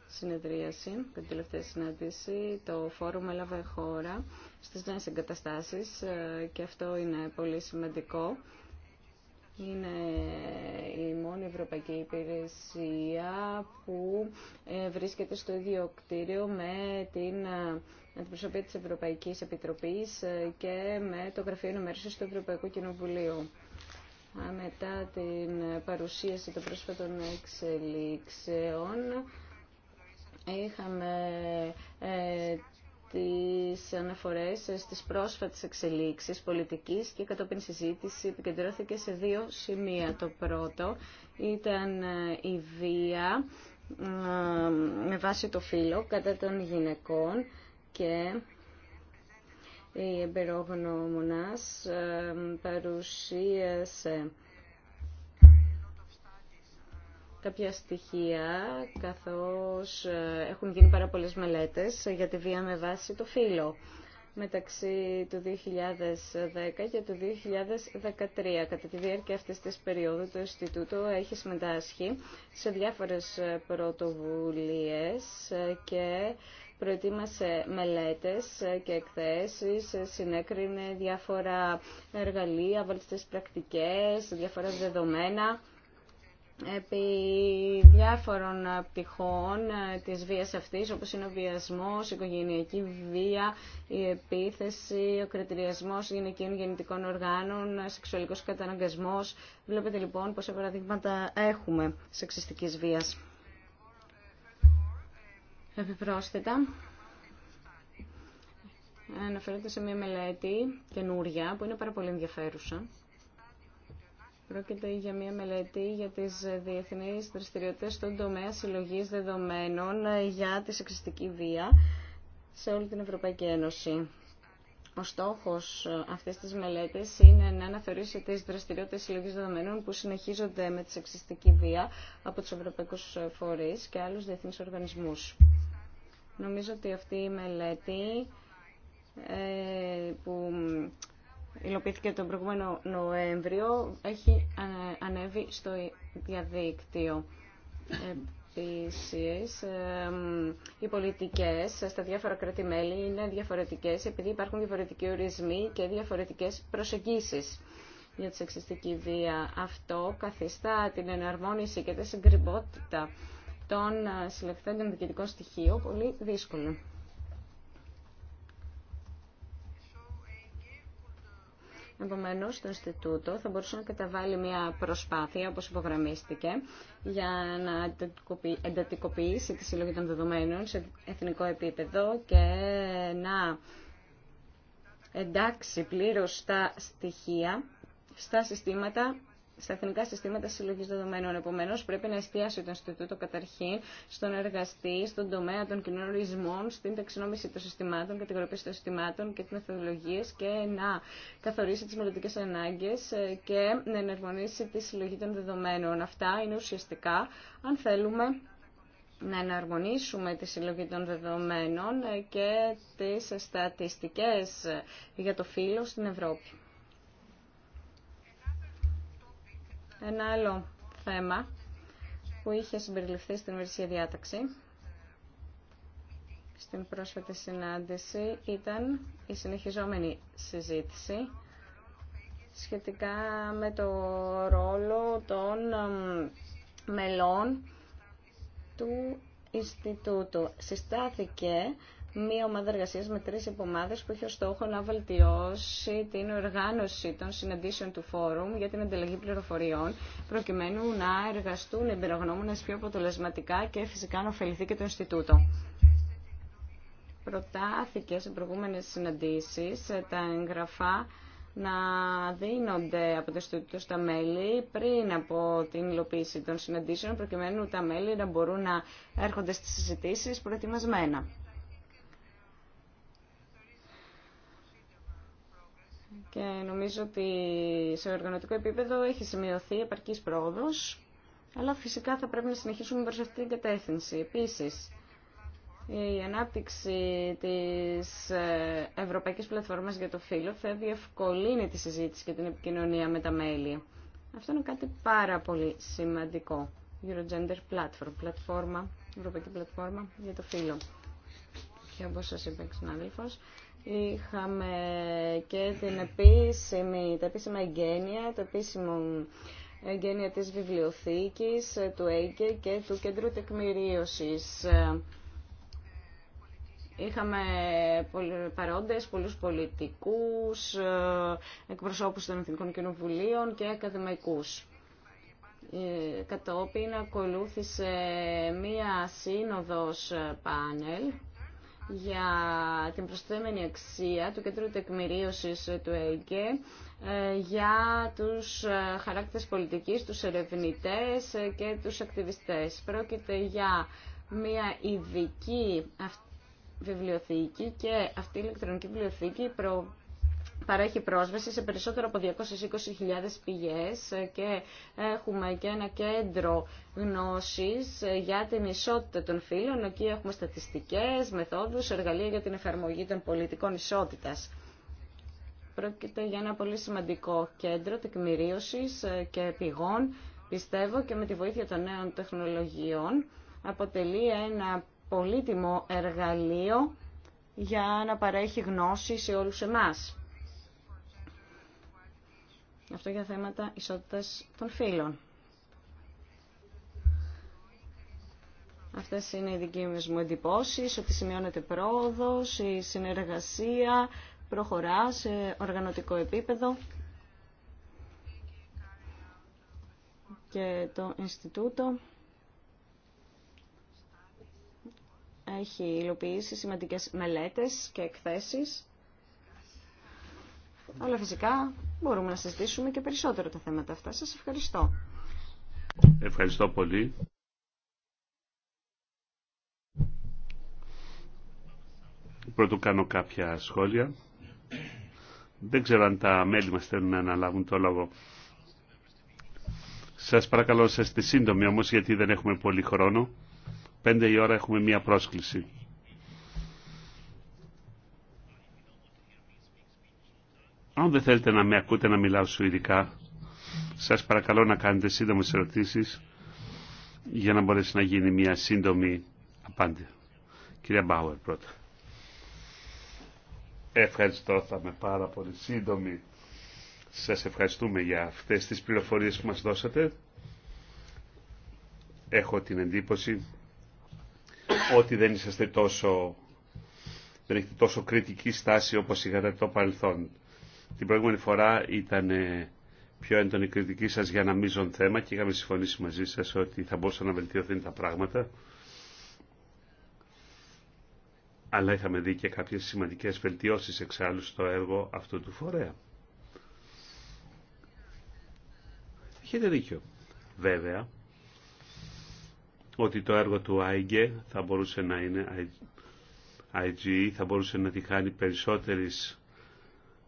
συνεδρίαση, κατά την τελευταία συνάντηση, το φόρουμ έλαβε χώρα στις νέες εγκαταστάσεις ε, και αυτό είναι πολύ σημαντικό είναι η μόνη ευρωπαϊκή υπηρεσία που ε, βρίσκεται στο ίδιο κτίριο με την ε, αντιπροσωπή της Ευρωπαϊκής Επιτροπής ε, και με το Γραφείο Ενημέρωσης του Ευρωπαϊκού Κοινοβουλίου. Μετά την παρουσίαση των πρόσφατων εξελίξεων, είχαμε τις αναφορές στις πρόσφατες εξελίξεις πολιτικής και κατόπιν συζήτηση επικεντρώθηκε σε δύο σημεία. Το πρώτο ήταν ε, η βία ε, με βάση το φύλλο κατά των γυναικών και η εμπειρόγνωμονας ε, παρουσίασε κάποια στοιχεία, καθώς ε, έχουν γίνει πάρα πολλές μελέτες για τη βία με βάση το φύλλο μεταξύ του 2010 και του 2013. Κατά τη διάρκεια αυτή της περίοδου το Ινστιτούτο έχει συμμετάσχει σε διάφορες πρωτοβουλίες και προετοίμασε μελέτες και εκθέσεις, συνέκρινε διάφορα εργαλεία, βαλιστές πρακτικές, διάφορα δεδομένα επί διάφορων πτυχών ε, της βίας αυτής, όπως είναι ο βιασμός, η οικογενειακή βία, η επίθεση, ο κριτηριασμός γυναικείων γεννητικών οργάνων, σεξουαλικός καταναγκασμός. Βλέπετε λοιπόν πόσα παραδείγματα έχουμε σεξιστικής βίας. Επιπρόσθετα, αναφέρεται σε μια μελέτη καινούρια που είναι πάρα πολύ ενδιαφέρουσα. Πρόκειται για μια μελέτη για τις διεθνείς δραστηριότητες στον τομέα συλλογής δεδομένων για τη σεξιστική βία σε όλη την Ευρωπαϊκή Ένωση. Ο στόχος αυτής της μελέτης είναι να αναθεωρήσει τις δραστηριότητες συλλογής δεδομένων που συνεχίζονται με τη σεξιστική βία από τους ευρωπαϊκούς φορείς και άλλους διεθνείς οργανισμούς. Νομίζω ότι αυτή η μελέτη ε, που υλοποιήθηκε τον προηγούμενο Νοέμβριο, έχει ανέβει στο διαδίκτυο. Επίσης, οι πολιτικές στα διάφορα κράτη-μέλη είναι διαφορετικές επειδή υπάρχουν διαφορετικοί ορισμοί και διαφορετικές προσεγγίσεις για τη σεξιστική βία. Αυτό καθιστά την εναρμόνιση και τη συγκριμπότητα των ε, συλλεκτέντων διοικητικών στοιχείων πολύ δύσκολο. Επομένω, το Ινστιτούτο θα μπορούσε να καταβάλει μια προσπάθεια, όπω υπογραμμίστηκε, για να εντατικοποιήσει τη συλλογή των δεδομένων σε εθνικό επίπεδο και να εντάξει πλήρω τα στοιχεία στα συστήματα στα εθνικά συστήματα συλλογή δεδομένων. Επομένω, πρέπει να εστιάσει το Ινστιτούτο καταρχήν στον εργαστή, στον τομέα των κοινών ορισμών, στην ταξινόμηση των συστημάτων, κατηγοροποίηση των συστημάτων και τι μεθοδολογίε και να καθορίσει τι μελλοντικέ ανάγκε ε, και να εναρμονίσει τη συλλογή των δεδομένων. Αυτά είναι ουσιαστικά, αν θέλουμε, να εναρμονίσουμε τη συλλογή των δεδομένων ε, και τις στατιστικές για το φύλλο στην Ευρώπη. Ένα άλλο θέμα που είχε συμπεριληφθεί στην βερσία διάταξη στην πρόσφατη συνάντηση ήταν η συνεχιζόμενη συζήτηση σχετικά με το ρόλο των μελών του Ινστιτούτου. Συστάθηκε μία ομάδα εργασία με τρει εβδομάδε που έχει ως στόχο να βελτιώσει την οργάνωση των συναντήσεων του φόρουμ για την ανταλλαγή πληροφοριών, προκειμένου να εργαστούν οι εμπειρογνώμονε πιο αποτελεσματικά και φυσικά να ωφεληθεί και το Ινστιτούτο. Προτάθηκε σε προηγούμενε συναντήσει ε, τα εγγραφά να δίνονται από το Ινστιτούτο στα μέλη πριν από την υλοποίηση των συναντήσεων, προκειμένου τα μέλη να μπορούν να έρχονται στι συζητήσει, προετοιμασμένα. Και νομίζω ότι σε οργανωτικό επίπεδο έχει σημειωθεί επαρκή πρόοδος, αλλά φυσικά θα πρέπει να συνεχίσουμε προ αυτή την κατεύθυνση. Επίσης, η ανάπτυξη της ε, Ευρωπαϊκής Πλατφόρμας για το Φύλλο θα διευκολύνει τη συζήτηση και την επικοινωνία με τα μέλη. Αυτό είναι κάτι πάρα πολύ σημαντικό. Eurogender Platform, πλατφόρμα, Ευρωπαϊκή Πλατφόρμα για το Φύλλο. Και όπω σα είπε ο Είχαμε και την επίσημη, τα επίσημα εγγένεια, το επίσημο εγγένεια της βιβλιοθήκης, του ΕΙΚΕ και του Κέντρου Τεκμηρίωσης. Είχαμε παρόντες, πολλούς πολιτικούς, εκπροσώπους των Εθνικών Κοινοβουλίων και ακαδημαϊκούς. Ε, κατόπιν ακολούθησε μία σύνοδος πάνελ για την προσθέμενη αξία του κέντρου τεκμηρίωσης του ΕΕΚΕ για τους ε, χαράκτες πολιτικής, τους ερευνητές ε, και τους ακτιβιστές. Πρόκειται για μια ειδική βιβλιοθήκη και αυτή η ηλεκτρονική βιβλιοθήκη προ παρέχει πρόσβαση σε περισσότερο από 220.000 πηγές και έχουμε και ένα κέντρο γνώσης για την ισότητα των φύλων. Εκεί έχουμε στατιστικές, μεθόδους, εργαλεία για την εφαρμογή των πολιτικών ισότητας. Πρόκειται για ένα πολύ σημαντικό κέντρο τεκμηρίωσης και πηγών, πιστεύω, και με τη βοήθεια των νέων τεχνολογιών αποτελεί ένα πολύτιμο εργαλείο για να παρέχει γνώση σε όλους εμάς. Αυτό για θέματα ισότητας των φύλων. Αυτές είναι οι δικές μου εντυπώσεις, ότι σημειώνεται πρόοδος, η συνεργασία προχωρά σε οργανωτικό επίπεδο και το Ινστιτούτο έχει υλοποιήσει σημαντικές μελέτες και εκθέσεις. Αλλά φυσικά μπορούμε να συζητήσουμε και περισσότερο τα θέματα αυτά. Σας ευχαριστώ. Ευχαριστώ πολύ. Πρώτο κάνω κάποια σχόλια. Δεν ξέρω αν τα μέλη μας θέλουν να αναλάβουν το λόγο. Σας παρακαλώ, είστε σύντομοι όμως γιατί δεν έχουμε πολύ χρόνο. Πέντε η ώρα έχουμε μία πρόσκληση. Αν δεν θέλετε να με ακούτε να μιλάω σου ειδικά, σας παρακαλώ να κάνετε σύντομες ερωτήσεις για να μπορέσει να γίνει μια σύντομη απάντηση. Κυρία Μπάουερ πρώτα. Ευχαριστώ, θα είμαι πάρα πολύ σύντομη. Σας ευχαριστούμε για αυτές τις πληροφορίες που μας δώσατε. Έχω την εντύπωση ότι δεν είσαστε τόσο, δεν έχετε τόσο κριτική στάση όπως είχατε το παρελθόν. Την προηγούμενη φορά ήταν πιο έντονη η κριτική σας για ένα μείζον θέμα και είχαμε συμφωνήσει μαζί σας ότι θα μπορούσαν να βελτιωθούν τα πράγματα. Αλλά είχαμε δει και κάποιες σημαντικές βελτιώσεις εξάλλου στο έργο αυτού του φορέα. Έχετε δίκιο. Βέβαια, ότι το έργο του IG θα μπορούσε να είναι IG, θα μπορούσε να τη χάνει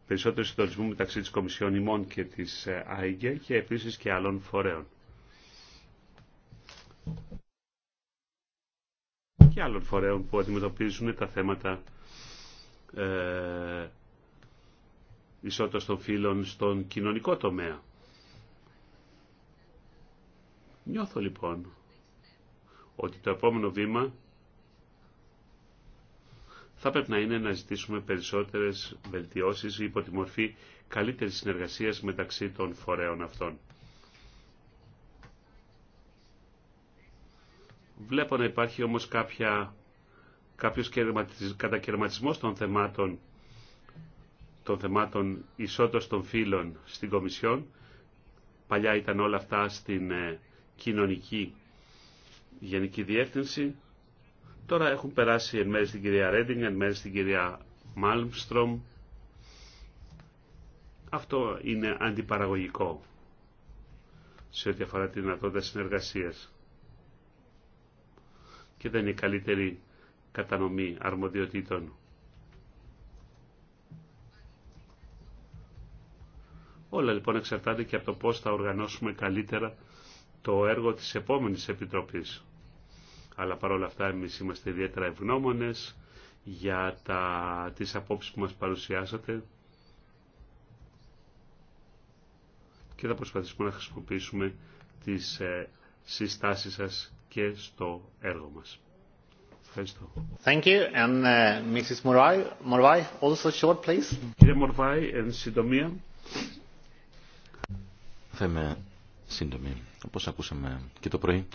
περισσότερο συντονισμού μεταξύ της Κομισιόν ημών και της ε, ΑΕΓΕ και επίσης και άλλων φορέων. Και άλλων φορέων που αντιμετωπίζουν τα θέματα ε, ισότητας των φύλων στον κοινωνικό τομέα. Νιώθω λοιπόν ότι το επόμενο βήμα θα πρέπει να είναι να ζητήσουμε περισσότερες βελτιώσεις υπό τη μορφή καλύτερης συνεργασίας μεταξύ των φορέων αυτών. Βλέπω να υπάρχει όμως κάποιο κάποιος των θεμάτων, των θεμάτων ισότητας των φίλων στην Κομισιόν. Παλιά ήταν όλα αυτά στην ε, κοινωνική γενική διεύθυνση. Τώρα έχουν περάσει εν μέρει στην κυρία Ρέντινγκ, εν μέρει στην κυρία Μάλμστρομ. Αυτό είναι αντιπαραγωγικό σε ό,τι αφορά τη δυνατότητα συνεργασία και δεν είναι η καλύτερη κατανομή αρμοδιοτήτων. Όλα λοιπόν εξαρτάται και από το πώς θα οργανώσουμε καλύτερα το έργο της επόμενης Επιτροπής αλλά παρόλα αυτά εμείς είμαστε ιδιαίτερα ευγνώμονες για τα, τις απόψεις που μας παρουσιάσατε και θα προσπαθήσουμε να χρησιμοποιήσουμε τις ε, συστάσεις σας και στο έργο μας. Ευχαριστώ. Thank you. And, uh, ε, Mrs. Morvai, Morvai, also short, please. Κύριε Μορβάη, εν συντομία. Θα είμαι σύντομη. Όπως ακούσαμε και το πρωί,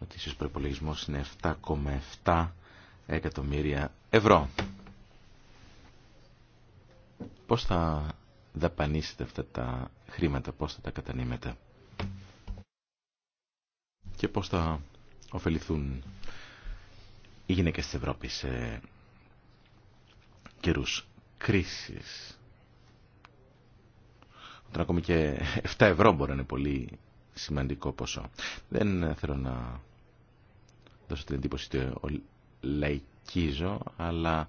ο τήσιος προπολογισμό είναι 7,7 εκατομμύρια ευρώ. Πώς θα δαπανίσετε αυτά τα χρήματα, πώς θα τα κατανείμετε και πώς θα ωφεληθούν οι γυναίκες της Ευρώπης σε καιρούς κρίσης. Όταν ακόμη και 7 ευρώ μπορεί να είναι πολύ σημαντικό ποσό. Δεν θέλω να δώσω την εντύπωση ότι λαϊκίζω, αλλά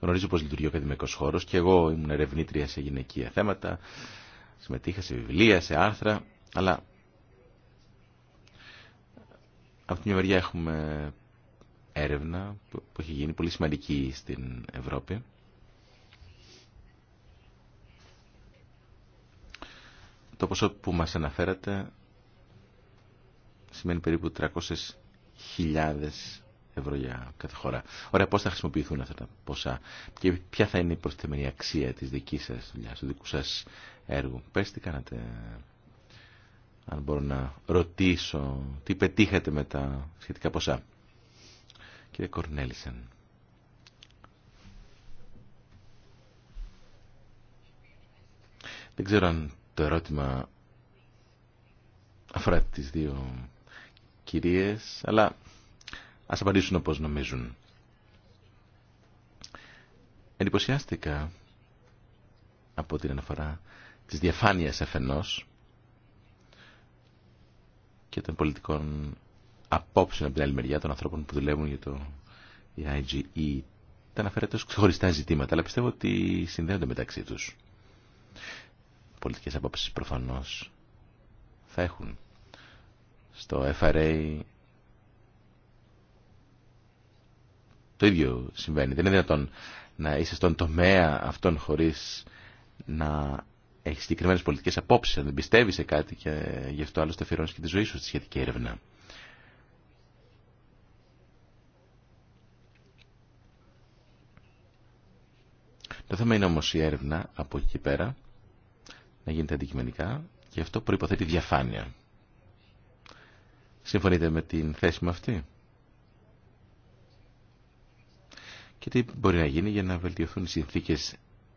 γνωρίζω πώς λειτουργεί ο ακαδημαϊκός χώρος και εγώ ήμουν ερευνήτρια σε γυναικεία θέματα, συμμετείχα σε βιβλία, σε άρθρα, αλλά από τη μια μεριά έχουμε έρευνα που έχει γίνει πολύ σημαντική στην Ευρώπη. Το ποσό που μας αναφέρατε σημαίνει περίπου 300 χιλιάδες ευρώ για κάθε χώρα. Ωραία, πώς θα χρησιμοποιηθούν αυτά τα ποσά και ποια θα είναι η προσθεμένη αξία της δικής σας δουλειάς, του δικού σας έργου. Πες τι κάνατε, αν μπορώ να ρωτήσω, τι πετύχατε με τα σχετικά ποσά. Κύριε Κορνέλισεν. Δεν ξέρω αν το ερώτημα αφορά τις δύο κυρίες, αλλά ας απαντήσουν όπως νομίζουν. Εντυπωσιάστηκα από την αναφορά της διαφάνειας αφενός και των πολιτικών απόψεων από την άλλη μεριά των ανθρώπων που δουλεύουν για το IGE. Τα αναφέρεται ως ξεχωριστά ζητήματα, αλλά πιστεύω ότι συνδέονται μεταξύ τους. Πολιτικές απόψεις προφανώς θα έχουν στο FRA. Το ίδιο συμβαίνει. Δεν είναι δυνατόν να είσαι στον τομέα αυτόν χωρίς να έχει συγκεκριμένε πολιτικές απόψει, αν δεν πιστεύει σε κάτι και γι' αυτό άλλωστε αφιερώνει και τη ζωή σου στη σχετική έρευνα. Το θέμα είναι όμω η έρευνα από εκεί πέρα να γίνεται αντικειμενικά και αυτό προϋποθέτει διαφάνεια. Συμφωνείτε με την θέση μου αυτή. Και τι μπορεί να γίνει για να βελτιωθούν οι συνθήκες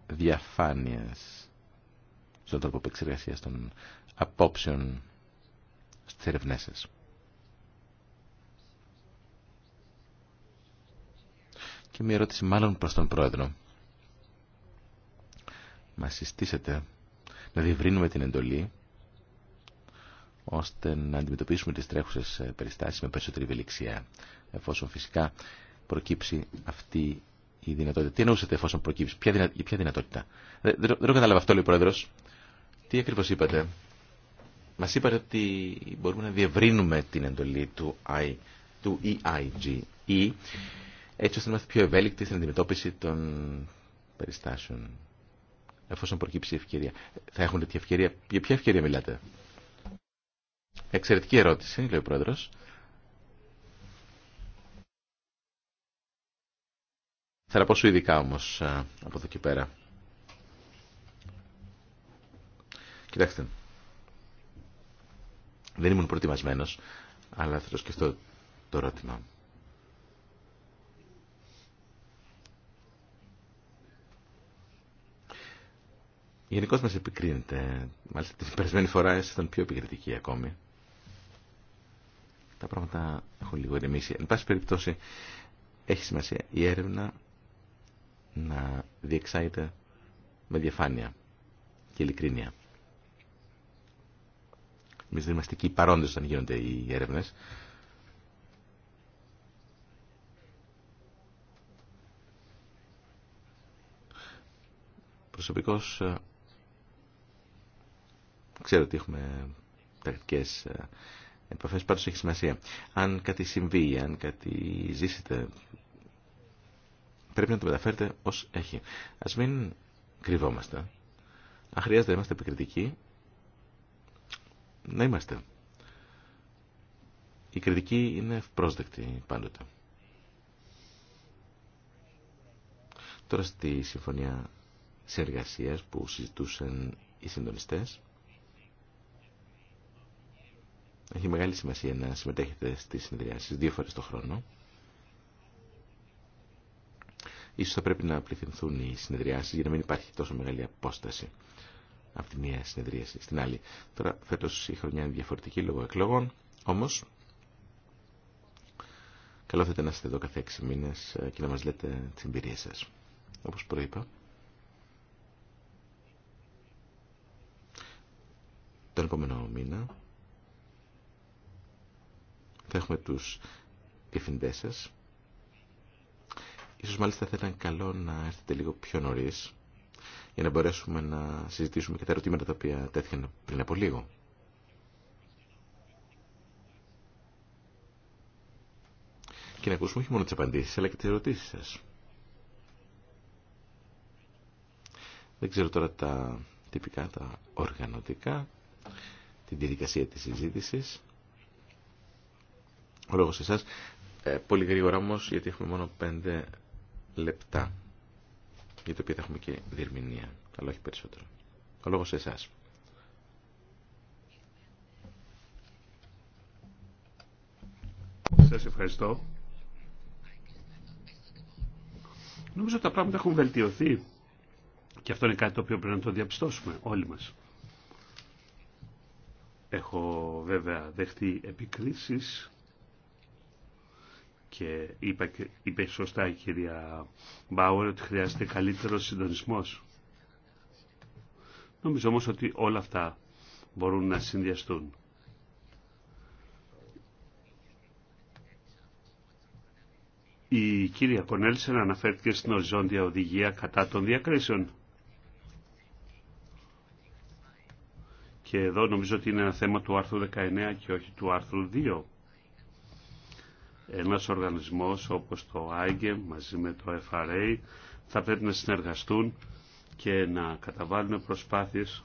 διαφάνειας στον τρόπο επεξεργασία των απόψεων στις ερευνές σας. Και μια ερώτηση μάλλον προς τον Πρόεδρο. Μα συστήσετε να διευρύνουμε την εντολή ώστε να αντιμετωπίσουμε τις τρέχουσες ε, περιστάσεις με περισσότερη ευελιξία, εφόσον φυσικά προκύψει αυτή η δυνατότητα. Τι εννοούσατε εφόσον προκύψει, ποια, ποια δυνατότητα. Δεν, δεν, κατάλαβα αυτό, λέει ο Πρόεδρος. Τι ακριβώς είπατε. Μας είπατε ότι μπορούμε να διευρύνουμε την εντολή του, I, του EIGE, e, έτσι ώστε να είμαστε πιο ευέλικτοι στην αντιμετώπιση των περιστάσεων. Εφόσον προκύψει η ευκαιρία. Θα έχουν τέτοια ευκαιρία. Για ποια ευκαιρία μιλάτε. Εξαιρετική ερώτηση, λέει ο Πρόεδρος. Θα τα πω ειδικά όμω ε, από εδώ και πέρα. Κοιτάξτε, δεν ήμουν προετοιμασμένο, αλλά θα το σκεφτώ το ερώτημα. Γενικώ μας επικρίνεται, μάλιστα την περασμένη φορά ήσασταν πιο επικριτικοί ακόμη, τα πράγματα έχουν λίγο ηρεμήσει. Εν πάση περιπτώσει, έχει σημασία η έρευνα να διεξάγεται με διαφάνεια και ειλικρίνεια. Εμεί δεν είμαστε εκεί παρόντε όταν γίνονται οι έρευνε. Προσωπικώ ε, ξέρω ότι έχουμε τακτικέ ε, επαφές πάντως έχει σημασία. Αν κάτι συμβεί, αν κάτι ζήσετε, πρέπει να το μεταφέρετε ως έχει. Ας μην κρυβόμαστε. Αν χρειάζεται να είμαστε επικριτικοί, να είμαστε. Η κριτική είναι ευπρόσδεκτη πάντοτε. Τώρα στη συμφωνία συνεργασίας που συζητούσαν οι συντονιστές, έχει μεγάλη σημασία να συμμετέχετε στις συνεδριάσεις δύο φορές το χρόνο. Ίσως θα πρέπει να πληθυνθούν οι συνεδριάσεις για να μην υπάρχει τόσο μεγάλη απόσταση από τη μία συνεδρίαση στην άλλη. Τώρα φέτος η χρονιά είναι διαφορετική λόγω εκλογών, όμως καλό θα ήταν να είστε εδώ κάθε έξι μήνες ε, και να μας λέτε τις εμπειρίες σας. Όπως προείπα, τον επόμενο μήνα θα έχουμε τους διευθυντές σας. Ίσως μάλιστα θα ήταν καλό να έρθετε λίγο πιο νωρίς για να μπορέσουμε να συζητήσουμε και τα ερωτήματα τα οποία τέθηκαν πριν από λίγο. Και να ακούσουμε όχι μόνο τις απαντήσεις, αλλά και τις ερωτήσεις σας. Δεν ξέρω τώρα τα τυπικά, τα οργανωτικά, την διαδικασία της συζήτησης ο λόγος σε εσάς. Ε, πολύ γρήγορα όμω γιατί έχουμε μόνο πέντε λεπτά, για το οποίο θα έχουμε και διερμηνία, αλλά όχι περισσότερο. Ο λόγος σε εσάς. Σας ευχαριστώ. Νομίζω ότι τα πράγματα έχουν βελτιωθεί και αυτό είναι κάτι το οποίο πρέπει να το διαπιστώσουμε όλοι μας. Έχω βέβαια δεχτεί επικρίσεις και είπε, είπε σωστά η κυρία Μπάουερ ότι χρειάζεται καλύτερο συντονισμός. Νομίζω όμως ότι όλα αυτά μπορούν να συνδυαστούν. Η κυρία Κονέλσεν αναφέρθηκε στην οριζόντια οδηγία κατά των διακρίσεων. Και εδώ νομίζω ότι είναι ένα θέμα του άρθρου 19 και όχι του άρθρου 2 ένας οργανισμός όπως το IGEM, μαζί με το FRA θα πρέπει να συνεργαστούν και να καταβάλουν προσπάθειες.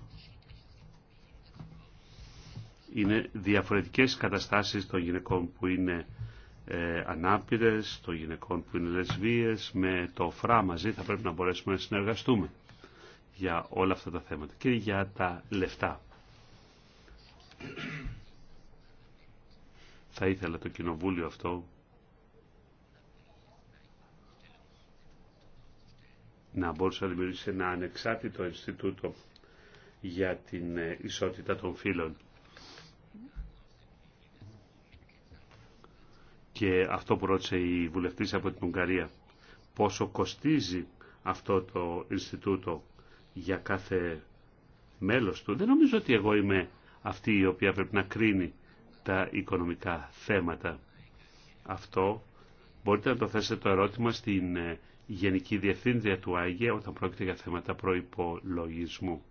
Είναι διαφορετικές καταστάσεις των γυναικών που είναι ε, ανάπηρες, των γυναικών που είναι λεσβίες, με το ΦΡΑ μαζί θα πρέπει να μπορέσουμε να συνεργαστούμε για όλα αυτά τα θέματα και για τα λεφτά. Θα ήθελα το κοινοβούλιο αυτό να μπορούσε να δημιουργήσει ένα ανεξάρτητο Ινστιτούτο για την ε, ισότητα των φύλων. Και αυτό που ρώτησε η βουλευτής από την Ουγγαρία, πόσο κοστίζει αυτό το Ινστιτούτο για κάθε μέλος του. Δεν νομίζω ότι εγώ είμαι αυτή η οποία πρέπει να κρίνει τα οικονομικά θέματα. Αυτό μπορείτε να το θέσετε το ερώτημα στην ε, Γενική Διευθύντρια του ΆΙΓΕ όταν πρόκειται για θέματα προϋπολογισμού.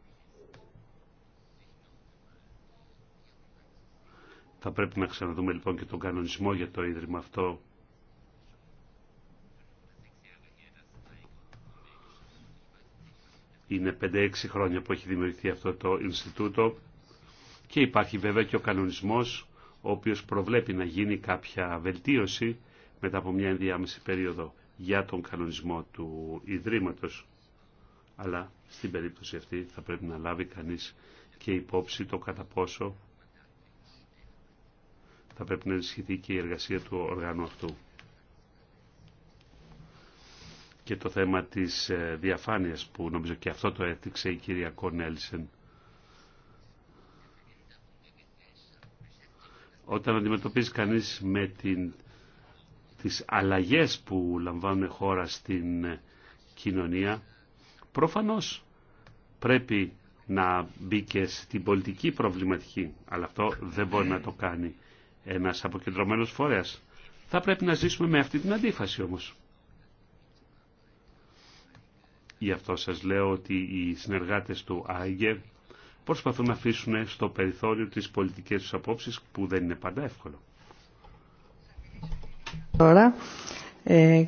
Θα πρέπει να ξαναδούμε λοιπόν και τον κανονισμό για το Ίδρυμα αυτό. Είναι 5-6 χρόνια που έχει δημιουργηθεί αυτό το Ινστιτούτο και υπάρχει βέβαια και ο κανονισμός ο οποίος προβλέπει να γίνει κάποια βελτίωση μετά από μια ενδιάμεση περίοδο για τον κανονισμό του Ιδρύματος. Αλλά στην περίπτωση αυτή θα πρέπει να λάβει κανείς και υπόψη το κατά πόσο θα πρέπει να ενισχυθεί και η εργασία του οργάνου αυτού. Και το θέμα της ε, διαφάνειας που νομίζω και αυτό το έθιξε η κυρία Κονέλσεν, Όταν αντιμετωπίζει κανείς με την, τις αλλαγές που λαμβάνουν χώρα στην ε, κοινωνία, προφανώς πρέπει να μπει και στην πολιτική προβληματική. Αλλά αυτό δεν μπορεί να το κάνει ένας αποκεντρωμένος φορέας. Θα πρέπει να ζήσουμε με αυτή την αντίφαση όμως. Γι' αυτό σας λέω ότι οι συνεργάτες του άγε, προσπαθούν να αφήσουν στο περιθώριο τις πολιτικές τους απόψεις που δεν είναι πάντα εύκολο. Τώρα, ε,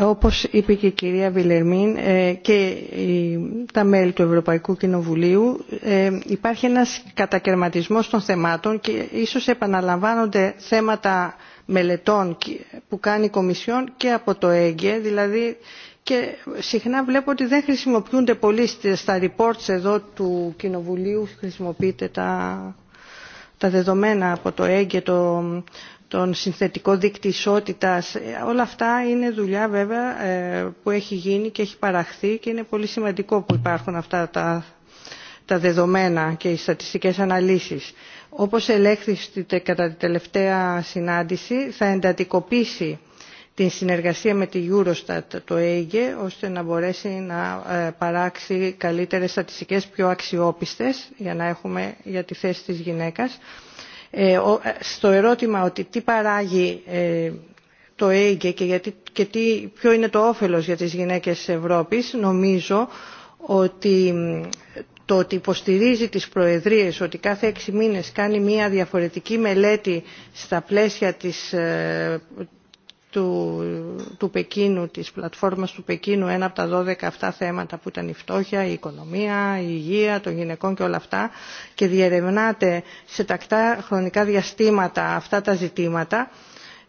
όπως είπε και η κυρία Βιλερμίν ε, και τα μέλη του Ευρωπαϊκού Κοινοβουλίου ε, υπάρχει ένας κατακαιρματισμός των θεμάτων και ίσως επαναλαμβάνονται θέματα μελετών που κάνει η Κομισιόν και από το ΕΓΚΕ, δηλαδή και συχνά βλέπω ότι δεν χρησιμοποιούνται πολύ στα reports εδώ του Κοινοβουλίου, χρησιμοποιείται τα, τα δεδομένα από το ΕΓΚΕ, το, τον συνθετικό δίκτυο ισότητας. Όλα αυτά είναι δουλειά βέβαια ε, που έχει γίνει και έχει παραχθεί και είναι πολύ σημαντικό που υπάρχουν αυτά τα, τα δεδομένα και οι στατιστικές αναλύσεις. Όπως ελέγχθηκε κατά τη τελευταία συνάντηση, θα εντατικοποιήσει την συνεργασία με τη Eurostat το ΕΙΓΕ ώστε να μπορέσει να ε, παράξει καλύτερες στατιστικές πιο αξιόπιστες για να έχουμε για τη θέση της γυναίκας. Ε, ε, στο ερώτημα ότι τι παράγει το ΕΙΓΕ και, γιατί, τι, ποιο είναι το όφελος για τις γυναίκες της Ευρώπης νομίζω ότι το ότι υποστηρίζει τις προεδρίες ότι κάθε έξι μήνες κάνει μια διαφορετική μελέτη στα πλαίσια της, του, του Πεκίνου, της πλατφόρμας του Πεκίνου, ένα από τα 12 αυτά θέματα που ήταν η φτώχεια, η οικονομία, η υγεία των γυναικών και όλα αυτά και διερευνάτε σε τακτά χρονικά διαστήματα αυτά τα ζητήματα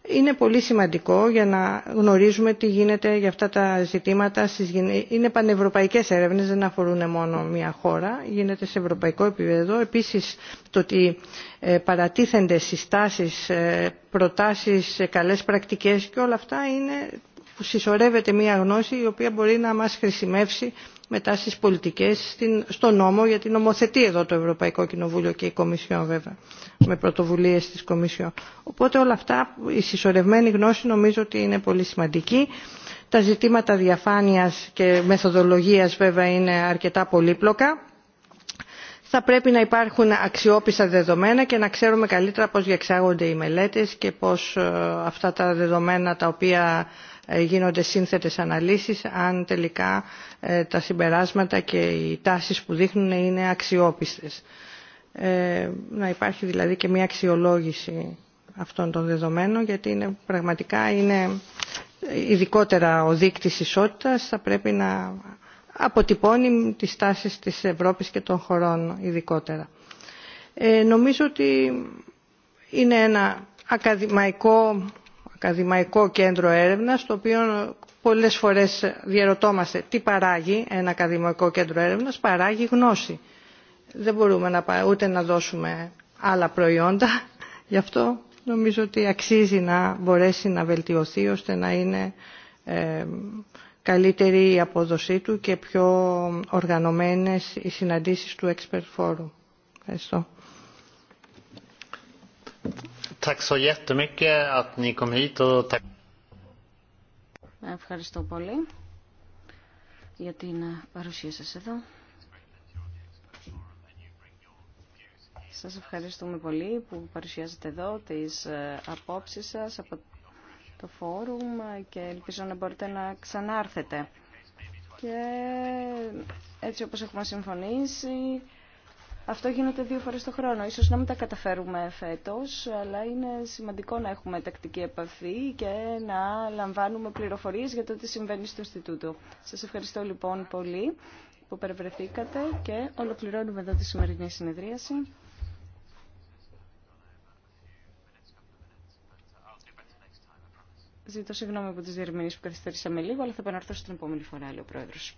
είναι πολύ σημαντικό για να γνωρίζουμε τι γίνεται για αυτά τα ζητήματα. Είναι πανευρωπαϊκές έρευνες, δεν αφορούν μόνο μία χώρα, γίνεται σε ευρωπαϊκό επίπεδο. Επίσης το ότι ε, παρατίθενται συστάσεις, ε, προτάσεις, ε, καλές πρακτικές και όλα αυτά είναι που συσσωρεύεται μία γνώση η οποία μπορεί να μας χρησιμεύσει μετά στις πολιτικές, στο νόμο, γιατί νομοθετεί εδώ το Ευρωπαϊκό Κοινοβούλιο και η Κομισιόν βέβαια, με πρωτοβουλίες της Κομισιόν. Οπότε όλα αυτά, η συσσωρευμένη γνώση νομίζω ότι είναι πολύ σημαντική. Τα ζητήματα διαφάνειας και μεθοδολογίας βέβαια είναι αρκετά πολύπλοκα. Θα πρέπει να υπάρχουν αξιόπιστα δεδομένα και να ξέρουμε καλύτερα πώς διεξάγονται οι μελέτες και πώς ε, αυτά τα δεδομένα τα οποία ε, γίνονται σύνθετες αναλύσεις αν τελικά ε, τα συμπεράσματα και οι τάσεις που δείχνουν είναι αξιόπιστες. Ε, να υπάρχει δηλαδή και μια αξιολόγηση αυτών των δεδομένων γιατί είναι, πραγματικά είναι ειδικότερα ο δείκτης ισότητας θα πρέπει να αποτυπώνει τις τάσεις της Ευρώπης και των χωρών ειδικότερα. νομίζω ότι είναι ένα ακαδημαϊκό ακαδημαϊκό κέντρο έρευνας το οποίο πολλές φορές διαρωτόμαστε τι παράγει ένα ακαδημαϊκό κέντρο έρευνας παράγει γνώση. Δεν μπορούμε να, ούτε να δώσουμε άλλα προϊόντα γι' αυτό νομίζω ότι αξίζει να μπορέσει να βελτιωθεί ώστε να είναι καλύτερη η απόδοσή του και πιο οργανωμένες οι συναντήσεις του expert forum. Ευχαριστώ. Ευχαριστώ πολύ για την παρουσία σας εδώ. Σας ευχαριστούμε πολύ που παρουσιάζετε εδώ τις ε, απόψεις σας από το φόρουμ και ελπίζω να μπορείτε να ξανάρθετε. Και έτσι όπως έχουμε συμφωνήσει, αυτό γίνεται δύο φορές το χρόνο. Ίσως να μην τα καταφέρουμε φέτος, αλλά είναι σημαντικό να έχουμε τακτική επαφή και να λαμβάνουμε πληροφορίες για το τι συμβαίνει στο Ινστιτούτο. Σας ευχαριστώ λοιπόν πολύ που περιβρεθήκατε και ολοκληρώνουμε εδώ τη σημερινή συνεδρίαση. Ζητώ συγγνώμη από τις διερμηνείς που καθυστερήσαμε λίγο, αλλά θα επαναρθώ στην επόμενη φορά, λέει ο Πρόεδρος.